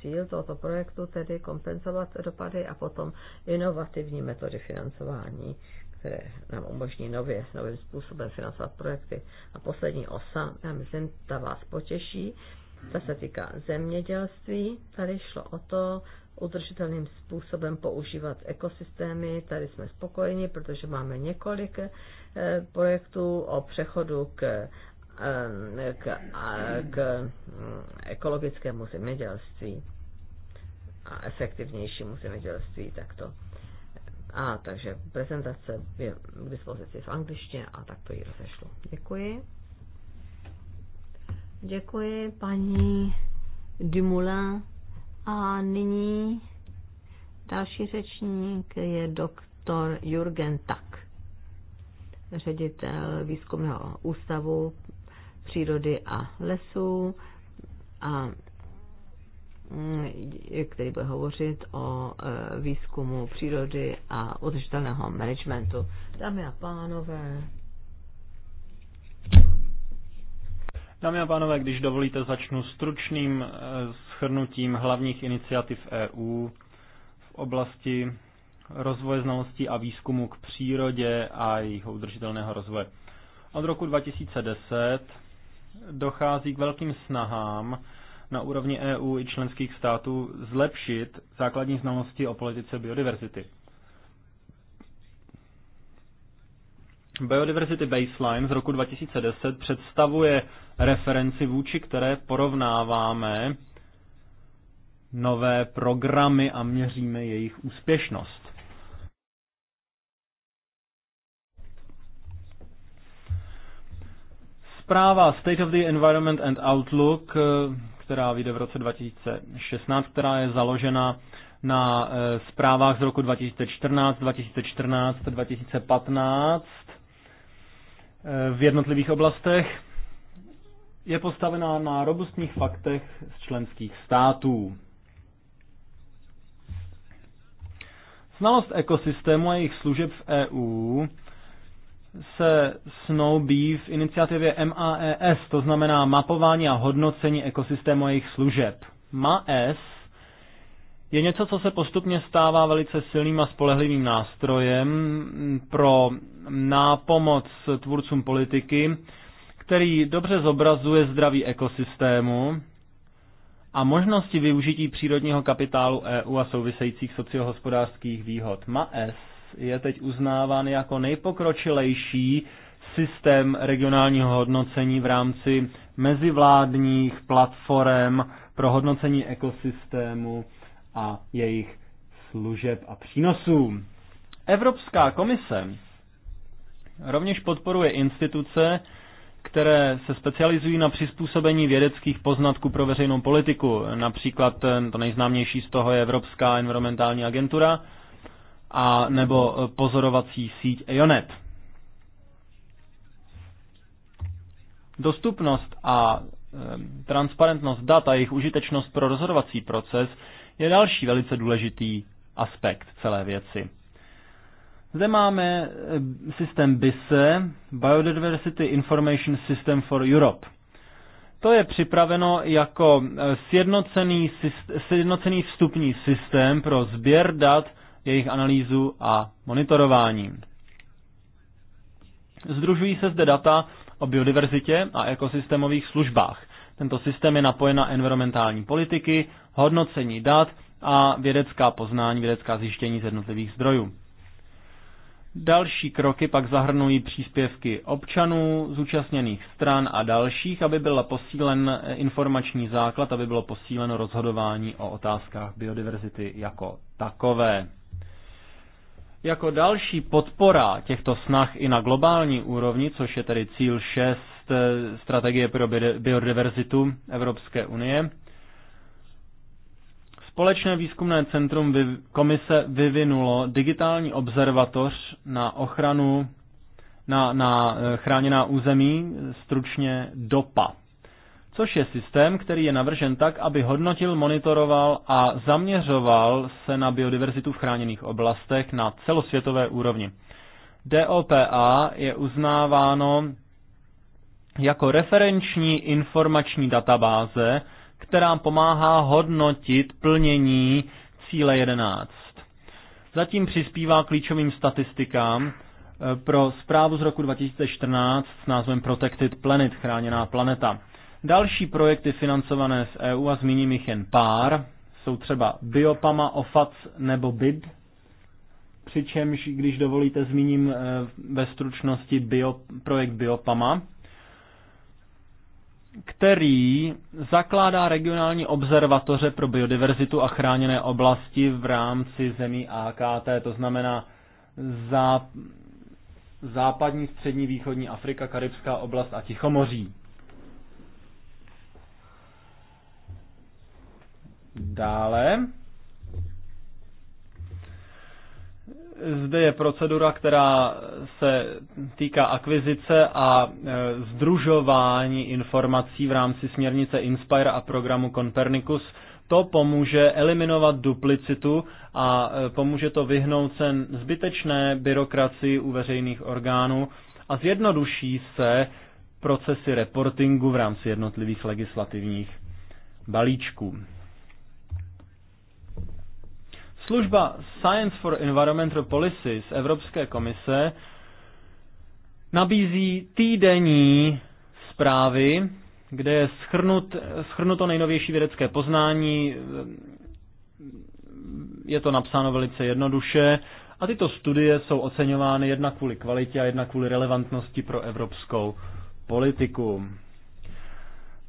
cíl tohoto projektu, tedy kompenzovat dopady a potom inovativní metody financování, které nám umožní nově, novým způsobem financovat projekty. A poslední osa, já myslím, ta vás potěší, ta se týká zemědělství. Tady šlo o to udržitelným způsobem používat ekosystémy. Tady jsme spokojeni, protože máme několik eh, projektů o přechodu k, eh, k, k mm, ekologickému zemědělství a efektivnějšímu zemědělství takto. A takže prezentace je k dispozici v angličtině a tak to ji rozešlo. Děkuji. Děkuji paní Dumoulin a nyní další řečník je doktor Jürgen Tak, ředitel výzkumného ústavu přírody a lesů, a, mm, který bude hovořit o e, výzkumu přírody a udržitelného managementu. Dámy a pánové, Dámy a pánové, když dovolíte, začnu stručným e, shrnutím hlavních iniciativ EU v oblasti rozvoje znalostí a výzkumu k přírodě a jejího udržitelného rozvoje. Od roku 2010 dochází k velkým snahám na úrovni EU i členských států zlepšit základní znalosti o politice biodiverzity. Biodiversity Baseline z roku 2010 představuje referenci vůči, které porovnáváme nové programy a měříme jejich úspěšnost. Zpráva State of the Environment and Outlook, eh, která vyjde v roce 2016, která je založena na eh, zprávách z roku 2014, 2014, 2015 v jednotlivých oblastech, je postavená na robustních faktech z členských států. Znalost ekosystému a jejich služeb v EU se snoubí v iniciativě MAES, to znamená mapování a hodnocení ekosystému a jejich služeb. MAES je něco, co se postupně stává velice silným a spolehlivým nástrojem pro nápomoc tvůrcům politiky, který dobře zobrazuje zdraví ekosystému, a možnosti využití přírodního kapitálu EU a souvisejících sociohospodářských výhod. MAES je teď uznáván jako nejpokročilejší systém regionálního hodnocení v rámci mezivládních platform pro hodnocení ekosystému a jejich služeb a přínosů. Evropská komise rovněž podporuje instituce, které se specializují na přizpůsobení vědeckých poznatků pro veřejnou politiku. Například eh, to nejznámější z toho je Evropská environmentální agentura a nebo eh, pozorovací síť EONET. Dostupnost a eh, transparentnost dat a jejich užitečnost pro rozhodovací proces je další velice důležitý aspekt celé věci. Zde máme eh, systém BISE, Biodiversity Information System for Europe. To je připraveno jako eh, sjednocený, sjednocený vstupní systém pro sběr dat, jejich analýzu a monitorování. Združují se zde data o biodiverzitě a ekosystémových službách. Tento systém je napojen na environmentální politiky, hodnocení dat a vědecká poznání, vědecká zjištění z jednotlivých zdrojů. Další kroky pak zahrnují příspěvky občanů, zúčastněných stran a dalších, aby byl posílen informační základ, aby bylo posíleno rozhodování o otázkách biodiverzity jako takové. Jako další podpora těchto snah i na globální úrovni, což je tedy cíl 6 eh, strategie pro biodiverzitu Evropské unie, Společné výzkumné centrum komise vyvinulo digitální observatoř na ochranu na, na eh, chráněná území, stručně DOPA, což je systém, který je navržen tak, aby hodnotil, monitoroval a zaměřoval se na biodiverzitu v chráněných oblastech na celosvětové úrovni. DOPA je uznáváno jako referenční informační databáze která pomáhá hodnotit plnění cíle 11. Zatím přispívá klíčovým statistikám eh, pro zprávu z roku 2014 s názvem Protected Planet, chráněná planeta. Další projekty financované z EU, a zmíním jich jen pár, jsou třeba Biopama, OFAC nebo BID, přičemž, když dovolíte, zmíním eh, ve stručnosti bio, projekt Biopama, který zakládá regionální observatoře pro biodiverzitu a chráněné oblasti v rámci zemí AKT, to znamená zá, západní, střední, východní Afrika, Karibská oblast a Tichomoří. Dále Zde je procedura, která se týká akvizice a e, združování informací v rámci směrnice Inspire a programu Copernicus. To pomůže eliminovat duplicitu a e, pomůže to vyhnout se zbytečné byrokracii u veřejných orgánů a zjednoduší se procesy reportingu v rámci jednotlivých legislativních balíčků. Služba Science for Environmental Policy z Evropské komise nabízí týdenní zprávy, kde je schrnut, schrnuto nejnovější vědecké poznání, je to napsáno velice jednoduše a tyto studie jsou oceňovány jedna kvůli kvalitě a jedna kvůli relevantnosti pro evropskou politiku.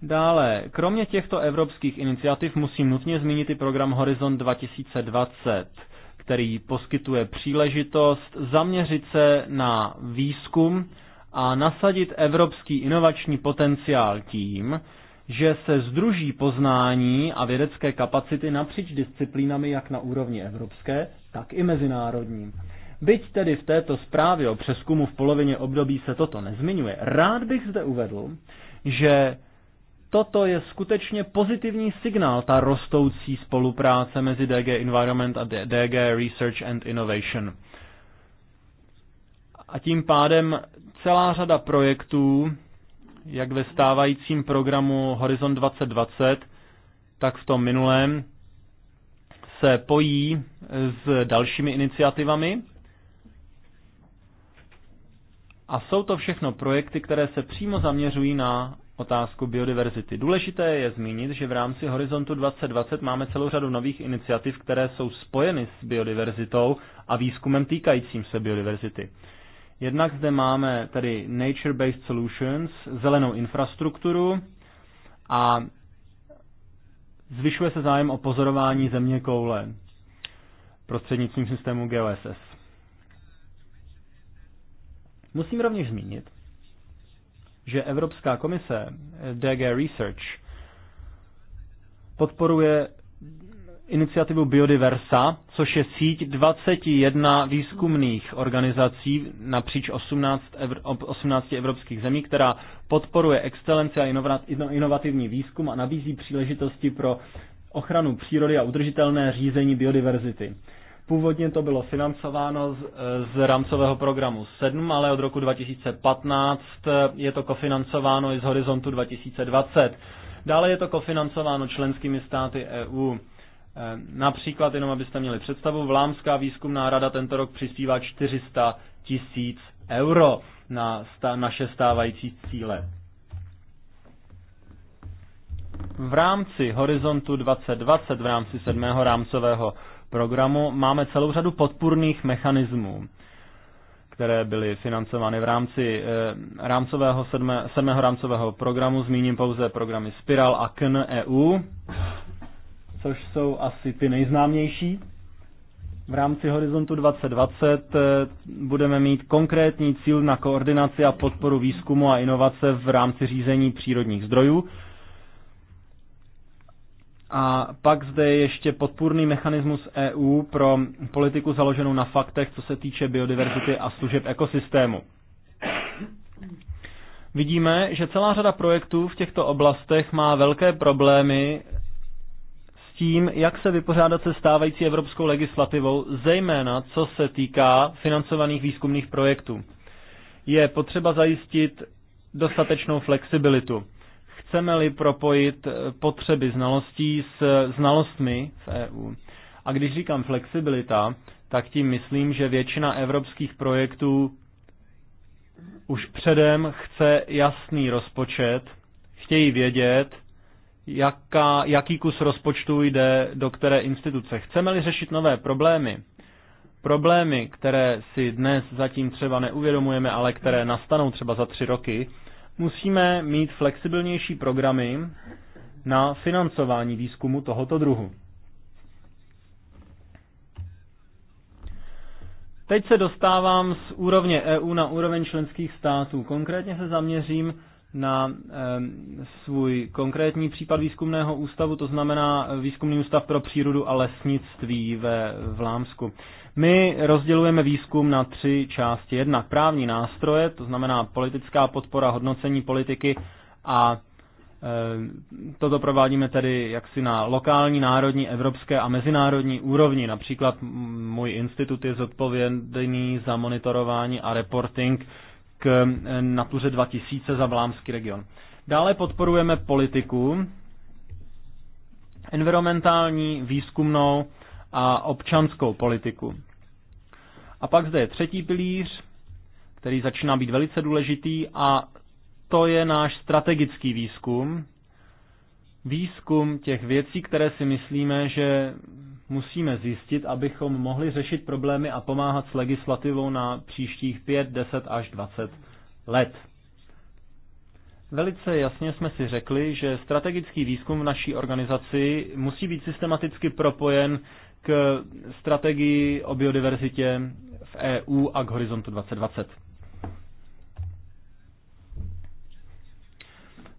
Dále, kromě těchto evropských iniciativ musím nutně zmínit i program Horizon 2020, který poskytuje příležitost zaměřit se na výzkum a nasadit evropský inovační potenciál tím, že se združí poznání a vědecké kapacity napříč disciplínami jak na úrovni evropské, tak i mezinárodní. Byť tedy v této zprávě o přeskumu v polovině období se toto nezmiňuje, rád bych zde uvedl, že toto je skutečně pozitivní signál, ta rostoucí spolupráce mezi DG Environment a DG Research and Innovation. A tím pádem celá řada projektů, jak ve stávajícím programu Horizon 2020, tak v tom minulém, se pojí s dalšími iniciativami. A jsou to všechno projekty, které se přímo zaměřují na otázku biodiverzity. Důležité je zmínit, že v rámci Horizontu 2020 máme celou řadu nových iniciativ, které jsou spojeny s biodiverzitou a výzkumem týkajícím se biodiverzity. Jednak zde máme tedy Nature-Based Solutions, zelenou infrastrukturu a zvyšuje se zájem o pozorování země koule prostřednictvím systému GOSS. Musím rovněž zmínit, že Evropská komise DG Research podporuje iniciativu Biodiversa, což je síť 21 výzkumných organizací napříč 18, evr, 18 evropských zemí, která podporuje excelenci a inovativní výzkum a nabízí příležitosti pro ochranu přírody a udržitelné řízení biodiverzity. Původně to bylo financováno z, eh, z rámcového programu 7, ale od roku 2015 eh, je to kofinancováno i z horizontu 2020. Dále je to kofinancováno členskými státy EU. Eh, například, jenom abyste měli představu, Vlámská výzkumná rada tento rok přispívá 400 tisíc euro na sta- naše stávající cíle. V rámci Horizontu 2020, v rámci sedmého rámcového programu máme celou řadu podpůrných mechanismů, které byly financovány v rámci eh, rámcového sedme, sedmého rámcového programu. Zmíním pouze programy Spiral a KNEU, EU, což jsou asi ty nejznámější. V rámci Horizontu 2020 eh, budeme mít konkrétní cíl na koordinaci a podporu výzkumu a inovace v rámci řízení přírodních zdrojů, a pak zde je ještě podpůrný mechanismus EU pro politiku založenou na faktech, co se týče biodiverzity a služeb ekosystému. Vidíme, že celá řada projektů v těchto oblastech má velké problémy s tím, jak se vypořádat se stávající evropskou legislativou, zejména co se týká financovaných výzkumných projektů. Je potřeba zajistit dostatečnou flexibilitu. Chceme-li propojit eh, potřeby znalostí s eh, znalostmi v EU. A když říkám flexibilita, tak tím myslím, že většina evropských projektů už předem chce jasný rozpočet, chtějí vědět, jaká, jaký kus rozpočtu jde do které instituce. Chceme-li řešit nové problémy, problémy, které si dnes zatím třeba neuvědomujeme, ale které nastanou třeba za tři roky, musíme mít flexibilnější programy na financování výzkumu tohoto druhu. Teď se dostávám z úrovně EU na úroveň členských států. Konkrétně se zaměřím na e, svůj konkrétní případ výzkumného ústavu, to znamená Výzkumný ústav pro přírodu a lesnictví ve Vlámsku. My rozdělujeme výzkum na tři části. Jednak právní nástroje, to znamená politická podpora, hodnocení politiky a eh, Toto provádíme tedy jaksi na lokální, národní, evropské a mezinárodní úrovni. Například můj institut je zodpovědný za monitorování a reporting k eh, Natuře 2000 za Vlámský region. Dále podporujeme politiku, environmentální, výzkumnou a občanskou politiku. A pak zde je třetí pilíř, který začíná být velice důležitý a to je náš strategický výzkum. Výzkum těch věcí, které si myslíme, že musíme zjistit, abychom mohli řešit problémy a pomáhat s legislativou na příštích 5, 10 až 20 let. Velice jasně jsme si řekli, že strategický výzkum v naší organizaci musí být systematicky propojen k strategii o biodiverzitě v EU a k horizontu 2020.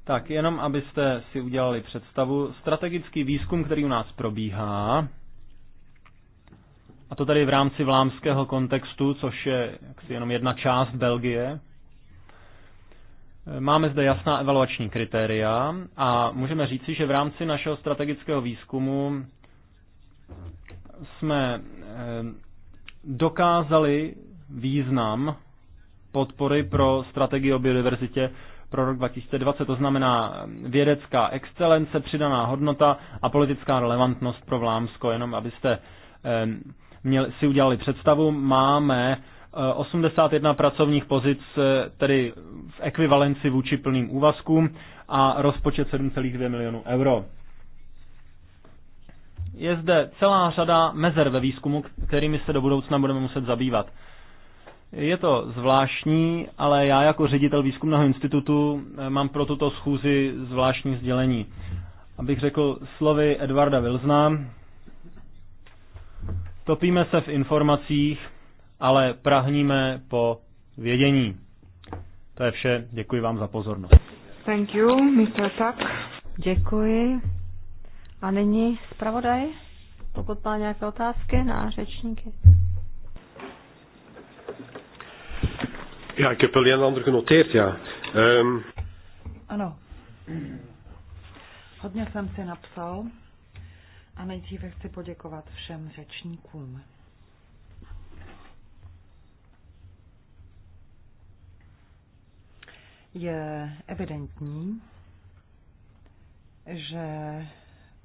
Tak, jenom abyste si udělali představu, strategický výzkum, který u nás probíhá, a to tady v rámci vlámského kontextu, což je jaksi jenom jedna část Belgie, Máme zde jasná evaluační kritéria a můžeme říci, že v rámci našeho strategického výzkumu jsme eh, dokázali význam podpory pro strategii o biodiverzitě pro rok 2020, to znamená eh, vědecká excelence, přidaná hodnota a politická relevantnost pro Vlámsko. Jenom abyste eh, měli, si udělali představu, máme 81 pracovních pozic, tedy v ekvivalenci vůči plným úvazkům a rozpočet 7,2 milionů euro je zde celá řada mezer ve výzkumu, kterými se do budoucna budeme muset zabývat. Je to zvláštní, ale já jako ředitel výzkumného institutu eh, mám pro tuto schůzi zvláštní sdělení. Abych řekl slovy Edvarda Vilzna, topíme se v informacích, ale prahníme po vědění. To je vše, děkuji vám za pozornost. Thank you, Mr. Tak. Děkuji. A nyní zpravodaj, pokud má nějaké otázky na řečníky. Ja, ik heb wel een ander genoteerd, ja. Um... Ano. Hodně jsem si napsal a nejdříve chci poděkovat všem řečníkům. Je evidentní, že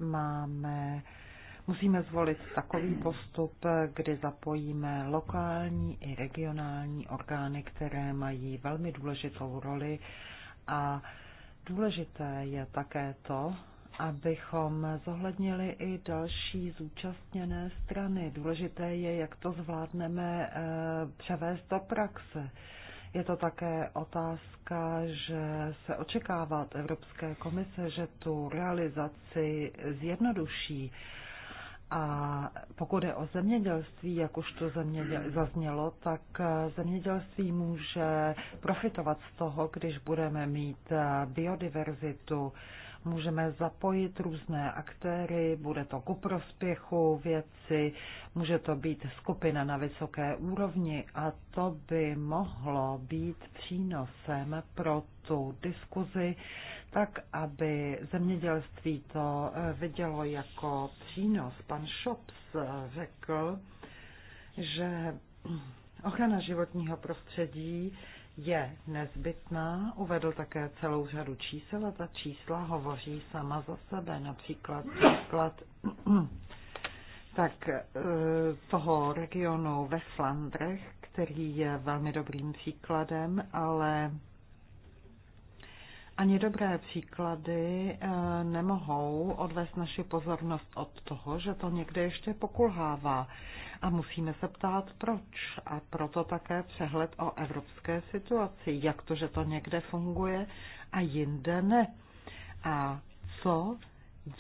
máme Musíme zvolit takový postup, kdy zapojíme lokální i regionální orgány, které mají velmi důležitou roli a důležité je také to, abychom zohlednili i další zúčastněné strany. Důležité je, jak to zvládneme eh, převést do praxe. Je to také otázka, že se očekává od Evropské komise, že tu realizaci zjednoduší. A pokud je o zemědělství, jak už to zaznělo, tak zemědělství může profitovat z toho, když budeme mít biodiverzitu, můžeme zapojit různé aktéry, bude to ku prospěchu věci, může to být skupina na vysoké úrovni a to by mohlo být přínosem pro tu diskuzi, tak aby zemědělství to vidělo jako přínos. Pan Shops řekl, že ochrana životního prostředí je nezbytná. Uvedl také celou řadu čísel a ta čísla hovoří sama za sebe. Například příklad tak e, toho regionu ve Flandrech, který je velmi dobrým příkladem, ale ani dobré příklady e, nemohou odvést naši pozornost od toho, že to někde ještě pokulhává. A musíme se ptát, proč. A proto také přehled o evropské situaci. Jak to, že to někde funguje a jinde ne. A co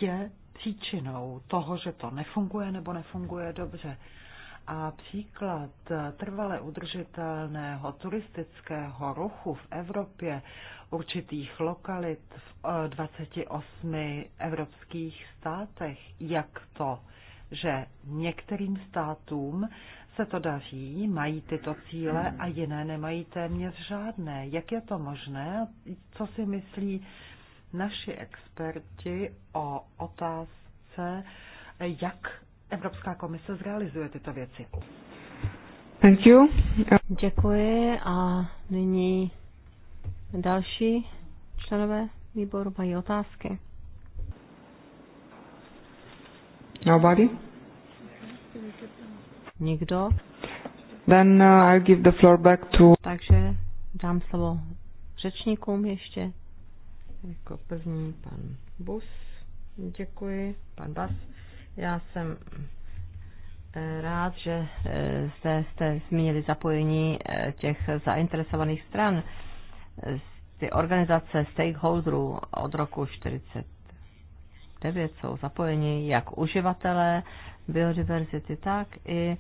je příčinou toho, že to nefunguje nebo nefunguje dobře. A příklad trvale udržitelného turistického ruchu v Evropě určitých lokalit v 28 eh, evropských státech, jak to že některým státům se to daří, mají tyto cíle a jiné nemají téměř žádné. Jak je to možné? Co si myslí naši experti o otázce, jak Evropská komise zrealizuje tyto věci? Thank you. Děkuji a nyní další členové výboru mají otázky. Nobody? Nikdo? Then uh, I'll give the floor back to... Takže dám slovo řečníkům ještě. Jako první pan Bus. Děkuji, pan Bas. Já jsem eh, rád, že eh, jste, jste zmínili zapojení eh, těch zainteresovaných stran, ty organizace stakeholderů od roku 40 9 jsou zapojeni jak uživatelé biodiverzity, tak i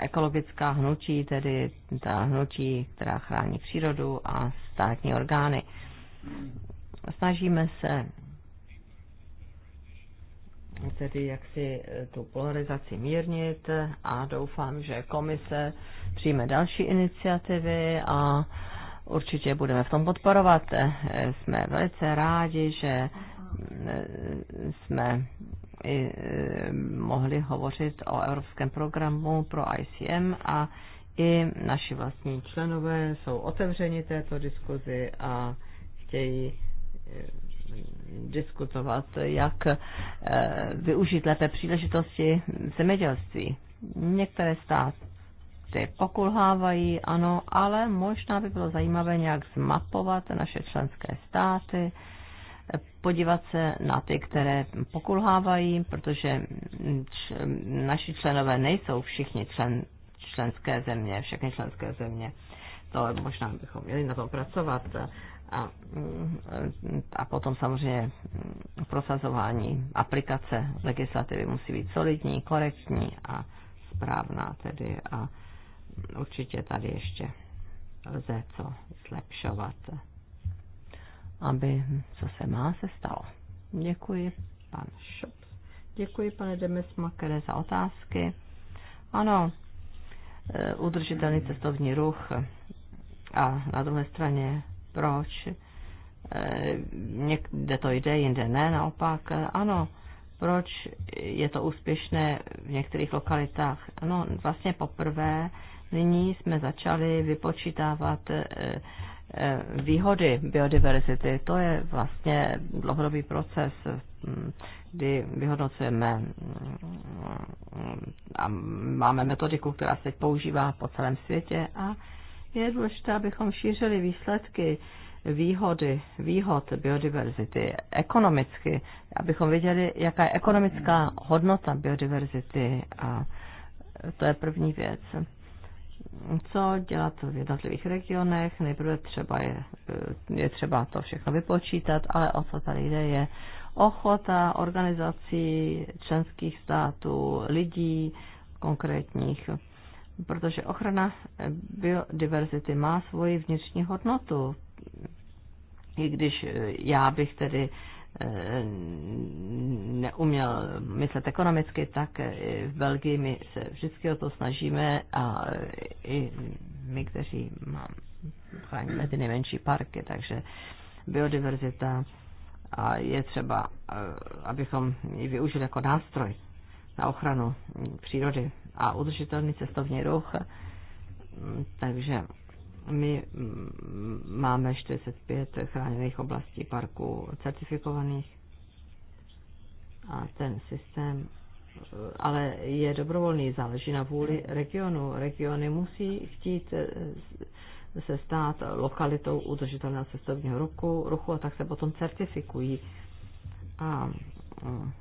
ekologická hnutí, tedy ta hnutí, která chrání přírodu a státní orgány. Snažíme se tedy jak si tu polarizaci mírnit a doufám, že komise přijme další iniciativy a určitě budeme v tom podporovat. Jsme velice rádi, že jsme i eh, mohli hovořit o evropském programu pro ICM a i naši vlastní členové jsou otevřeni této diskuzi a chtějí eh, diskutovat, jak eh, využít lépe příležitosti v zemědělství. Některé státy pokulhávají, ano, ale možná by bylo zajímavé nějak zmapovat naše členské státy, podívat se na ty, které pokulhávají, protože naši členové nejsou všichni člen, členské země, všechny členské země. To možná bychom měli na tom pracovat. A, a potom samozřejmě prosazování aplikace legislativy musí být solidní, korektní a správná tedy a určitě tady ještě lze co zlepšovat aby co se má, se stalo. Děkuji, pan Šup. Děkuji, pane Demesmakere, za otázky. Ano, e, udržitelný cestovní ruch a na druhé straně proč e, někde to jde, jinde ne, naopak ano, proč je to úspěšné v některých lokalitách. No, vlastně poprvé nyní jsme začali vypočítávat e, Eh, výhody biodiverzity, to je vlastně dlouhodobý proces, mm, kdy vyhodnocujeme mm, a máme metodiku, která se teď používá po celém světě a je důležité, abychom šířili výsledky výhody, výhod biodiverzity ekonomicky, abychom viděli, jaká je ekonomická hodnota biodiverzity a to je první věc co dělat v jednotlivých regionech. Nejprve třeba je, je třeba to všechno vypočítat, ale o co tady jde je ochota organizací členských států, lidí konkrétních, protože ochrana biodiverzity má svoji vnitřní hodnotu. I když já bych tedy Eh, neuměl myslet ekonomicky, tak eh, v Belgii my se vždycky o to snažíme a eh, i my, kteří máme ty nejmenší parky, takže biodiverzita a je třeba, abychom ji využili jako nástroj na ochranu přírody a udržitelný cestovní ruch. Mm, takže my mm, máme 45 chráněných oblastí parku certifikovaných a ten systém eh, ale je dobrovolný, záleží na vůli regionu. Regiony musí chtít eh, se stát lokalitou udržitelného cestovního ruchu, ruchu a tak se potom certifikují. A eh,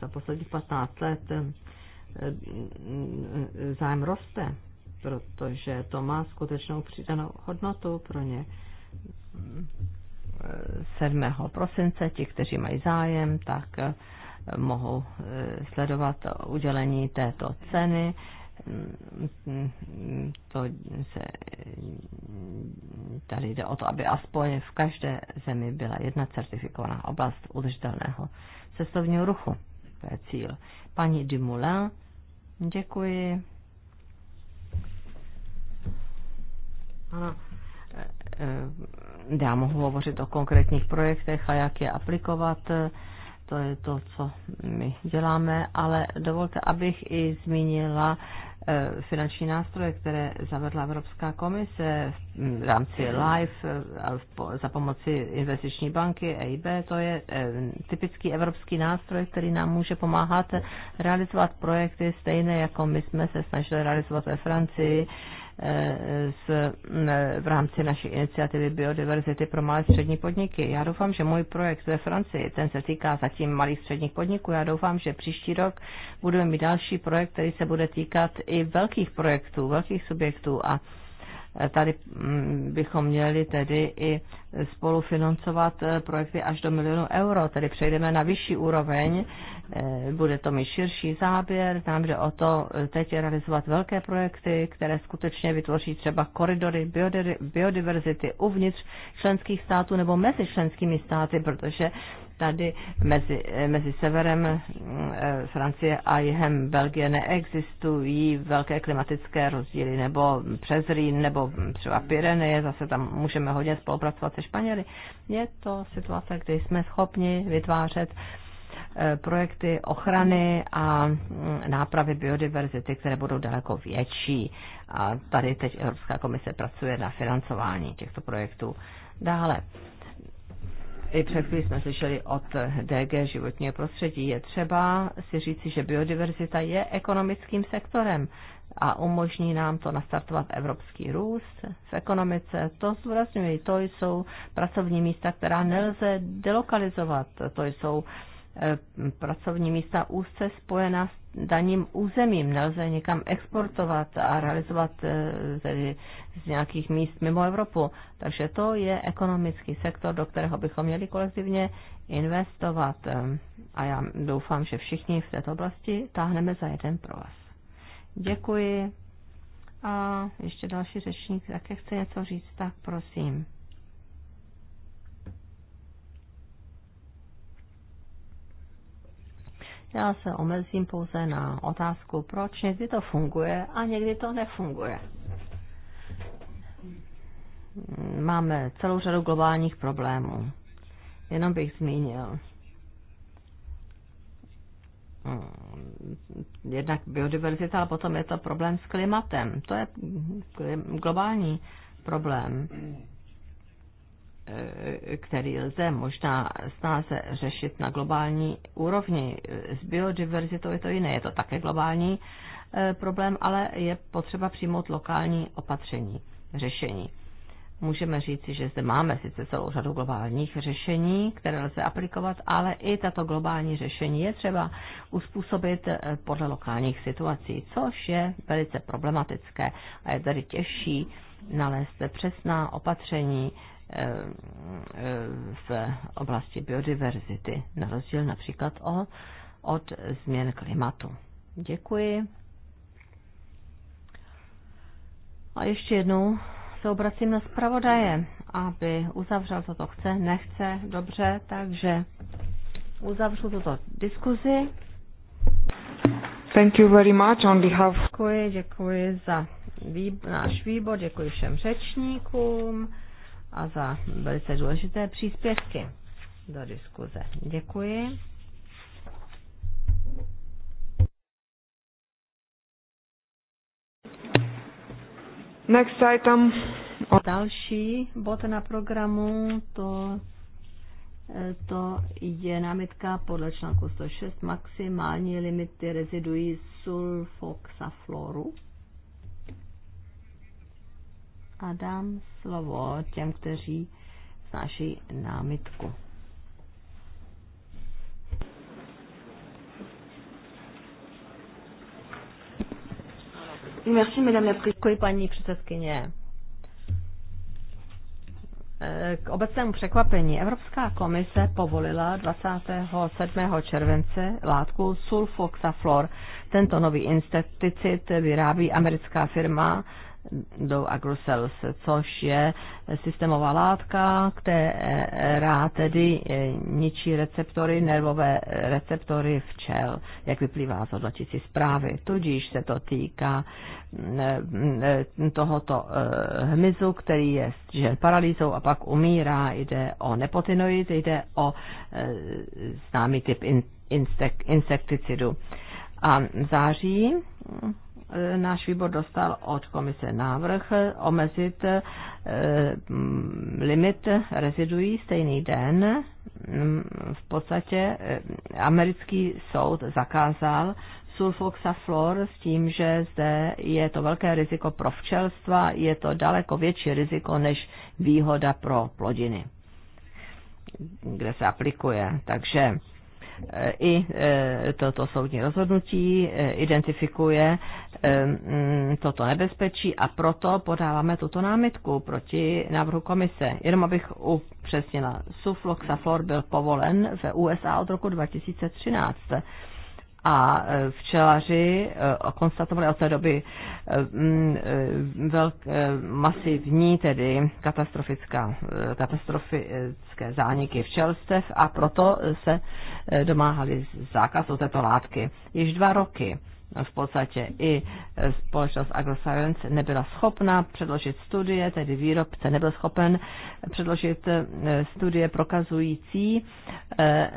za posledních 15 let zájem roste protože to má skutečnou přidanou hodnotu pro ně. 7. prosince ti, kteří mají zájem, tak eh, mohou eh, sledovat udělení této ceny. To se, tady jde o to, aby aspoň v každé zemi byla jedna certifikovaná oblast udržitelného cestovního ruchu. To je cíl. Paní Dumoulin, děkuji. Ano. Eh, eh, já mohu hovořit o konkrétních projektech a jak je aplikovat. To je to, co my děláme, ale dovolte, abych i zmínila eh, finanční nástroje, které zavedla Evropská komise v rámci LIFE za pomoci investiční banky EIB. To je typický evropský nástroj, který nám může pomáhat realizovat projekty stejné, jako my jsme se snažili realizovat ve Francii z, v rámci naší iniciativy biodiverzity pro malé střední podniky. Já doufám, že můj projekt ve Francii, ten se týká zatím malých středních podniků, já doufám, že příští rok budeme mít další projekt, který se bude týkat i velkých projektů, velkých subjektů a tady mm, bychom měli tedy i spolufinancovat eh, projekty až do milionu euro, tedy přejdeme na vyšší úroveň, eh, bude to mít širší záběr, nám jde o to eh, teď realizovat velké projekty, které skutečně vytvoří třeba koridory biodiverzity uvnitř členských států nebo mezi členskými státy, protože tady mezi, mezi severem eh, Francie a jihem Belgie neexistují velké klimatické rozdíly, nebo přes Rín, nebo třeba Pireneje, zase tam můžeme hodně spolupracovat se Španěly. Je to situace, kdy jsme schopni vytvářet eh, projekty ochrany a mm, nápravy biodiverzity, které budou daleko větší. A tady teď Evropská komise pracuje na financování těchto projektů. Dále i před chvílí jsme slyšeli od DG životního prostředí, je třeba si říci, že biodiverzita je ekonomickým sektorem a umožní nám to nastartovat evropský růst v ekonomice. To zdůrazňuji, to jsou pracovní místa, která nelze delokalizovat, to jsou uh, Eh, pracovní místa úzce spojená s daním územím. Nelze někam exportovat a realizovat eh, tedy z nějakých míst mimo Evropu. Takže to je ekonomický sektor, do kterého bychom měli kolektivně investovat. Eh, a já doufám, že všichni v této oblasti táhneme za jeden pro vás. Děkuji. A ještě další řečník také chce něco říct, tak prosím. Já se omezím pouze na otázku, proč někdy to funguje a někdy to nefunguje. Máme celou řadu globálních problémů. Jenom bych zmínil. Jednak biodiverzita, ale potom je to problém s klimatem. To je globální problém který lze možná snáze řešit na globální úrovni. S biodiverzitou je to jiné, je to také globální eh, problém, ale je potřeba přijmout lokální opatření, řešení. Můžeme říci, že zde máme sice celou řadu globálních řešení, které lze aplikovat, ale i tato globální řešení je třeba uspůsobit eh, podle lokálních situací, což je velice problematické a je tady těžší nalézt přesná opatření, v oblasti biodiverzity, na rozdíl například o, od změn klimatu. Děkuji. A ještě jednou se obracím na zpravodaje, aby uzavřel toto chce, nechce, dobře, takže uzavřu tuto diskuzi. Thank you very much on behalf. Děkuji, děkuji za výb- náš výbor, děkuji všem řečníkům a za velice důležité příspěvky do diskuze. Děkuji. Next item. Další bod na programu to, to je námitka podle článku 106 maximální limity rezidují sulfoxafloru a dám slovo těm, kteří znáší námitku. Děkuji, paní předsedkyně. K obecnému překvapení Evropská komise povolila 27. července látku sulfoxaflor. Tento nový insekticid vyrábí americká firma do agrosels, což je systémová látka, která tedy eh, ničí receptory, nervové receptory včel, jak vyplývá z hodnotící zprávy. Tudíž se to týká mm, eh, tohoto eh, hmyzu, který je žen paralýzou a pak umírá. Jde o nepotinoid, jde o známý typ insekticidu. A v září Eh, náš výbor dostal od komise návrh omezit eh, mm, limit rezidují stejný den. Mm, v podstatě eh, americký soud zakázal sulfoxaflor s tím, že zde je to velké riziko pro včelstva, je to daleko větší riziko než výhoda pro plodiny, kde se aplikuje. Takže Eh, i eh, toto soudní rozhodnutí eh, identifikuje mm, toto nebezpečí a proto podáváme tuto námitku proti návrhu komise. Jenom abych upřesnila, sufloxafor byl povolen v USA od roku 2013 a e, včelaři e, konstatovali od té doby e, velk, masivní, tedy katastrofická, katastrofické zániky včelstev a proto se domáhali zákazu této látky. Již dva roky v podstatě i e, společnost AgroScience nebyla schopna předložit studie, tedy výrobce nebyl schopen předložit e, studie prokazující e,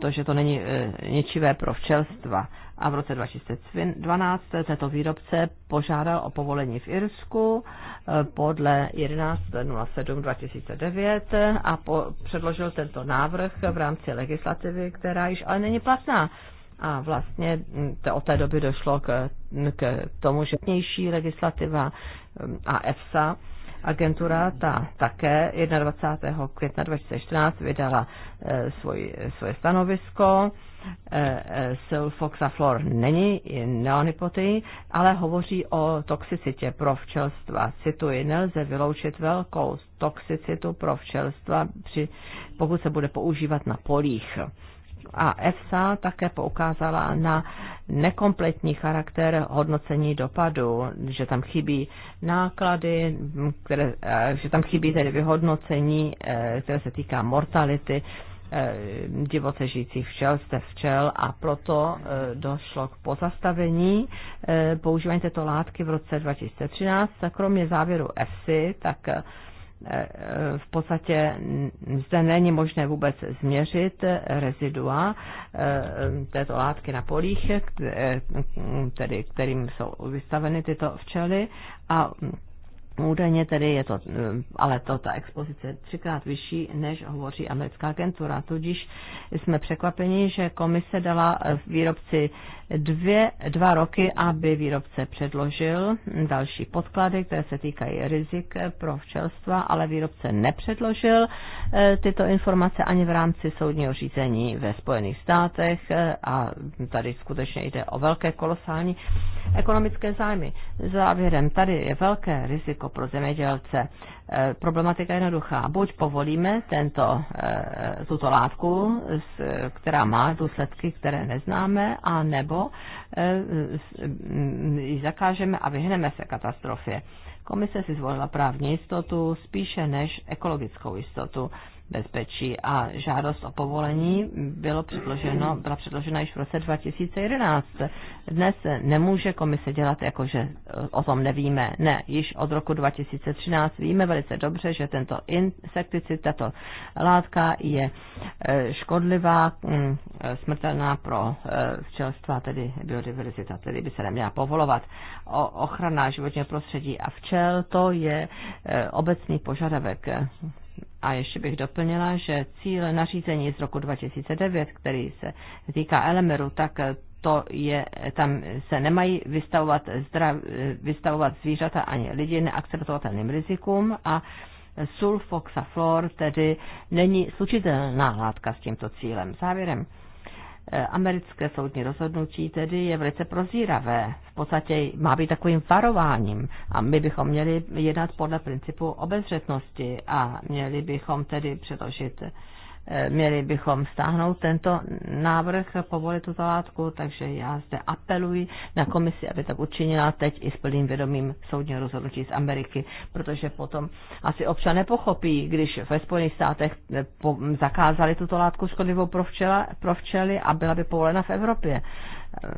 to, že to není ničivé pro včelstva. A v roce 2012 tento výrobce požádal o povolení v Irsku podle 11.07.2009 a předložil tento návrh v rámci legislativy, která již ale není platná. A vlastně mm, to od té doby došlo k, mm, k tomu, že vnější legislativa mm, a EFSA, agentura, ta také 21. května 2014 vydala e, svoj, svoje stanovisko. E, e Sulfoxaflor není neonipoty, ale hovoří o toxicitě pro včelstva. Cituji, nelze vyloučit velkou toxicitu pro včelstva, při, pokud se bude používat na polích a EFSA také poukázala na nekompletní charakter hodnocení dopadu, že tam chybí náklady, které, eh, že tam chybí tedy vyhodnocení, eh, které se týká mortality eh, divoce žijících včel, jste včel a proto došlo k pozastavení používání této látky v roce 2013. A kromě závěru EFSI, tak Eh, v podstatě zde není možné vůbec změřit rezidua eh, této látky na polích, eh, tedy kterým jsou vystaveny tyto včely a Údajně tedy je to, eh, ale to, ta expozice je třikrát vyšší, než hovoří americká agentura. Tudíž jsme překvapeni, že komise dala eh, výrobci dvě, dva roky, aby výrobce předložil další podklady, které se týkají rizik eh, pro včelstva, ale výrobce nepředložil tyto informace ani v rámci soudního řízení ve Spojených státech a tady skutečně jde o velké kolosální ekonomické zájmy. Závěrem, tady je velké riziko pro zemědělce. E, problematika je jednoduchá. Buď povolíme tento, e, tuto látku, která má důsledky, které neznáme, a nebo e, ji zakážeme a vyhneme se katastrofě. Komise si zvolila právní jistotu spíše než ekologickou jistotu bezpečí a žádost o povolení bylo předloženo, byla předložena již v roce 2011. Dnes nemůže komise dělat jako, že eh, o tom nevíme. Ne, již od roku 2013 víme velice dobře, že tento insekticid, tato látka je eh, škodlivá, hm, eh, smrtelná pro včelstva, tedy biodiverzita, tedy by se neměla povolovat. O ochrana životního prostředí a včel, to je obecný požadavek a ještě bych doplnila, že cíl nařízení z roku 2009, který se týká Elemeru, tak to je, tam se nemají vystavovat, zdrav, vystavovat zvířata ani lidi neakceptovatelným rizikům a sulfoxaflor tedy není slučitelná látka s tímto cílem. Závěrem Eh, americké soudní rozhodnutí tedy je velice prozíravé. V podstatě má být takovým varováním a my bychom měli jednat podle principu obezřetnosti a měli bychom tedy předložit Eh, měli bychom stáhnout tento návrh, povolit tuto látku, takže já zde apeluji na komisi, aby tak učinila teď i s plným vědomím soudního rozhodnutí z Ameriky, protože potom asi občan nepochopí, když ve Spojených státech eh, zakázali tuto látku škodlivou pro, včela, pro včely a byla by povolena v Evropě. Eh,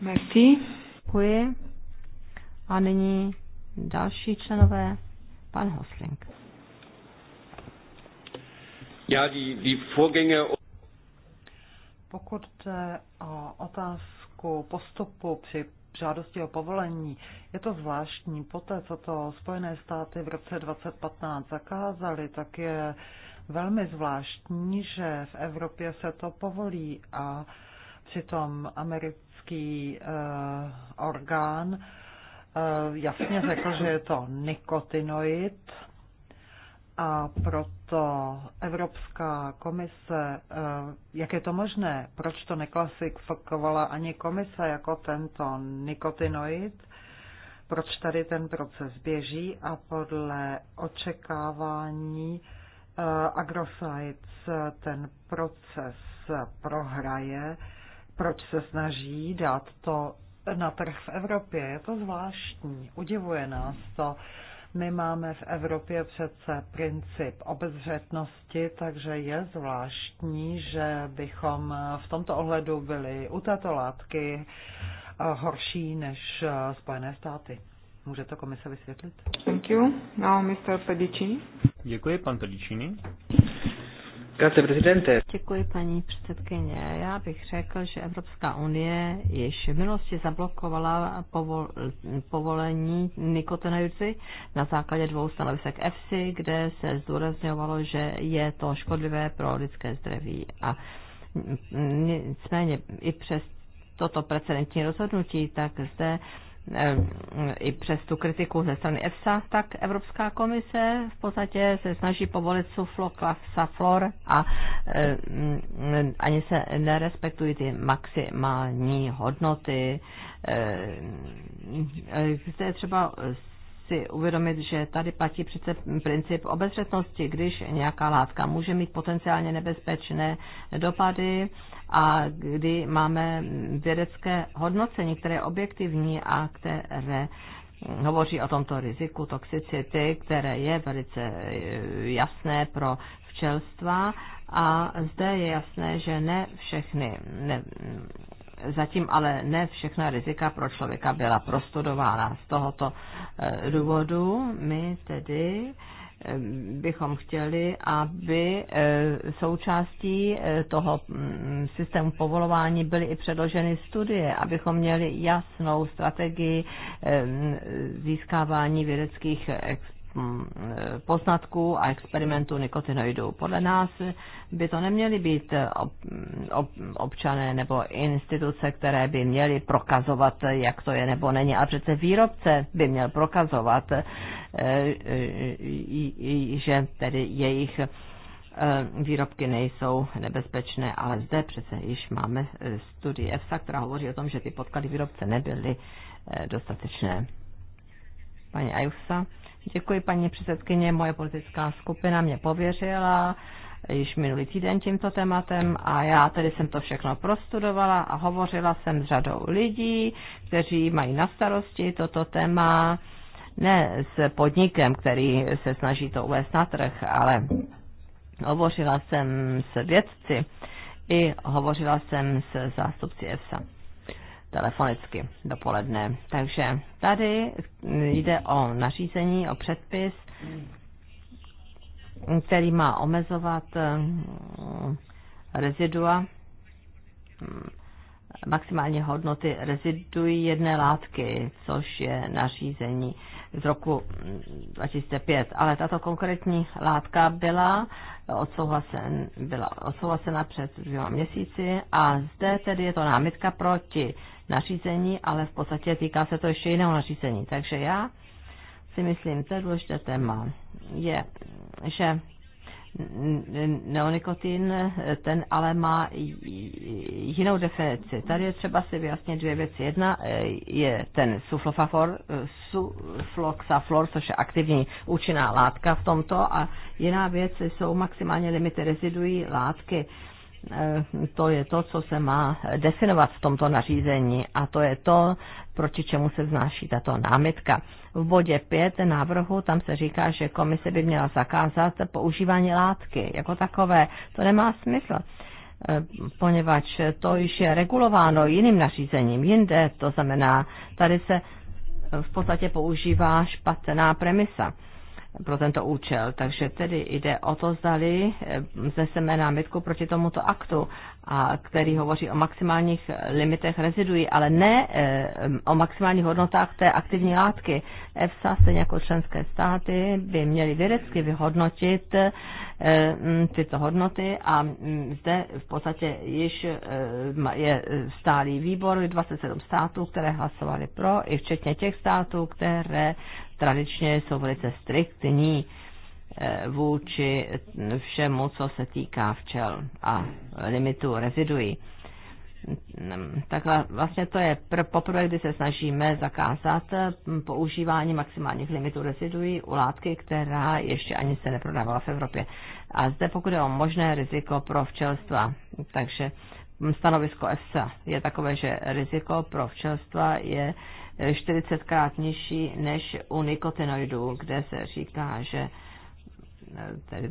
merci. Děkuji. A nyní další členové, pan Hosling die, die Vorgänge... Pokud jde o otázku postupu při žádosti o povolení, je to zvláštní. Poté, co to Spojené státy v roce 2015 zakázaly, tak je velmi zvláštní, že v Evropě se to povolí a přitom americký uh, orgán uh, jasně řekl, že je to nikotinoid a proto to Evropská komise, eh, jak je to možné, proč to neklasifikovala ani komise jako tento nikotinoid, proč tady ten proces běží a podle očekávání eh, AgroSites ten proces prohraje, proč se snaží dát to na trh v Evropě. Je to zvláštní, udivuje nás to. My máme v Evropě přece princip obezřetnosti, takže je zvláštní, že bychom v tomto ohledu byli u této látky eh, horší než eh, Spojené státy. Může to komise vysvětlit? Thank you. Now Mr. Pedicini. Děkuji, pan Pedicini. Děkuji, paní předsedkyně. Já bych řekl, že Evropská unie již v minulosti zablokovala povol, povolení nikotinoidy na základě dvou stanovisek EFSI, kde se zdůrazňovalo, že je to škodlivé pro lidské zdraví. A nicméně i přes toto precedentní rozhodnutí, tak zde Eh, i přes tu kritiku ze strany EFSA, tak Evropská komise v podstatě se snaží povolit flor a e, ani se nerespektují ty maximální hodnoty. E, eh, zde je třeba si uvědomit, že tady platí přece princip obezřetnosti, když nějaká látka může mít potenciálně nebezpečné dopady a kdy máme vědecké hodnocení, které je objektivní a které hovoří o tomto riziku toxicity, které je velice eh, jasné pro včelstva a zde je jasné, že ne všechny ne, zatím ale ne všechna rizika pro člověka byla prostudována. Z tohoto eh, důvodu my tedy eh, bychom chtěli, aby eh, součástí toho mm, systému povolování byly i předloženy studie, abychom měli jasnou strategii získávání vědeckých expertů Mm, poznatků a experimentů nikotinoidů. Podle nás by to neměly být eh, mm, občané nebo instituce, které by měly prokazovat, jak to je nebo není, A přece výrobce by měl prokazovat, eh, eh, že tedy jejich výrobky nejsou nebezpečné, ale zde přece již máme studii EFSA, která hovoří o tom, že ty podklady výrobce nebyly dostatečné. Paní Ajusa, Děkuji, paní předsedkyně. Moje politická skupina mě pověřila již minulý týden tímto tématem a já tedy jsem to všechno prostudovala a hovořila jsem s řadou lidí, kteří mají na starosti toto téma, ne s podnikem, který se snaží to uvést na trh, ale hovořila jsem s vědci i hovořila jsem s zástupci EFSA telefonicky dopoledne. Takže tady jde o nařízení, o předpis, který má omezovat eh, rezidua, maximální hodnoty rezidují jedné látky, což je nařízení z roku 2005. Ale tato konkrétní látka byla, odsouhlasen, byla odsouhlasena před dvěma měsíci a zde tedy je to námitka proti nařízení, ale v podstatě týká se to ještě jiného nařízení. Takže já si myslím, to je důležité téma, je, že neonikotin, ten ale má jinou definici. Tady je třeba si vyjasnit dvě věci. Jedna eh, je ten suflofafor, eh, sufloxaflor, což je aktivní účinná látka v tomto a jiná věc jsou maximálně limity rezidují látky. Eh, to je to, co se má definovat v tomto nařízení a to je to, proti čemu se vznáší tato námitka. V bodě 5 návrhu tam se říká, že komise by měla zakázat používání látky jako takové. To nemá smysl eh, poněvadž to již je regulováno jiným nařízením jinde, to znamená, tady se v podstatě používá špatná premisa pro tento účel. Takže tedy jde o to, zdali eh, zneseme námitku proti tomuto aktu, a který hovoří o maximálních limitech rezidují, ale ne eh, o maximálních hodnotách té aktivní látky. EFSA, stejně jako členské státy, by měly vědecky vyhodnotit eh, mm, tyto hodnoty a mm, zde v podstatě již je stálý výbor 27 států, které hlasovali pro, i včetně těch států, které tradičně jsou velice striktní eh, vůči všemu, co se týká včel a limitu reziduí. Mm, tak vlastně to je pr- poprvé, kdy se snažíme zakázat mm, používání maximálních limitů reziduí u látky, která ještě ani se neprodávala v Evropě. A zde pokud je o možné riziko pro včelstva, takže mm, stanovisko EFSA je takové, že riziko pro včelstva je 40krát nižší než u nikotinoidů, kde se říká, že tedy,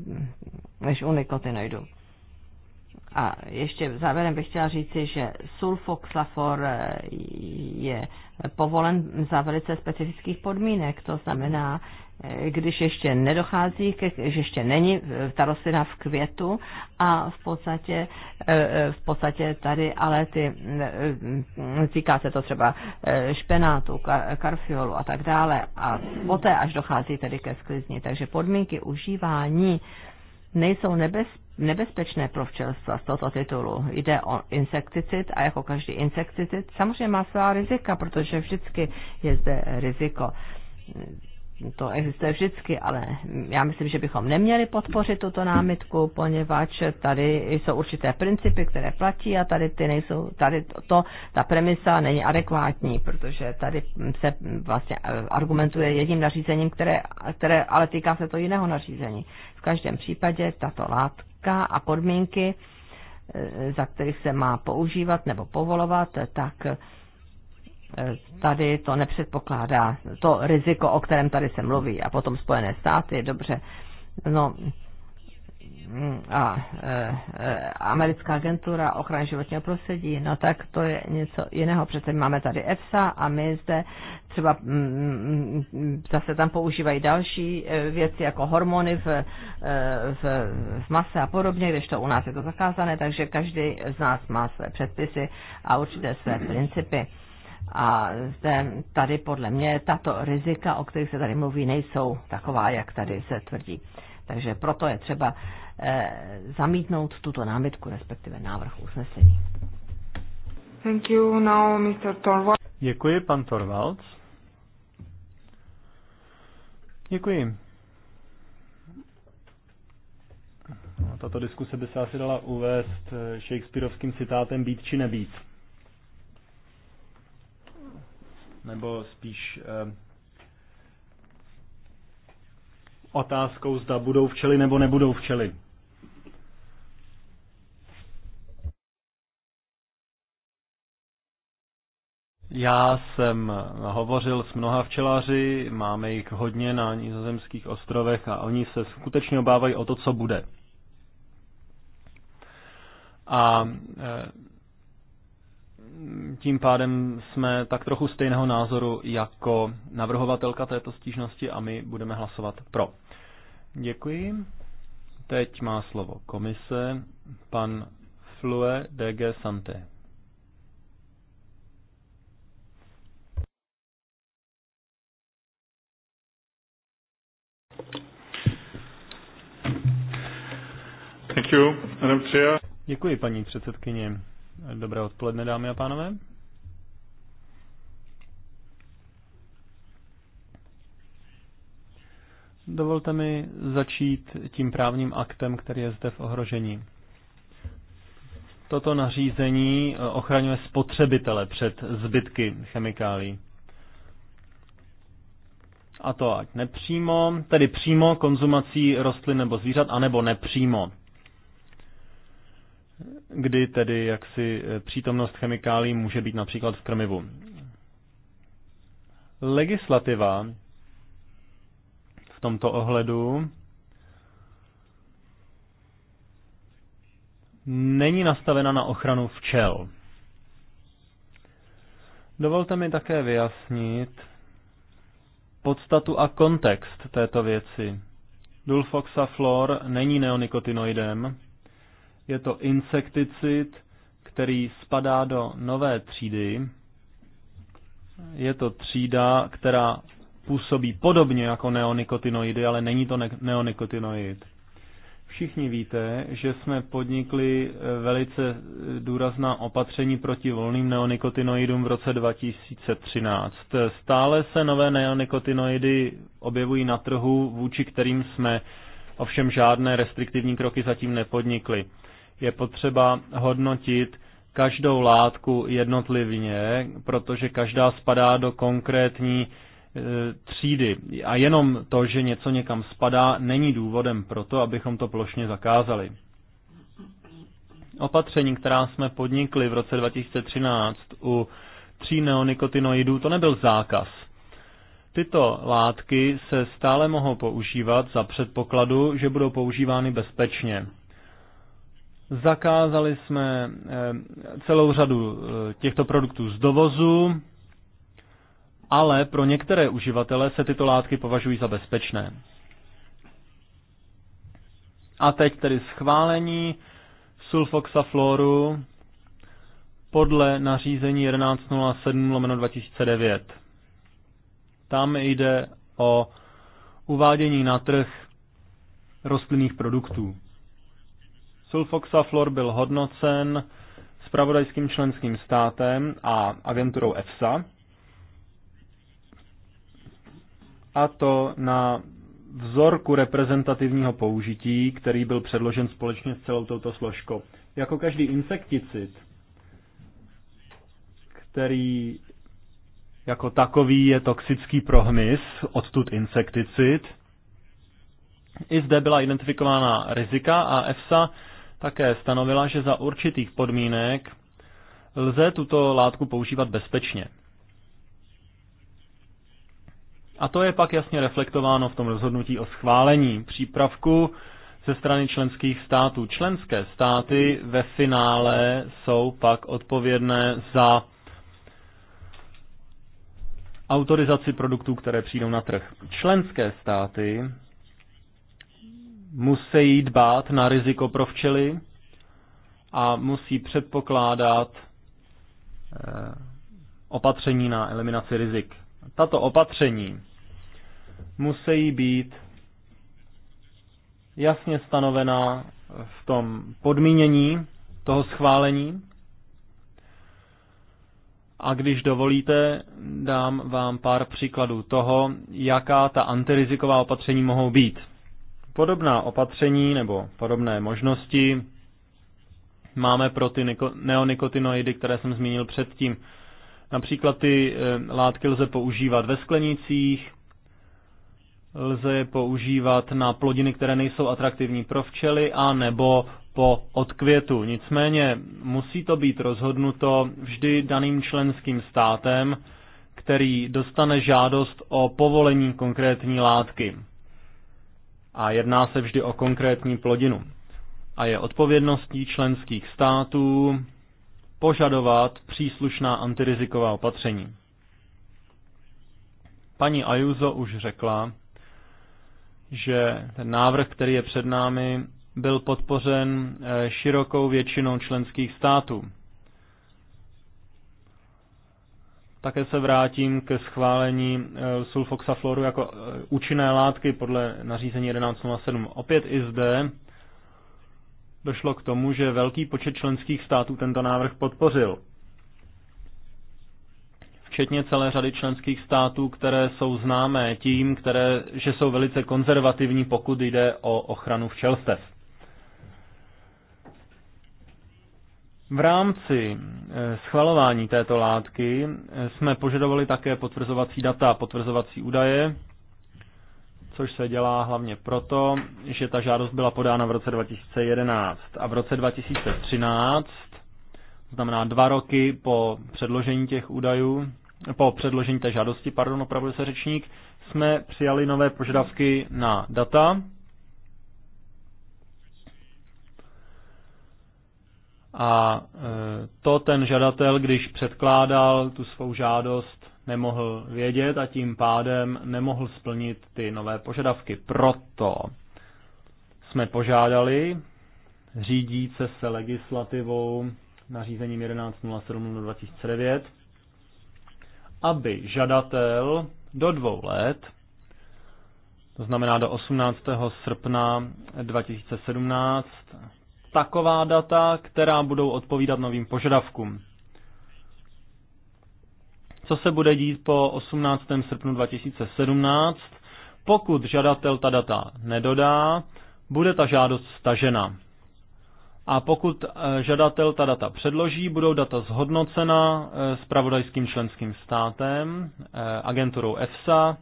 než u nikotinoidů. A ještě závěrem bych chtěla říci, že sulfoxafor je povolen za velice specifických podmínek. To znamená, když ještě nedochází, když ještě není e, ta rostlina v květu a v podstatě, e, e, v podstatě tady, ale ty, týká se to třeba špenátu, karfiolu a tak dále a poté až dochází tedy ke sklizni. Takže podmínky užívání nejsou nebezpečné pro včelstva z tohoto titulu. Jde o insekticid a jako každý insekticid samozřejmě má svá rizika, protože vždycky je zde riziko to existuje vždycky, ale já myslím, že bychom neměli podpořit tuto námitku, poněvadž tady jsou určité principy, které platí a tady ty nejsou, tady to, to ta premisa není adekvátní, protože tady se vlastně eh, argumentuje jedním nařízením, které, které ale týká se to jiného nařízení. V každém případě tato látka a podmínky, eh, za kterých se má používat nebo povolovat, tak tady to nepředpokládá to riziko, o kterém tady se mluví. A potom Spojené státy, dobře, no a e, e, americká agentura ochrany životního prostředí, no tak to je něco jiného. Přece máme tady EFSA a my zde třeba m, mm, mm, zase tam používají další e, věci jako hormony v, e, v, v mase a podobně, když to u nás je to zakázané, takže každý z nás má své předpisy a určité své principy. A zde, tady podle mě tato rizika, o kterých se tady mluví, nejsou taková, jak tady se tvrdí. Takže proto je třeba eh, zamítnout tuto námitku, respektive návrh usnesení. Thank you. Now, Mr. Děkuji, pan Torvalds. Děkuji. No, tato diskuse by se asi dala uvést eh, Shakespeareovským citátem být či nebýt. nebo spíš eh, otázkou, zda budou včely nebo nebudou včely. Já jsem hovořil s mnoha včelaři, máme jich hodně na nizozemských ostrovech a oni se skutečně obávají o to, co bude. A eh, tím pádem jsme tak trochu stejného názoru jako navrhovatelka této stížnosti a my budeme hlasovat pro. Děkuji. Teď má slovo komise pan Flue DG Sante. Děkuji, paní předsedkyně. Dobré odpoledne, dámy a pánové. Dovolte mi začít tím právním aktem, který je zde v ohrožení. Toto nařízení eh, ochraňuje spotřebitele před zbytky chemikálí. A to ať nepřímo, tedy přímo konzumací rostlin nebo zvířat, anebo nepřímo kdy tedy jaksi eh, přítomnost chemikálí může být například v krmivu. Legislativa v tomto ohledu není nastavena na ochranu včel. Dovolte mi také vyjasnit podstatu a kontext této věci. Dulfoxaflor není neonikotinoidem, je to insekticid, který spadá do nové třídy. Je to třída, která působí podobně jako neonikotinoidy, ale není to ne- neonikotinoid. Všichni víte, že jsme podnikli eh, velice eh, důrazná opatření proti volným neonikotinoidům v roce 2013. Stále se nové neonikotinoidy objevují na trhu, vůči kterým jsme ovšem žádné restriktivní kroky zatím nepodnikli je potřeba hodnotit každou látku jednotlivně, protože každá spadá do konkrétní e, třídy. A jenom to, že něco někam spadá, není důvodem pro to, abychom to plošně zakázali. Opatření, která jsme podnikli v roce 2013 u tří neonikotinoidů, to nebyl zákaz. Tyto látky se stále mohou používat za předpokladu, že budou používány bezpečně. Zakázali jsme eh, celou řadu eh, těchto produktů z dovozu, ale pro některé uživatele se tyto látky považují za bezpečné. A teď tedy schválení sulfoxafloru podle nařízení 1107 2009. Tam jde o uvádění na trh rostlinných produktů. Sulfoxaflor byl hodnocen spravodajským členským státem a agenturou EFSA, a to na vzorku reprezentativního použití, který byl předložen společně s celou touto složkou. Jako každý insekticid, který jako takový je toxický prohmys, odtud insekticid, i zde byla identifikována rizika a EFSA také stanovila, že za určitých podmínek lze tuto látku používat bezpečně. A to je pak jasně reflektováno v tom rozhodnutí o schválení přípravku ze strany členských států. Členské státy ve finále jsou pak odpovědné za autorizaci produktů, které přijdou na trh. Členské státy musí dbát na riziko pro včely a musí předpokládat eh, opatření na eliminaci rizik. Tato opatření musí být jasně stanovená v tom podmínění toho schválení. A když dovolíte, dám vám pár příkladů toho, jaká ta antiriziková opatření mohou být. Podobná opatření nebo podobné možnosti máme pro ty neonikotinoidy, které jsem zmínil předtím. Například ty eh, látky lze používat ve sklenicích, lze je používat na plodiny, které nejsou atraktivní pro včely, a nebo po odkvětu. Nicméně musí to být rozhodnuto vždy daným členským státem, který dostane žádost o povolení konkrétní látky a jedná se vždy o konkrétní plodinu. A je odpovědností členských států požadovat příslušná antiriziková opatření. Paní Ajuzo už řekla, že ten návrh, který je před námi, byl podpořen eh, širokou většinou členských států. Také se vrátím ke schválení eh, sulfoxafloru jako eh, účinné látky podle nařízení 1107. Opět i zde došlo k tomu, že velký počet členských států tento návrh podpořil. Včetně celé řady členských států, které jsou známé tím, které, že jsou velice konzervativní, pokud jde o ochranu včelstev. V rámci eh, schvalování této látky eh, jsme požadovali také potvrzovací data, potvrzovací údaje, což se dělá hlavně proto, že ta žádost byla podána v roce 2011 a v roce 2013, to znamená dva roky po předložení těch údajů, po předložení té žádosti, pardon, opravdu se řečník, jsme přijali nové požadavky na data, A e, to ten žadatel, když předkládal tu svou žádost, nemohl vědět a tím pádem nemohl splnit ty nové požadavky. Proto jsme požádali řídíce se legislativou nařízením 11.07.2009, aby žadatel do dvou let, to znamená do 18. srpna 2017, taková data, která budou odpovídat novým požadavkům. Co se bude dít po 18. srpnu 2017? Pokud žadatel ta data nedodá, bude ta žádost stažena. A pokud eh, žadatel ta data předloží, budou data zhodnocena eh, pravodajským členským státem, eh, agenturou EFSA,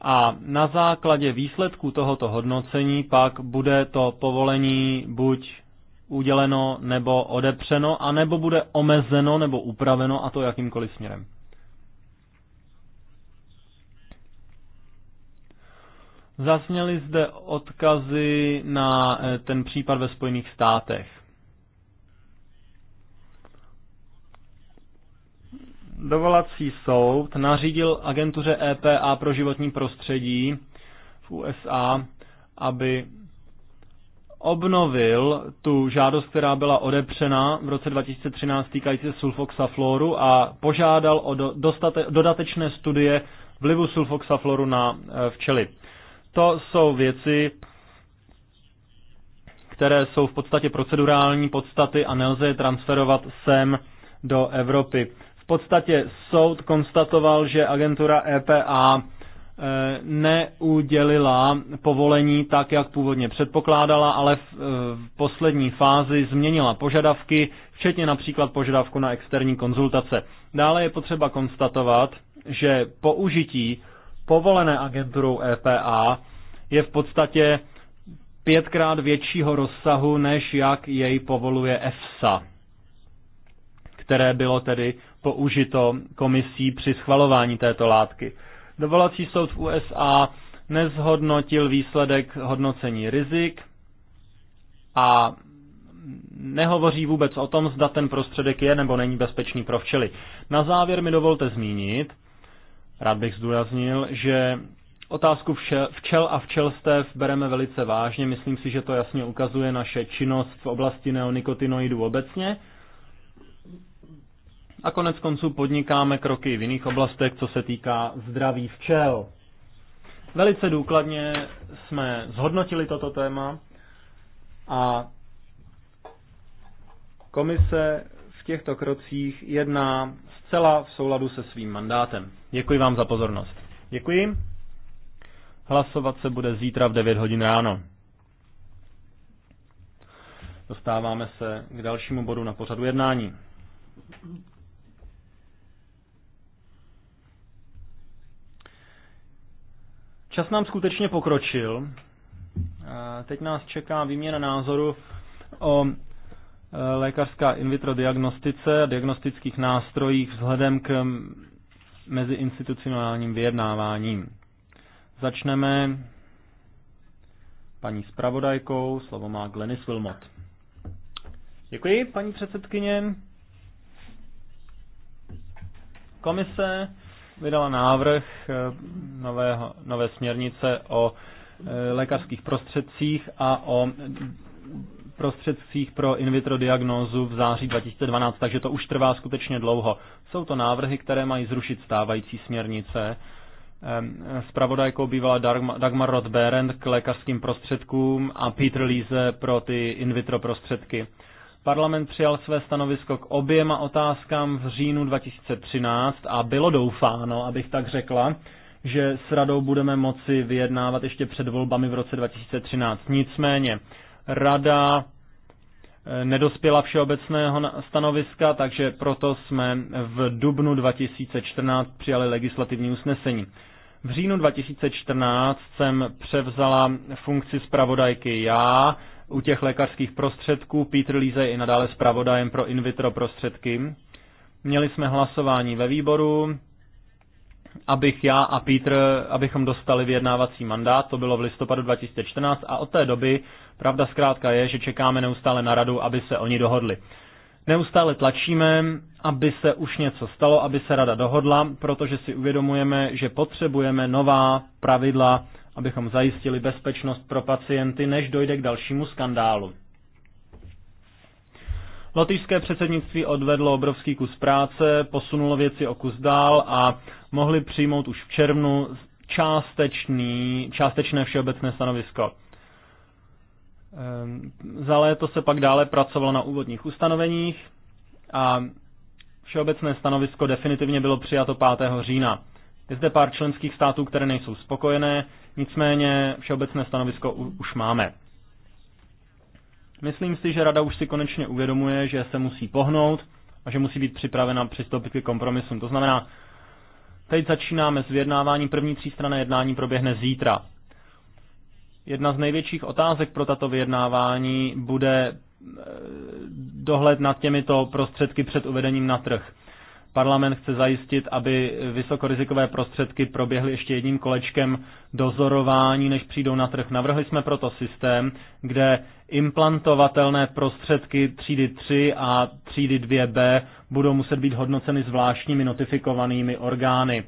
a na základě výsledků tohoto hodnocení pak bude to povolení buď uděleno nebo odepřeno, anebo bude omezeno nebo upraveno a to jakýmkoliv směrem. Zasněly zde odkazy na eh, ten případ ve Spojených státech. dovolací soud nařídil agentuře EPA pro životní prostředí v USA, aby obnovil tu žádost, která byla odepřena v roce 2013 týkající sulfoxafloru a požádal o dostate, dodatečné studie vlivu sulfoxafloru na e, včely. To jsou věci, které jsou v podstatě procedurální podstaty a nelze je transferovat sem do Evropy podstatě soud konstatoval, že agentura EPA e, neudělila povolení tak, jak původně předpokládala, ale v, e, v poslední fázi změnila požadavky, včetně například požadavku na externí konzultace. Dále je potřeba konstatovat, že použití povolené agenturou EPA je v podstatě pětkrát většího rozsahu, než jak jej povoluje EFSA které bylo tedy použito komisí při schvalování této látky. Dovolací soud v USA nezhodnotil výsledek hodnocení rizik a nehovoří vůbec o tom, zda ten prostředek je nebo není bezpečný pro včely. Na závěr mi dovolte zmínit, rád bych zdůraznil, že otázku včel a včelstev bereme velice vážně. Myslím si, že to jasně ukazuje naše činnost v oblasti neonikotinoidů obecně a konec konců podnikáme kroky v jiných oblastech, co se týká zdraví včel. Velice důkladně jsme zhodnotili toto téma a komise v těchto krocích jedná zcela v souladu se svým mandátem. Děkuji vám za pozornost. Děkuji. Hlasovat se bude zítra v 9 hodin ráno. Dostáváme se k dalšímu bodu na pořadu jednání. Čas nám skutečně pokročil. Teď nás čeká výměna názoru o e, lékařská in vitro diagnostice a diagnostických nástrojích vzhledem k meziinstitucionálním vyjednáváním. Začneme paní zpravodajkou, slovo má Glenis Wilmot. Děkuji, paní předsedkyně. Komise vydala návrh eh, nového, nové směrnice o eh, lékařských prostředcích a o prostředcích pro in vitro diagnózu v září 2012, takže to už trvá skutečně dlouho. Jsou to návrhy, které mají zrušit stávající směrnice. Spravodajkou ehm, bývala Dagmar Roth-Berend k lékařským prostředkům a Peter Líze pro ty in vitro prostředky. Parlament přijal své stanovisko k oběma otázkám v říjnu 2013 a bylo doufáno, abych tak řekla, že s radou budeme moci vyjednávat ještě před volbami v roce 2013. Nicméně rada eh, nedospěla všeobecného stanoviska, takže proto jsme v dubnu 2014 přijali legislativní usnesení. V říjnu 2014 jsem převzala funkci zpravodajky já, u těch lékařských prostředků. Petr Líze je i nadále zpravodajem pro in vitro prostředky. Měli jsme hlasování ve výboru, abych já a Petr abychom dostali vyjednávací mandát, to bylo v listopadu 2014 a od té doby, pravda zkrátka je, že čekáme neustále na radu, aby se oni dohodli. Neustále tlačíme, aby se už něco stalo, aby se rada dohodla, protože si uvědomujeme, že potřebujeme nová pravidla abychom zajistili bezpečnost pro pacienty, než dojde k dalšímu skandálu. Lotyšské předsednictví odvedlo obrovský kus práce, posunulo věci o kus dál a mohli přijmout už v červnu částečný, částečné všeobecné stanovisko. Ehm, za léto se pak dále pracovalo na úvodních ustanoveních a všeobecné stanovisko definitivně bylo přijato 5. října. Je zde pár členských států, které nejsou spokojené, Nicméně všeobecné stanovisko už máme. Myslím si, že Rada už si konečně uvědomuje, že se musí pohnout a že musí být připravena přistoupit ke kompromisům. To znamená, teď začínáme s vyjednáváním, první třístrané jednání proběhne zítra. Jedna z největších otázek pro tato vyjednávání bude eh, dohled nad těmito prostředky před uvedením na trh. Parlament chce zajistit, aby vysokorizikové prostředky proběhly ještě jedním kolečkem dozorování, než přijdou na trh. Navrhli jsme proto systém, kde implantovatelné prostředky třídy 3 a třídy 2b budou muset být hodnoceny zvláštními notifikovanými orgány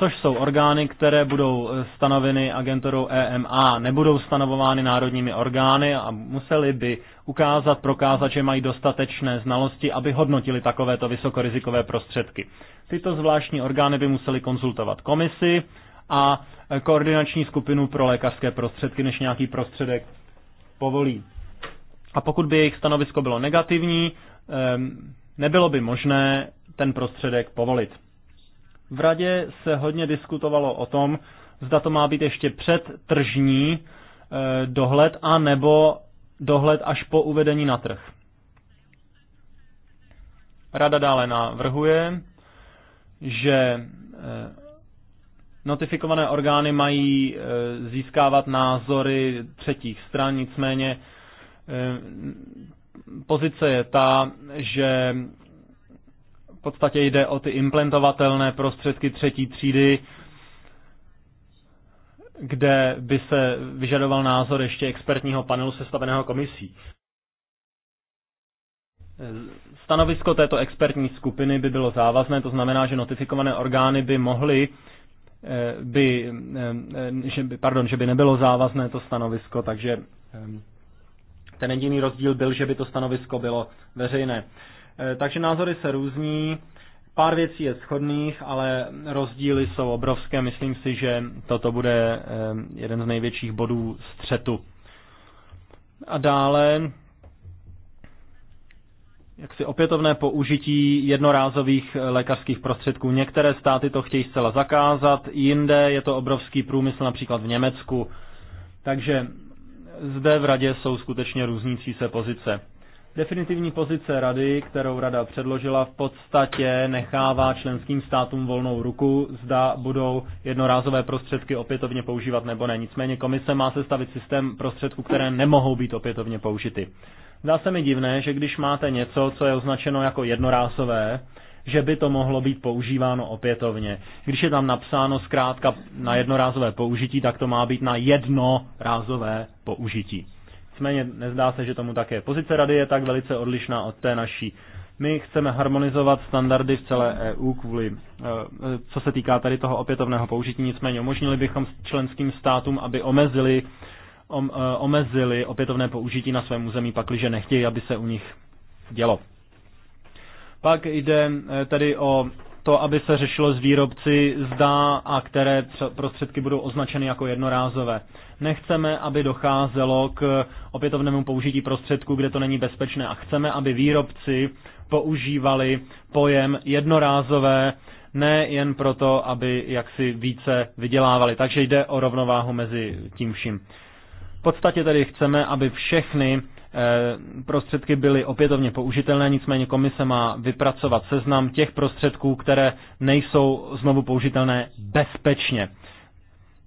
což jsou orgány, které budou eh, stanoveny agenturou EMA, nebudou stanovovány národními orgány a museli by ukázat, prokázat, že mají dostatečné znalosti, aby hodnotili takovéto vysokorizikové prostředky. Tyto zvláštní orgány by museli konzultovat komisi a eh, koordinační skupinu pro lékařské prostředky, než nějaký prostředek povolí. A pokud by jejich stanovisko bylo negativní, eh, nebylo by možné ten prostředek povolit. V radě se hodně diskutovalo o tom, zda to má být ještě před tržní eh, dohled a nebo dohled až po uvedení na trh. Rada dále navrhuje, že eh, notifikované orgány mají eh, získávat názory třetích stran, nicméně pozice je ta, že v podstatě jde o ty implantovatelné prostředky třetí třídy, kde by se vyžadoval názor ještě expertního panelu sestaveného komisí. Stanovisko této expertní skupiny by bylo závazné, to znamená, že notifikované orgány by mohly eh, by, eh, že by, pardon, že by nebylo závazné to stanovisko, takže ehm, ten jediný rozdíl byl, že by to stanovisko bylo veřejné. Eh, takže názory se různí, pár věcí je shodných, ale rozdíly jsou obrovské. Myslím si, že toto bude eh, jeden z největších bodů střetu. A dále jak si opětovné použití jednorázových lékařských prostředků. Některé státy to chtějí zcela zakázat, jinde je to obrovský průmysl, například v Německu. Takže zde v radě jsou skutečně různící se pozice. Definitivní pozice rady, kterou rada předložila, v podstatě nechává členským státům volnou ruku, zda budou jednorázové prostředky opětovně používat nebo ne. Nicméně komise má sestavit systém prostředků, které nemohou být opětovně použity. Zdá se mi divné, že když máte něco, co je označeno jako jednorázové, že by to mohlo být používáno opětovně. Když je tam napsáno zkrátka na jednorázové použití, tak to má být na jednorázové použití. Nicméně nezdá se, že tomu také Pozice rady je tak velice odlišná od té naší. My chceme harmonizovat standardy v celé EU kvůli, eh, co se týká tady toho opětovného použití, nicméně umožnili bychom členským státům, aby omezili, om, eh, omezili opětovné použití na svém území, pakliže nechtějí, aby se u nich dělo. Pak jde eh, tedy o to, aby se řešilo s výrobci, zda a které prostředky budou označeny jako jednorázové. Nechceme, aby docházelo k opětovnému použití prostředku, kde to není bezpečné a chceme, aby výrobci používali pojem jednorázové, ne jen proto, aby jaksi více vydělávali. Takže jde o rovnováhu mezi tím vším. V podstatě tedy chceme, aby všechny Eh, prostředky byly opětovně použitelné, nicméně komise má vypracovat seznam těch prostředků, které nejsou znovu použitelné bezpečně.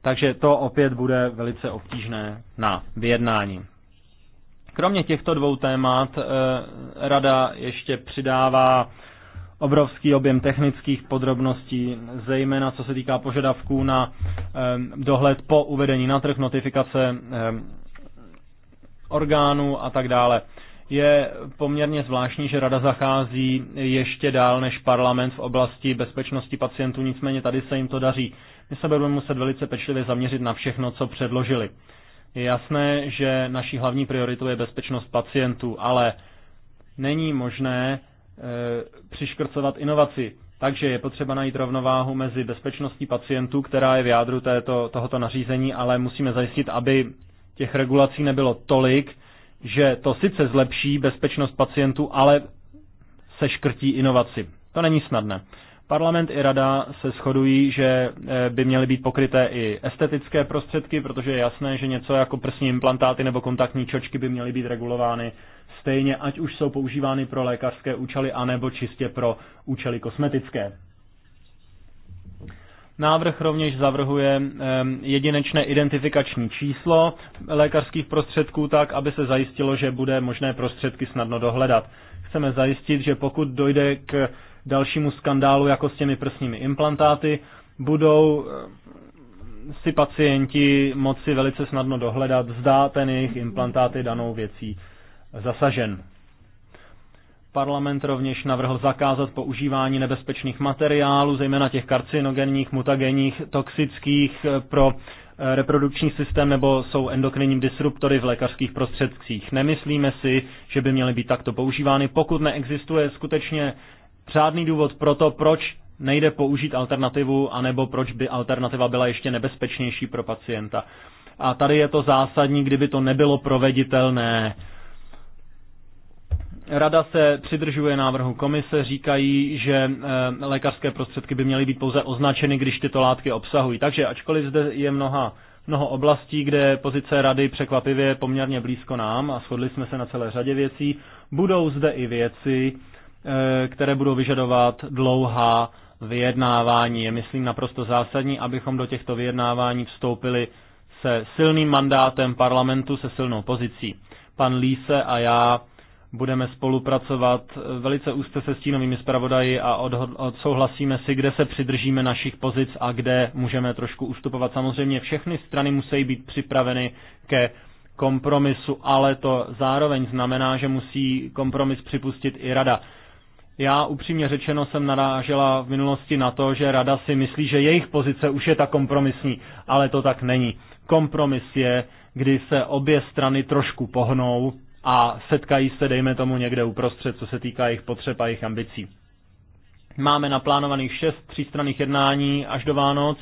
Takže to opět bude velice obtížné na vyjednání. Kromě těchto dvou témat eh, rada ještě přidává obrovský objem technických podrobností, zejména co se týká požadavků na eh, dohled po uvedení na trh, notifikace orgánů a tak dále. Je poměrně zvláštní, že rada zachází ještě dál než parlament v oblasti bezpečnosti pacientů, nicméně tady se jim to daří. My se budeme muset velice pečlivě zaměřit na všechno, co předložili. Je jasné, že naší hlavní prioritou je bezpečnost pacientů, ale není možné e, přiškrcovat inovaci. Takže je potřeba najít rovnováhu mezi bezpečností pacientů, která je v jádru této, tohoto nařízení, ale musíme zajistit, aby těch regulací nebylo tolik, že to sice zlepší bezpečnost pacientů, ale se škrtí inovaci. To není snadné. Parlament i rada se shodují, že eh, by měly být pokryté i estetické prostředky, protože je jasné, že něco jako prsní implantáty nebo kontaktní čočky by měly být regulovány stejně, ať už jsou používány pro lékařské účely, anebo čistě pro účely kosmetické. Návrh rovněž zavrhuje jedinečné identifikační číslo lékařských prostředků tak, aby se zajistilo, že bude možné prostředky snadno dohledat. Chceme zajistit, že pokud dojde k dalšímu skandálu jako s těmi prsními implantáty, budou si pacienti moci velice snadno dohledat, zda ten jejich implantát je danou věcí zasažen. Parlament rovněž navrhl zakázat používání nebezpečných materiálů, zejména těch karcinogenních, mutagenních, toxických eh, pro eh, reprodukční systém nebo jsou endokrinním disruptory v lékařských prostředcích. Nemyslíme si, že by měly být takto používány, pokud neexistuje skutečně řádný důvod pro to, proč nejde použít alternativu, anebo proč by alternativa byla ještě nebezpečnější pro pacienta. A tady je to zásadní, kdyby to nebylo proveditelné Rada se přidržuje návrhu komise, říkají, že eh, lékařské prostředky by měly být pouze označeny, když tyto látky obsahují. Takže ačkoliv zde je mnoha, mnoho oblastí, kde pozice rady překvapivě poměrně blízko nám a shodli jsme se na celé řadě věcí, budou zde i věci, eh, které budou vyžadovat dlouhá vyjednávání. Je, myslím, naprosto zásadní, abychom do těchto vyjednávání vstoupili se silným mandátem parlamentu, se silnou pozicí. Pan Líse a já budeme spolupracovat velice úzce se stínovými zpravodaji a odsouhlasíme si, kde se přidržíme našich pozic a kde můžeme trošku ustupovat. Samozřejmě všechny strany musí být připraveny ke kompromisu, ale to zároveň znamená, že musí kompromis připustit i rada. Já upřímně řečeno jsem narážela v minulosti na to, že rada si myslí, že jejich pozice už je ta kompromisní, ale to tak není. Kompromis je, kdy se obě strany trošku pohnou, a setkají se, dejme tomu, někde uprostřed, co se týká jejich potřeb a jejich ambicí. Máme naplánovaných šest třístranných jednání až do Vánoc,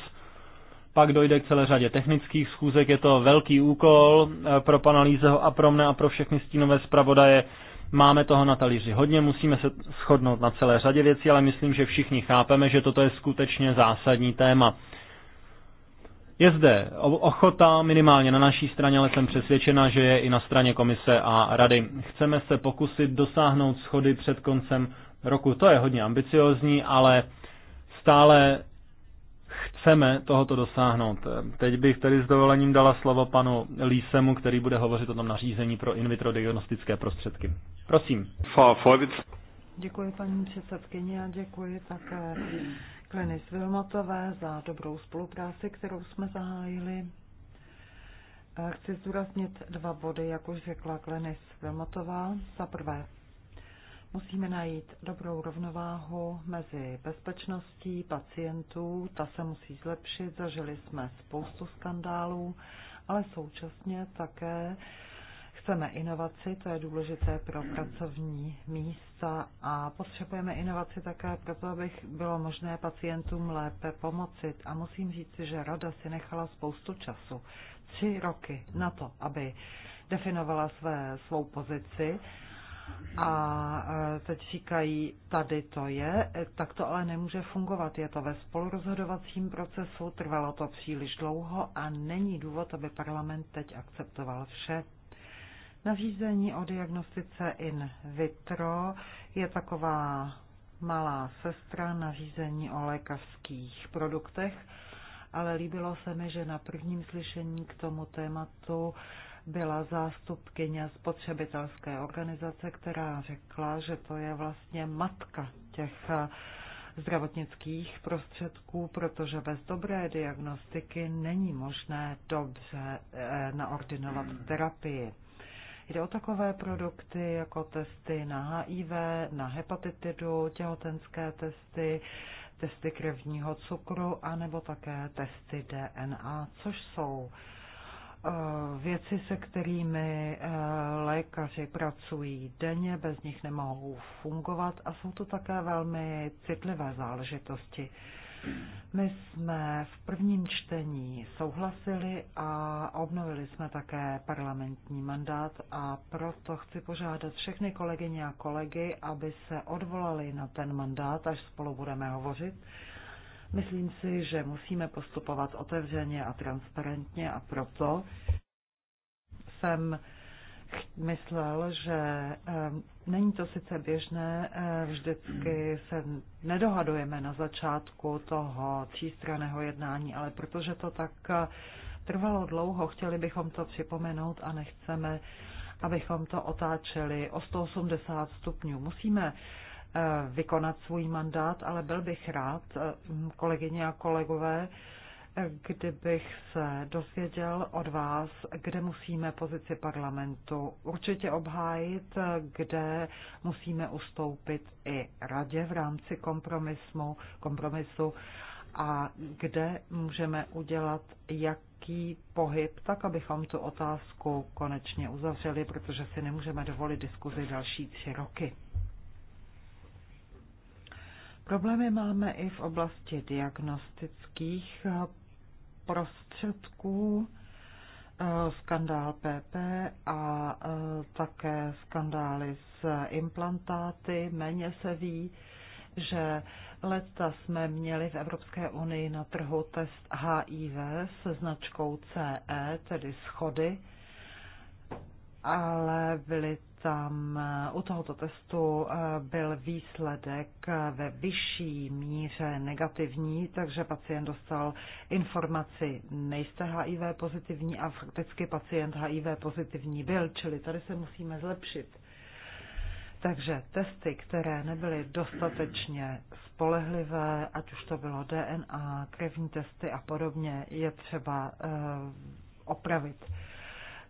pak dojde k celé řadě technických schůzek, je to velký úkol eh, pro pana Lízeho a pro mne a pro všechny stínové zpravodaje. Máme toho na talíři hodně, musíme se shodnout na celé řadě věcí, ale myslím, že všichni chápeme, že toto je skutečně zásadní téma. Je zde ochota minimálně na naší straně, ale jsem přesvědčena, že je i na straně komise a rady. Chceme se pokusit dosáhnout schody před koncem roku. To je hodně ambiciozní, ale stále chceme tohoto dosáhnout. Teď bych tedy s dovolením dala slovo panu Lísemu, který bude hovořit o tom nařízení pro in vitro diagnostické prostředky. Prosím. Děkuji paní předsedkyně a děkuji také Glenis Vilmotové za dobrou spolupráci, kterou jsme zahájili. Chci zdůraznit dva body, jak už řekla Glenis Vilmotová. Za prvé, musíme najít dobrou rovnováhu mezi bezpečností pacientů, ta se musí zlepšit, zažili jsme spoustu skandálů, ale současně také chceme inovaci, to je důležité pro pracovní místa a potřebujeme inovaci také proto, abych bylo možné pacientům lépe pomoci. A musím říct, že Rada si nechala spoustu času, tři roky na to, aby definovala své, svou pozici. A e, teď říkají, tady to je, e, tak to ale nemůže fungovat. Je to ve spolurozhodovacím procesu, trvalo to příliš dlouho a není důvod, aby parlament teď akceptoval vše. Nařízení o diagnostice in vitro je taková malá sestra nařízení o lékařských produktech, ale líbilo se mi, že na prvním slyšení k tomu tématu byla zástupkyně spotřebitelské organizace, která řekla, že to je vlastně matka těch eh, zdravotnických prostředků, protože bez dobré diagnostiky není možné dobře eh, naordinovat terapii. Jde o takové produkty jako testy na HIV, na hepatitidu, těhotenské testy, testy krevního cukru, a nebo také testy DNA, což jsou eh, věci, se kterými eh, lékaři pracují denně, bez nich nemohou fungovat a jsou to také velmi citlivé záležitosti. My jsme v prvním čtení souhlasili a obnovili jsme také parlamentní mandát a proto chci požádat všechny kolegyně a kolegy, aby se odvolali na ten mandát, až spolu budeme hovořit. Myslím si, že musíme postupovat otevřeně a transparentně a proto jsem myslel, že není to sice běžné, vždycky se nedohadujeme na začátku toho třístraného jednání, ale protože to tak eh, trvalo dlouho, chtěli bychom to připomenout a nechceme, abychom to otáčeli o 180 stupňů. Musíme eh, vykonat svůj mandát, ale byl bych rád, eh, kolegyně a kolegové, kdybych se dozvěděl od vás, kde musíme pozici parlamentu určitě obhájit, kde musíme ustoupit i radě v rámci kompromisu, kompromisu a kde můžeme udělat jaký pohyb, tak abychom tu otázku konečně uzavřeli, protože si nemůžeme dovolit diskuzi další tři roky. Problémy máme i v oblasti diagnostických prostředků, eh, skandál PP a eh, také skandály s implantáty. Méně se ví, že leta jsme měli v Evropské unii na trhu test HIV se značkou CE, tedy schody, ale byly tam eh, u tohoto testu eh, byl výsledek eh, ve vyšší míře negativní, takže pacient dostal informaci, nejste HIV pozitivní a fakticky pacient HIV pozitivní byl, čili tady se musíme zlepšit. Takže testy, které nebyly dostatečně spolehlivé, ať už to bylo DNA, krevní testy a podobně, je třeba opravit.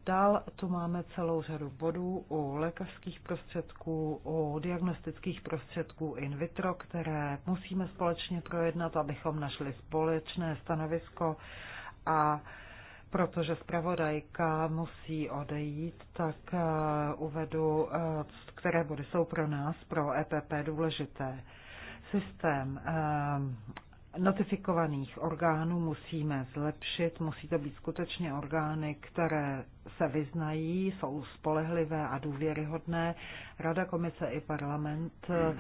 Dál tu máme celou řadu bodů u lékařských prostředků, u diagnostických prostředků in vitro, které musíme společně projednat, abychom našli společné stanovisko a protože zpravodajka musí odejít, tak eh, uvedu, eh, které body jsou pro nás, pro EPP důležité. Systém eh, notifikovaných orgánů musíme zlepšit. Musí to být skutečně orgány, které se vyznají, jsou spolehlivé a důvěryhodné. Rada, komise i parlament eh,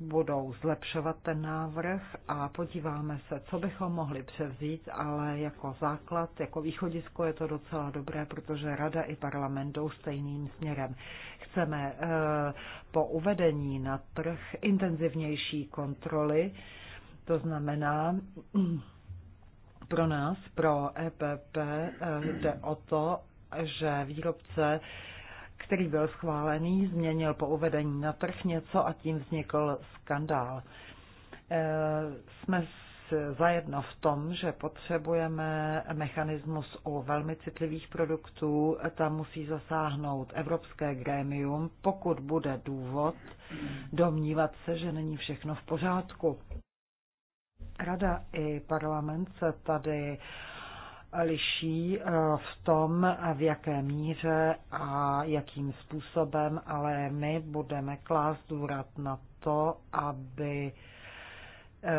budou zlepšovat ten návrh a podíváme se, co bychom mohli převzít, ale jako základ, jako východisko je to docela dobré, protože rada i parlament jdou stejným směrem. Chceme eh, po uvedení na trh intenzivnější kontroly, to znamená, pro nás, pro EPP, eh, jde o to, že výrobce, který byl schválený, změnil po uvedení na trh něco a tím vznikl skandál. Eh, jsme zajedno v tom, že potřebujeme mechanismus u velmi citlivých produktů, tam musí zasáhnout Evropské grémium, pokud bude důvod domnívat se, že není všechno v pořádku. Rada i parlament se tady liší eh, v tom, v jaké míře a jakým způsobem, ale my budeme klást důraz na to, aby eh,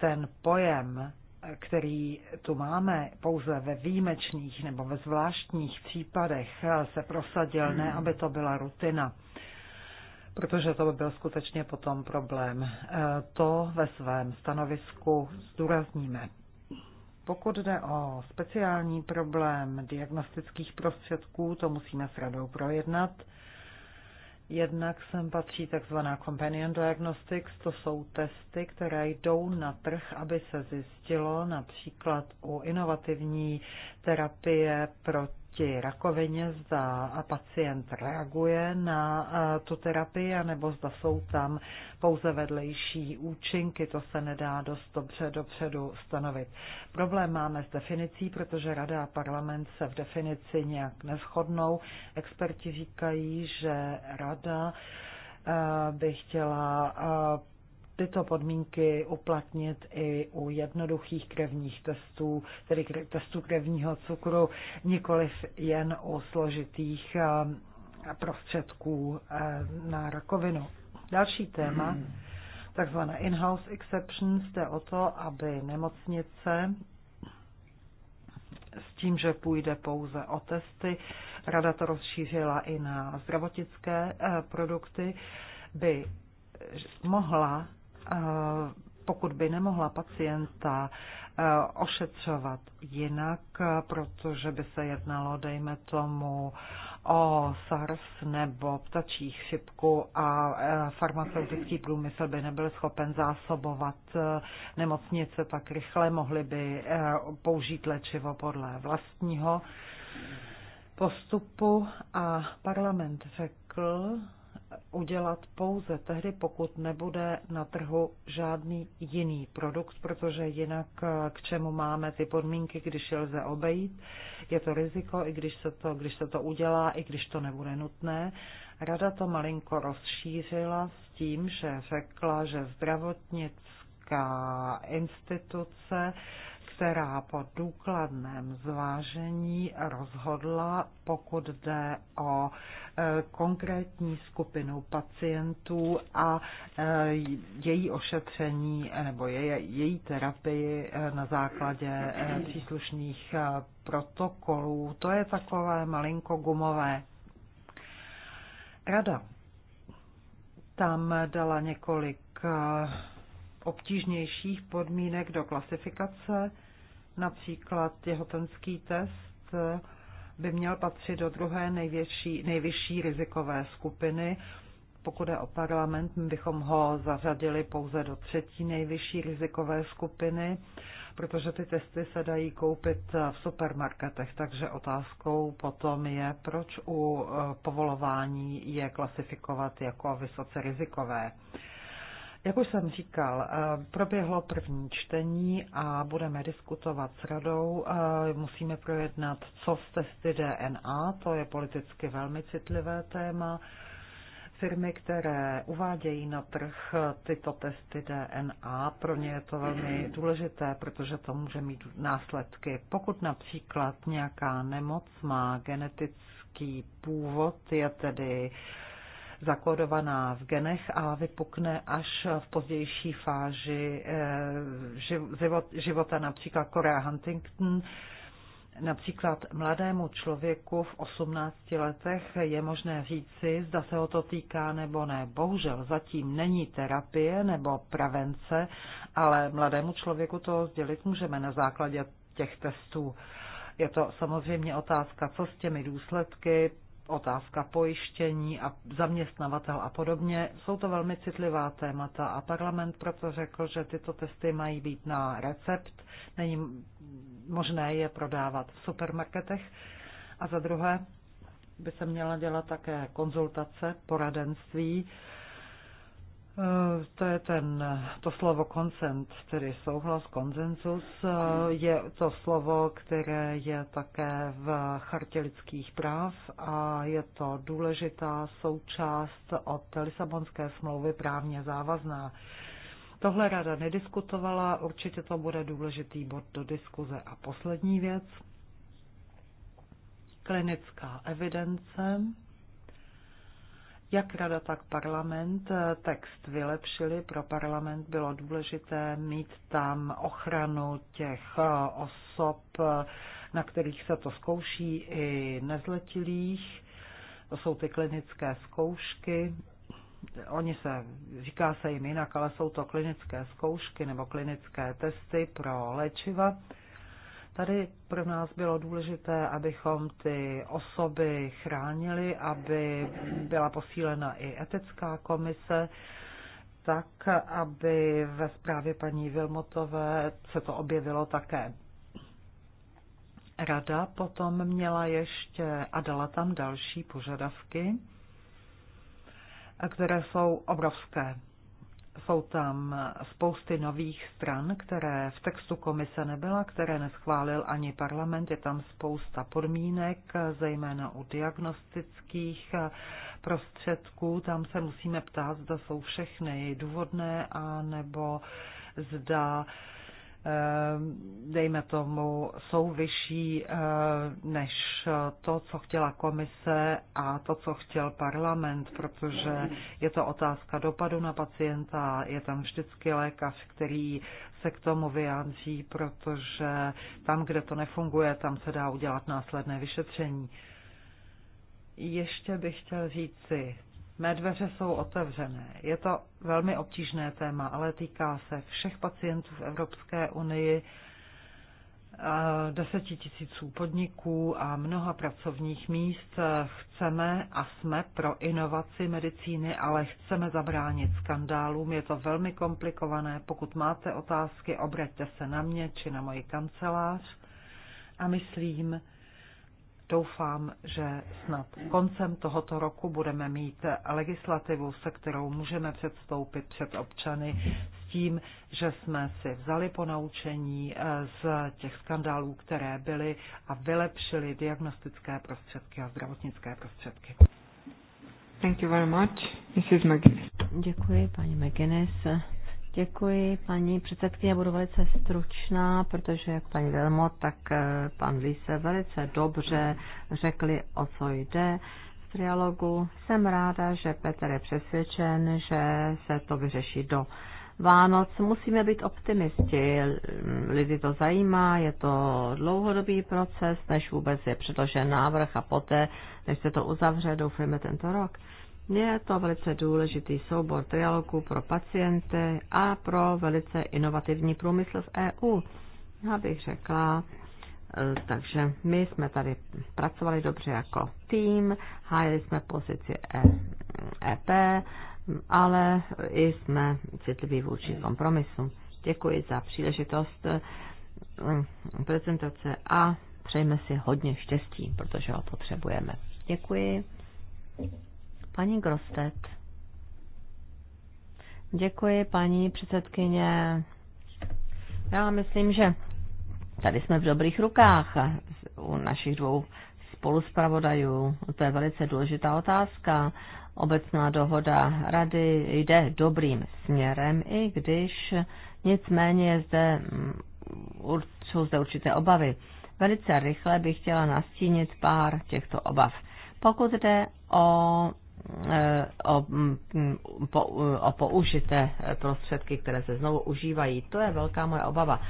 ten pojem, který tu máme pouze ve výjimečných nebo ve zvláštních případech, eh, se prosadil, ne hmm. aby to byla rutina protože to by byl skutečně potom problém. E, to ve svém stanovisku zdůrazníme. Pokud jde o speciální problém diagnostických prostředků, to musíme s radou projednat. Jednak sem patří tzv. companion diagnostics, to jsou testy, které jdou na trh, aby se zjistilo například u inovativní terapie proti proti rakovině, zda pacient reaguje na eh, tu terapii, nebo zda jsou tam pouze vedlejší účinky, to se nedá dost dobře dopředu stanovit. Problém máme s definicí, protože Rada a parlament se v definici nějak neschodnou. Experti říkají, že Rada eh, by chtěla eh, tyto podmínky uplatnit i u jednoduchých krevních testů, tedy testů krevního cukru, nikoliv jen u složitých eh, prostředků eh, na rakovinu. Další téma, takzvané in-house exceptions, jde o to, aby nemocnice s tím, že půjde pouze o testy, rada to rozšířila i na zdravotnické eh, produkty, by mohla Eh, pokud by nemohla pacienta eh, ošetřovat jinak, eh, protože by se jednalo, dejme tomu, o SARS nebo ptačí chřipku a farmaceutický průmysl by nebyl schopen zásobovat nemocnice tak rychle, mohli by použít léčivo podle vlastního postupu a parlament řekl, udělat pouze tehdy, pokud nebude na trhu žádný jiný produkt, protože jinak eh, k čemu máme ty podmínky, když je lze obejít. Je to riziko, i když se to, když se to udělá, i když to nebude nutné. Rada to malinko rozšířila s tím, že řekla, že zdravotnická instituce která po důkladném zvážení rozhodla, pokud jde o e, konkrétní skupinu pacientů a e, její ošetření e, nebo její terapii na základě příslušných protokolů. To je takové malinko gumové. Rada tam dala několik obtížnějších podmínek do klasifikace Například těhotenský test by měl patřit do druhé největší, nejvyšší rizikové skupiny. Pokud je o parlament, bychom ho zařadili pouze do třetí nejvyšší rizikové skupiny, protože ty testy se dají koupit v supermarketech, takže otázkou potom je, proč u povolování je klasifikovat jako vysoce rizikové. Jak už jsem říkal, eh, proběhlo první čtení a budeme diskutovat s radou. Eh, musíme projednat, co z testy DNA, to je politicky velmi citlivé téma. Firmy, které uvádějí na trh eh, tyto testy DNA, pro ně je to velmi důležité, protože to může mít následky. Pokud například nějaká nemoc má genetický původ, je tedy uh, zakódovaná v genech a vypukne až v pozdější fáži eh, života, například Korea Huntington. Například mladému člověku v 18 letech je možné říci, zda se ho to týká nebo ne. Bohužel zatím není terapie nebo prevence, ale mladému člověku to sdělit můžeme na základě těch testů. Je to samozřejmě otázka, co s těmi důsledky, otázka pojištění a zaměstnavatel a podobně. Jsou to velmi citlivá témata a parlament proto řekl, že tyto testy mají být na recept, není možné je prodávat v supermarketech. A za druhé by se měla dělat také konzultace, poradenství Eh, to je ten, to slovo consent, tedy souhlas, konsensus eh, je to slovo, které je také v chartě lidských práv a je to důležitá součást od Lisabonské smlouvy právně závazná. Tohle rada nediskutovala, určitě to bude důležitý bod do diskuze. A poslední věc, klinická evidence jak rada, tak parlament eh, text vylepšili. Pro parlament bylo důležité mít tam ochranu těch eh, osob, eh, na kterých se to zkouší, i nezletilých. To jsou ty klinické zkoušky. Oni se, říká se jim jinak, ale jsou to klinické zkoušky nebo klinické testy pro léčiva. Tady pro nás bylo důležité, abychom ty osoby chránili, aby byla posílena i etická komise, tak, aby ve zprávě paní Vilmotové se to objevilo také. Rada potom měla ještě a dala tam další požadavky, které jsou obrovské. Jsou tam spousty nových stran, které v textu komise nebyla, které neschválil ani parlament. Je tam spousta podmínek, zejména u diagnostických prostředků. Tam se musíme ptát, zda jsou všechny důvodné a nebo zda uh, Eh, dejme tomu, jsou vyšší eh, než to, co chtěla komise a to, co chtěl parlament, protože je to otázka dopadu na pacienta, je tam vždycky lékař, který se k tomu vyjádří, protože tam, kde to nefunguje, tam se dá udělat následné vyšetření. Ještě bych chtěl říci, Mé dveře jsou otevřené. Je to velmi obtížné téma, ale týká se všech pacientů v Evropské unii, eh, deseti tisíců podniků a mnoha pracovních míst. Chceme a jsme pro inovaci medicíny, ale chceme zabránit skandálům. Je to velmi komplikované. Pokud máte otázky, obraťte se na mě či na moji kancelář. A myslím, doufám, že snad koncem tohoto roku budeme mít legislativu, se kterou můžeme předstoupit před občany s tím, že jsme si vzali ponaučení eh, z těch skandálů, které byly a vylepšili diagnostické prostředky a zdravotnické prostředky. Thank you very much. Mrs. McGuinness. Děkuji, paní McGuinness. Děkuji, paní předsedkyně, budu velice stručná, protože jak paní Velmo, tak eh, pan Lise velice dobře řekli, o co jde v trialogu. Jsem ráda, že Petr je přesvědčen, že se to vyřeší do Vánoc. Musíme být optimisti, lidi to zajímá, je to dlouhodobý proces, než vůbec je předložen návrh a poté, než se to uzavře, doufujeme tento rok. Je to velice důležitý soubor trialogů pro pacienty a pro velice inovativní průmysl v EU. Já bych řekla, eh, takže my jsme tady pracovali dobře jako tým, hájili jsme pozici EP, e ale i jsme citliví vůči kompromisu. Děkuji za příležitost eh, prezentace a přejme si hodně štěstí, protože ho potřebujeme. Děkuji. Paní Grostet. Děkuji, paní předsedkyně. Já myslím, že tady jsme v dobrých rukách u našich dvou spoluspravodajů. To je velice důležitá otázka. Obecná dohoda rady jde dobrým směrem, i když nicméně je zde, mm, jsou zde určité obavy. Velice rychle bych chtěla nastínit pár těchto obav. Pokud jde o Eh, o, mm, mm, po, o použité prostředky, které se znovu užívají. To je velká moje obava.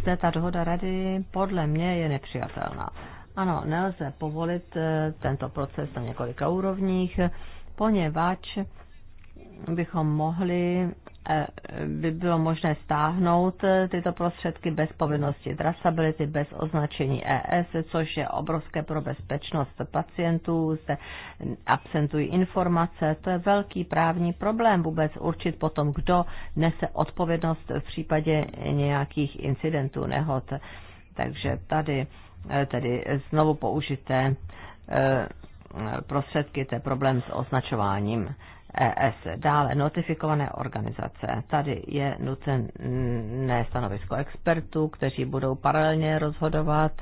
Zde ta dohoda rady podle mě je nepřijatelná. Ano, nelze povolit eh, tento proces na několika úrovních, poněvadž bychom mohli Eh, by bylo možné stáhnout eh, tyto prostředky bez povinnosti trasability, bez označení ES, což je obrovské pro bezpečnost pacientů, se absentují informace, to je velký právní problém vůbec určit potom, kdo nese odpovědnost v případě nějakých incidentů, nehod. Takže tady eh, tedy znovu použité prostředky, to je problém s označováním. ES. Dále notifikované organizace. Tady je nutné stanovisko expertů, kteří budou paralelně rozhodovat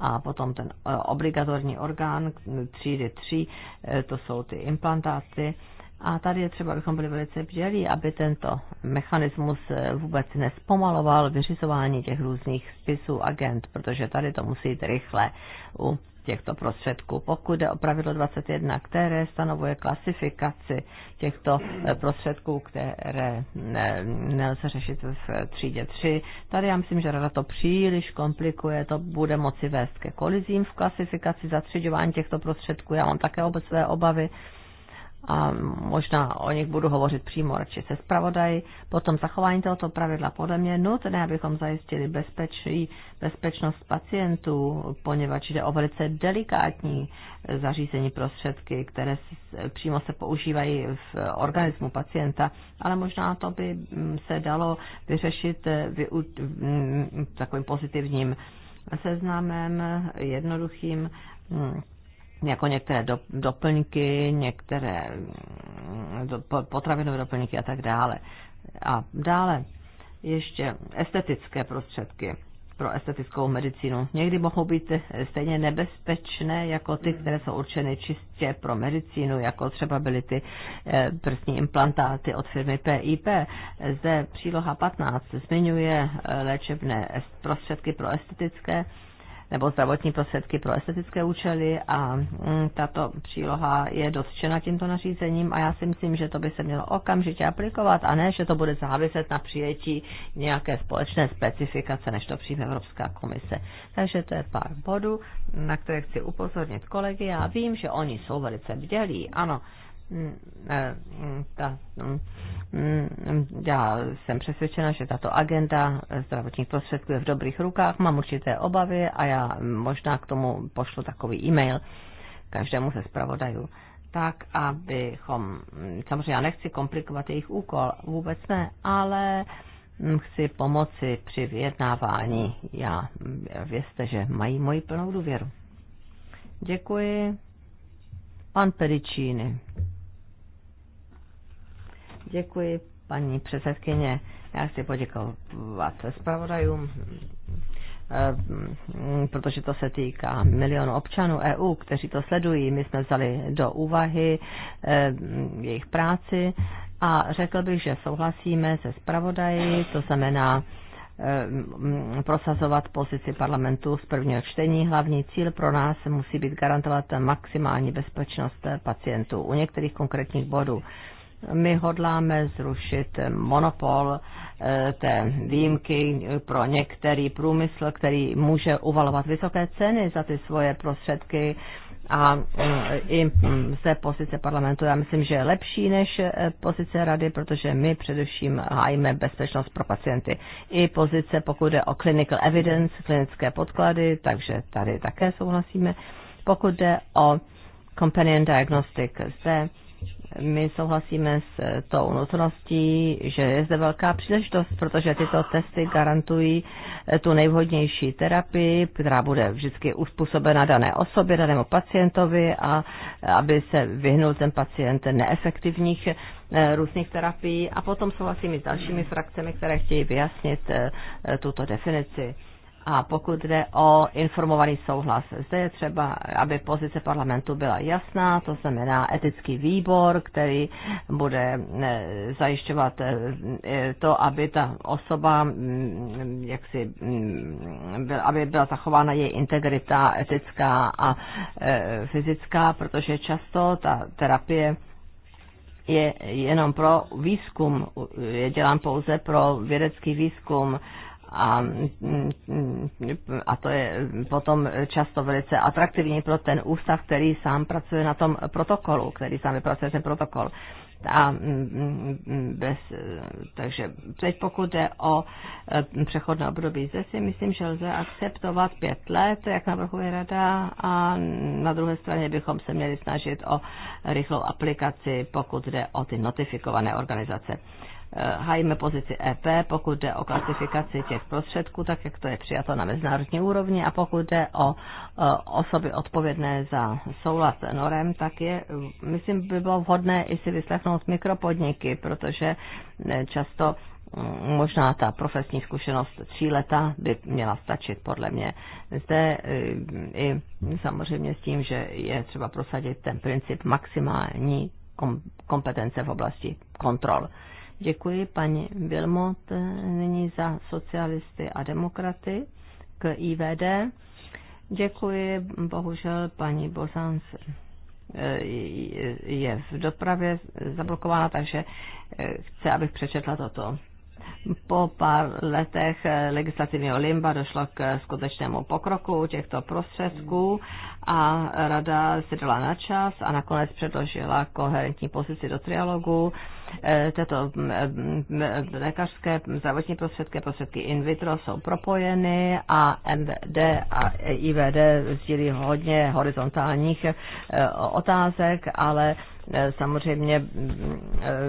a potom ten e, obligatorní orgán třídy 3, e, to jsou ty implantáty. A tady je třeba, abychom byli velice bdělí, aby tento mechanismus e, vůbec nespomaloval vyřizování těch různých spisů agent, protože tady to musí jít rychle u těchto prostředků. Pokud jde o pravidlo 21, které stanovuje klasifikaci těchto eh, prostředků, které eh, nelze řešit v eh, třídě 3, tady já myslím, že rada to příliš komplikuje, to bude moci vést ke kolizím v klasifikaci zatřiďování těchto prostředků. Já mám také své obavy a možná o nich budu hovořit přímo radši se zpravodají. Potom zachování tohoto pravidla podle mě je nutné, abychom zajistili bezpečí, bezpečnost pacientů, poněvadž jde o velice delikátní zařízení prostředky, které přímo se používají v organismu pacienta, ale možná to by mm, se dalo vyřešit eh, mm, takovým pozitivním seznamem, jednoduchým mm, jako některé do, doplňky, některé mm, do, potravinové doplňky a tak dále. A dále ještě estetické prostředky pro estetickou medicínu. Někdy mohou být stejně nebezpečné jako ty, které jsou určeny čistě pro medicínu, jako třeba byly ty eh, prstní implantáty od firmy PIP. Zde příloha 15 zmiňuje eh, léčebné prostředky pro estetické nebo zdravotní prostředky pro estetické účely a mm, tato příloha je dotčena tímto nařízením a já si myslím, že to by se mělo okamžitě aplikovat a ne, že to bude záviset na přijetí nějaké společné specifikace, než to přijme Evropská komise. Takže to je pár bodů, na které chci upozornit kolegy. Já vím, že oni jsou velice bdělí, ano, ta, já jsem přesvědčena, že tato agenda zdravotních prostředků je v dobrých rukách, mám určité obavy a já možná k tomu pošlu takový e-mail každému ze zpravodajů. Tak, abychom, samozřejmě já nechci komplikovat jejich úkol, vůbec ne, ale chci pomoci při vyjednávání. Já vězte, že mají moji plnou důvěru. Děkuji. Pan Pericini. Děkuji, paní předsedkyně. Já chci poděkovat zpravodajům, eh, protože to se týká milionů občanů EU, kteří to sledují. My jsme vzali do úvahy eh, jejich práci a řekl bych, že souhlasíme se zpravodaji, to znamená, eh, prosazovat pozici parlamentu z prvního čtení. Hlavní cíl pro nás musí být garantovat maximální bezpečnost pacientů. U některých konkrétních bodů my hodláme zrušit monopol eh, té výjimky pro některý průmysl, který může uvalovat vysoké ceny za ty svoje prostředky a eh, i se hm, pozice parlamentu, já myslím, že je lepší než eh, pozice rady, protože my především hájíme bezpečnost pro pacienty. I pozice, pokud jde o clinical evidence, klinické podklady, takže tady také souhlasíme. Pokud jde o companion diagnostic, zde my souhlasíme s eh, tou nutností, že je zde velká příležitost, protože tyto testy garantují eh, tu nejvhodnější terapii, která bude vždycky uspůsobena dané osobě, danému pacientovi a eh, aby se vyhnul ten pacient neefektivních různých terapií. A potom souhlasím i s dalšími frakcemi, které chtějí vyjasnit tuto definici. A pokud jde o informovaný souhlas, zde je třeba, aby pozice parlamentu byla jasná, to znamená etický výbor, který bude eh, zajišťovat eh, to, aby ta osoba, mm, jak si, mm, aby byla zachována její integrita etická a eh, fyzická, protože často ta terapie je jenom pro výzkum, je dělám pouze pro vědecký výzkum, a, a to je potom často velice atraktivní pro ten ústav, který sám pracuje na tom protokolu, který sám vypracuje ten protokol. A bez, takže teď pokud jde o přechodné období, zde si myslím, že lze akceptovat pět let, jak navrhuje rada, a na druhé straně bychom se měli snažit o rychlou aplikaci, pokud jde o ty notifikované organizace. Eh, hájíme pozici EP, pokud jde o klasifikaci těch prostředků, tak jak to je přijato na mezinárodní úrovni, a pokud jde o eh, osoby odpovědné za soulad norem, tak je, myslím, by bylo vhodné i si vyslechnout mikropodniky, protože eh, často hm, možná ta profesní zkušenost tří leta by měla stačit, podle mě. Zde i samozřejmě s tím, že je třeba prosadit ten princip maximální kompetence v oblasti kontrol. Děkuji paní Vilmot nyní za socialisty a demokraty k IVD. Děkuji, bohužel paní Bozanc eh, je v dopravě zablokována, takže eh, chce, abych přečetla toto po pár letech legislativního limba došlo k skutečnému pokroku těchto prostředků a rada se dala na čas a nakonec předložila koherentní pozici do trialogu. Eh, Tato mm, eh, mm, lékařské zdravotní prostředky, prostředky in vitro jsou propojeny a MD a IVD sdílí hodně horizontálních eh, otázek, ale Eh, samozřejmě mm,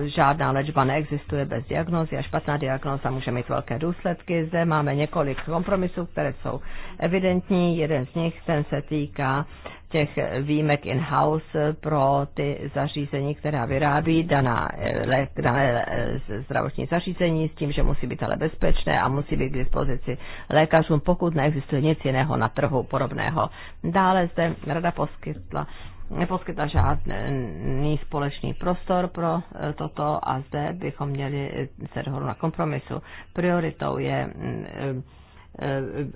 eh, žádná léčba neexistuje bez diagnózy a špatná diagnóza může mít velké důsledky. Zde máme několik kompromisů, které jsou evidentní. Jeden z nich ten se týká těch výjimek in-house pro ty zařízení, která vyrábí daná, eh, dané zdravotní zařízení s tím, že musí být ale bezpečné a musí být k dispozici lékařům, pokud neexistuje nic jiného na trhu podobného. Dále zde rada poskytla neposkytla žádný společný prostor pro eh, toto a zde bychom měli eh, se dohodnout na kompromisu. Prioritou je mm, eh,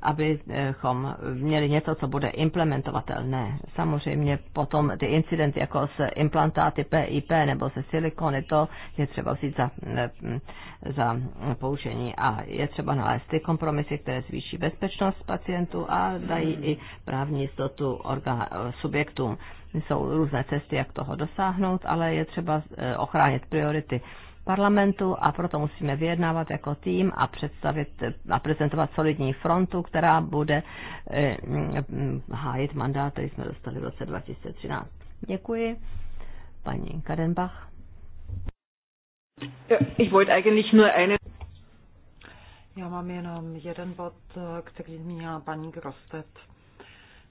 abychom měli něco, co bude implementovatelné. Samozřejmě potom ty incidenty jako s implantáty PIP nebo se silikony, to je třeba vzít za, mm, za poučení a je třeba nalézt ty kompromisy, které zvýší bezpečnost pacientů a dají i právní jistotu orgán, subjektům jsou různé cesty, jak toho dosáhnout, ale je třeba eh, ochránit priority parlamentu a proto musíme vyjednávat jako tým a představit a prezentovat solidní frontu, která bude eh, hájit mandát, který jsme dostali v roce 2013. Děkuji. Paní Kadenbach. Ich wollte eigentlich nur eine já mám jenom jeden bod, eh, který zmínila paní Grostet.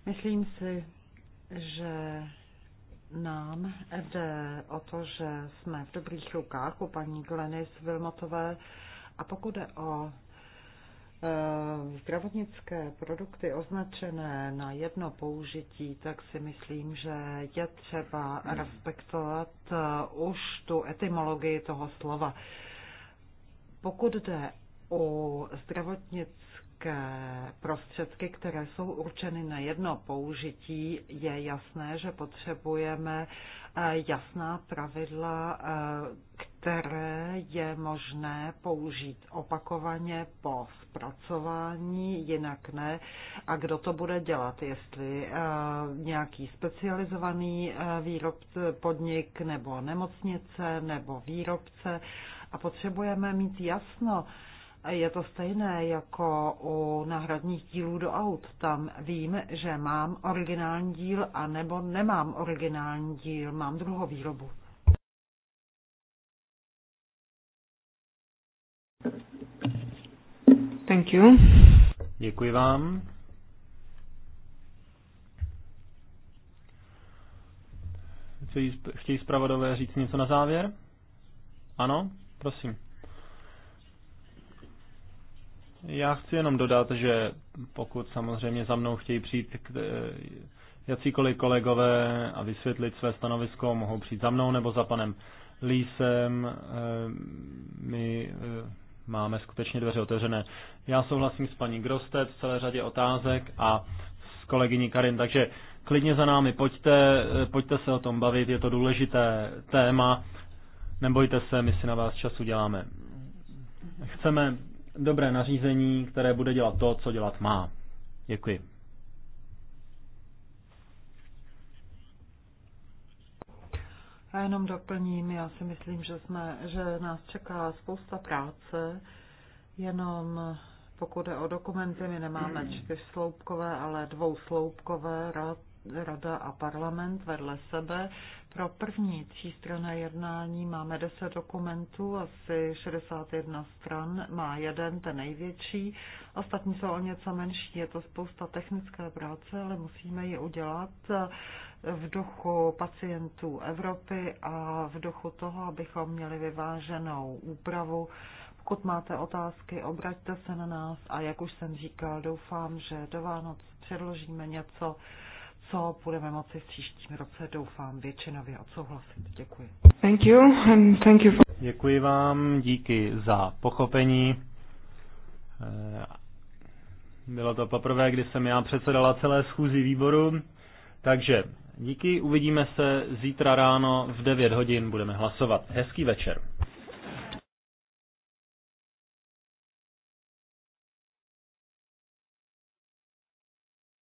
Myslím si, že nám jde o to, že jsme v dobrých rukách u paní Glenis Vilmotové a pokud jde o e, zdravotnické produkty označené na jedno použití, tak si myslím, že je třeba respektovat e, už tu etymologii toho slova. Pokud jde o zdravotnické tak prostředky, které jsou určeny na jedno použití, je jasné, že potřebujeme eh, jasná pravidla, eh, které je možné použít opakovaně po zpracování, jinak ne. A kdo to bude dělat, jestli eh, nějaký specializovaný výrobce, podnik nebo nemocnice nebo výrobce. A potřebujeme mít jasno, je to stejné jako u náhradních dílů do aut. Tam vím, že mám originální díl a nebo nemám originální díl, mám druhou výrobu. Thank you. Děkuji vám. Chtějí zpravodové říct něco na závěr? Ano, prosím. Já chci jenom dodat, že pokud samozřejmě za mnou chtějí přijít k, e, jakýkoliv kolegové a vysvětlit své stanovisko, mohou přijít za mnou nebo za panem Lísem. E, my e, máme skutečně dveře otevřené. Já souhlasím s paní Grostet v celé řadě otázek a s kolegyní Karin, takže klidně za námi pojďte, pojďte se o tom bavit, je to důležité téma. Nebojte se, my si na vás čas uděláme. Chceme dobré nařízení, které bude dělat to, co dělat má. Děkuji. A jenom doplním, já si myslím, že, jsme, že nás čeká spousta práce, jenom pokud je o dokumenty, my nemáme čtyřsloupkové, ale dvousloupkové, rada a parlament vedle sebe. Pro první třístranné jednání máme 10 dokumentů, asi 61 stran, má jeden, ten největší, ostatní jsou o něco menší, je to spousta technické práce, ale musíme ji udělat v duchu pacientů Evropy a v duchu toho, abychom měli vyváženou úpravu pokud máte otázky, obraťte se na nás a jak už jsem říkal, doufám, že do Vánoc předložíme něco, co budeme moci v příštím roce, doufám, většinově odsouhlasit. Děkuji. Thank you and thank you for... Děkuji vám, díky za pochopení. Eh, bylo to poprvé, kdy jsem já předsedala celé schůzi výboru, takže díky, uvidíme se zítra ráno v 9 hodin, budeme hlasovat. Hezký večer.